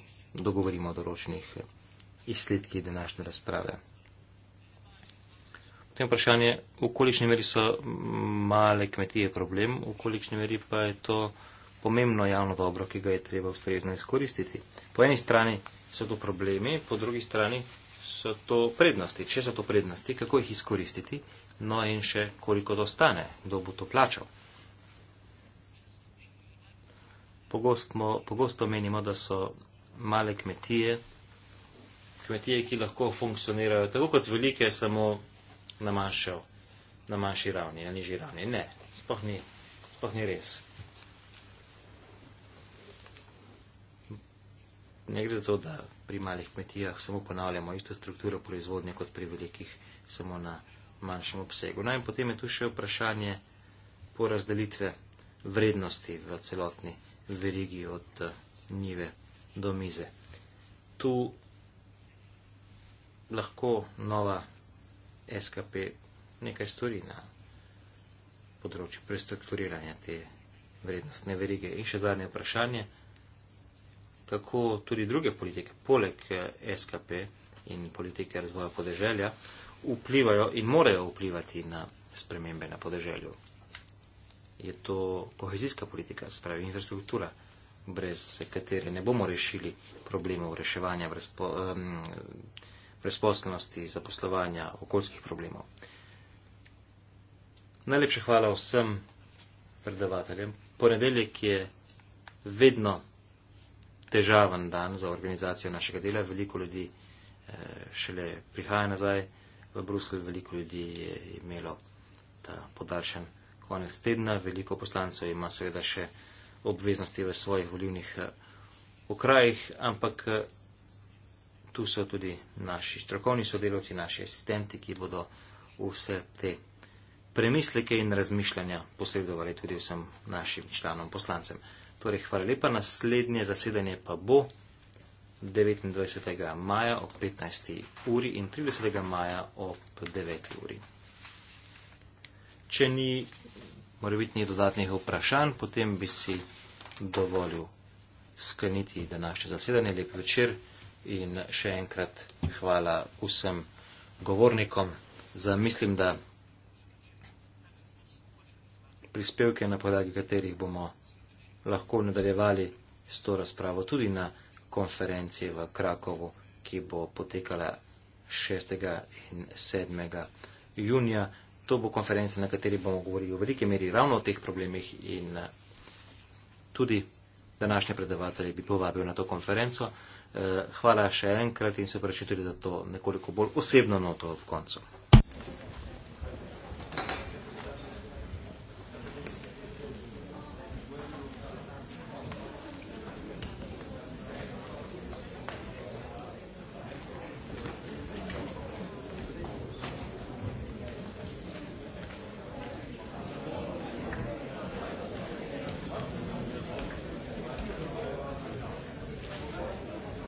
Speaker 3: dogovorimo o določenih izsledkih današnje razprave. Potem vprašanje, v kolikšni meri so male kmetije problem, v kolikšni meri pa je to pomembno javno dobro, ki ga je treba ustrezno izkoristiti. Po eni strani so to problemi, po drugi strani so to prednosti. Če so to prednosti, kako jih izkoristiti, no in še koliko to stane, kdo bo to plačal. pogosto, pogosto menimo, da so male kmetije, kmetije, ki lahko funkcionirajo tako kot velike, samo na, manjšo, na manjši ravni, na nižji ravni. Ne, sploh ni, sploh ni res. Ne gre za to, da pri malih kmetijah samo ponavljamo isto strukturo proizvodnje kot pri velikih, samo na manjšem obsegu. No in potem je tu še vprašanje porazdelitve vrednosti v celotni verigi od eh, njive do mize. Tu lahko nova SKP nekaj stori na področju prestrukturiranja te vrednostne verige. In še zadnje vprašanje, kako tudi druge politike, poleg eh, SKP in politike razvoja podeželja, vplivajo in morajo vplivati na spremembe na podeželju je to kohezijska politika, se pravi infrastruktura, brez katere ne bomo rešili problemov reševanja brezposelnosti, um, zaposlovanja, okoljskih problemov. Najlepša hvala vsem predavateljem. Ponedeljek je vedno težaven dan za organizacijo našega dela. Veliko ljudi eh, šele prihaja nazaj v Bruselj, veliko ljudi je imelo ta podaljšan konec tedna. Veliko poslancev ima seveda še obveznosti v svojih volivnih eh, okrajih, ampak eh, tu so tudi naši strokovni sodelovci, naši asistenti, ki bodo vse te premisleke in razmišljanja posredovali tudi vsem našim članom poslancem. Torej, hvala lepa. Naslednje zasedanje pa bo 29. maja ob 15. uri in 30. maja ob 9. uri. Če ni morebitnih dodatnih vprašanj, potem bi si dovolil skleniti današnje zasedanje. Lep večer in še enkrat hvala vsem govornikom za mislim, da prispevke, na podlagi katerih bomo lahko nadaljevali s to razpravo tudi na konferenci v Krakovu, ki bo potekala 6. in 7. junija to bo konferenca, na kateri bomo govorili v veliki meri ravno o teh problemih in eh, tudi današnje predavatelje bi povabil na to konferenco. Eh, hvala še enkrat in se prečutili za to nekoliko bolj osebno noto ob koncu.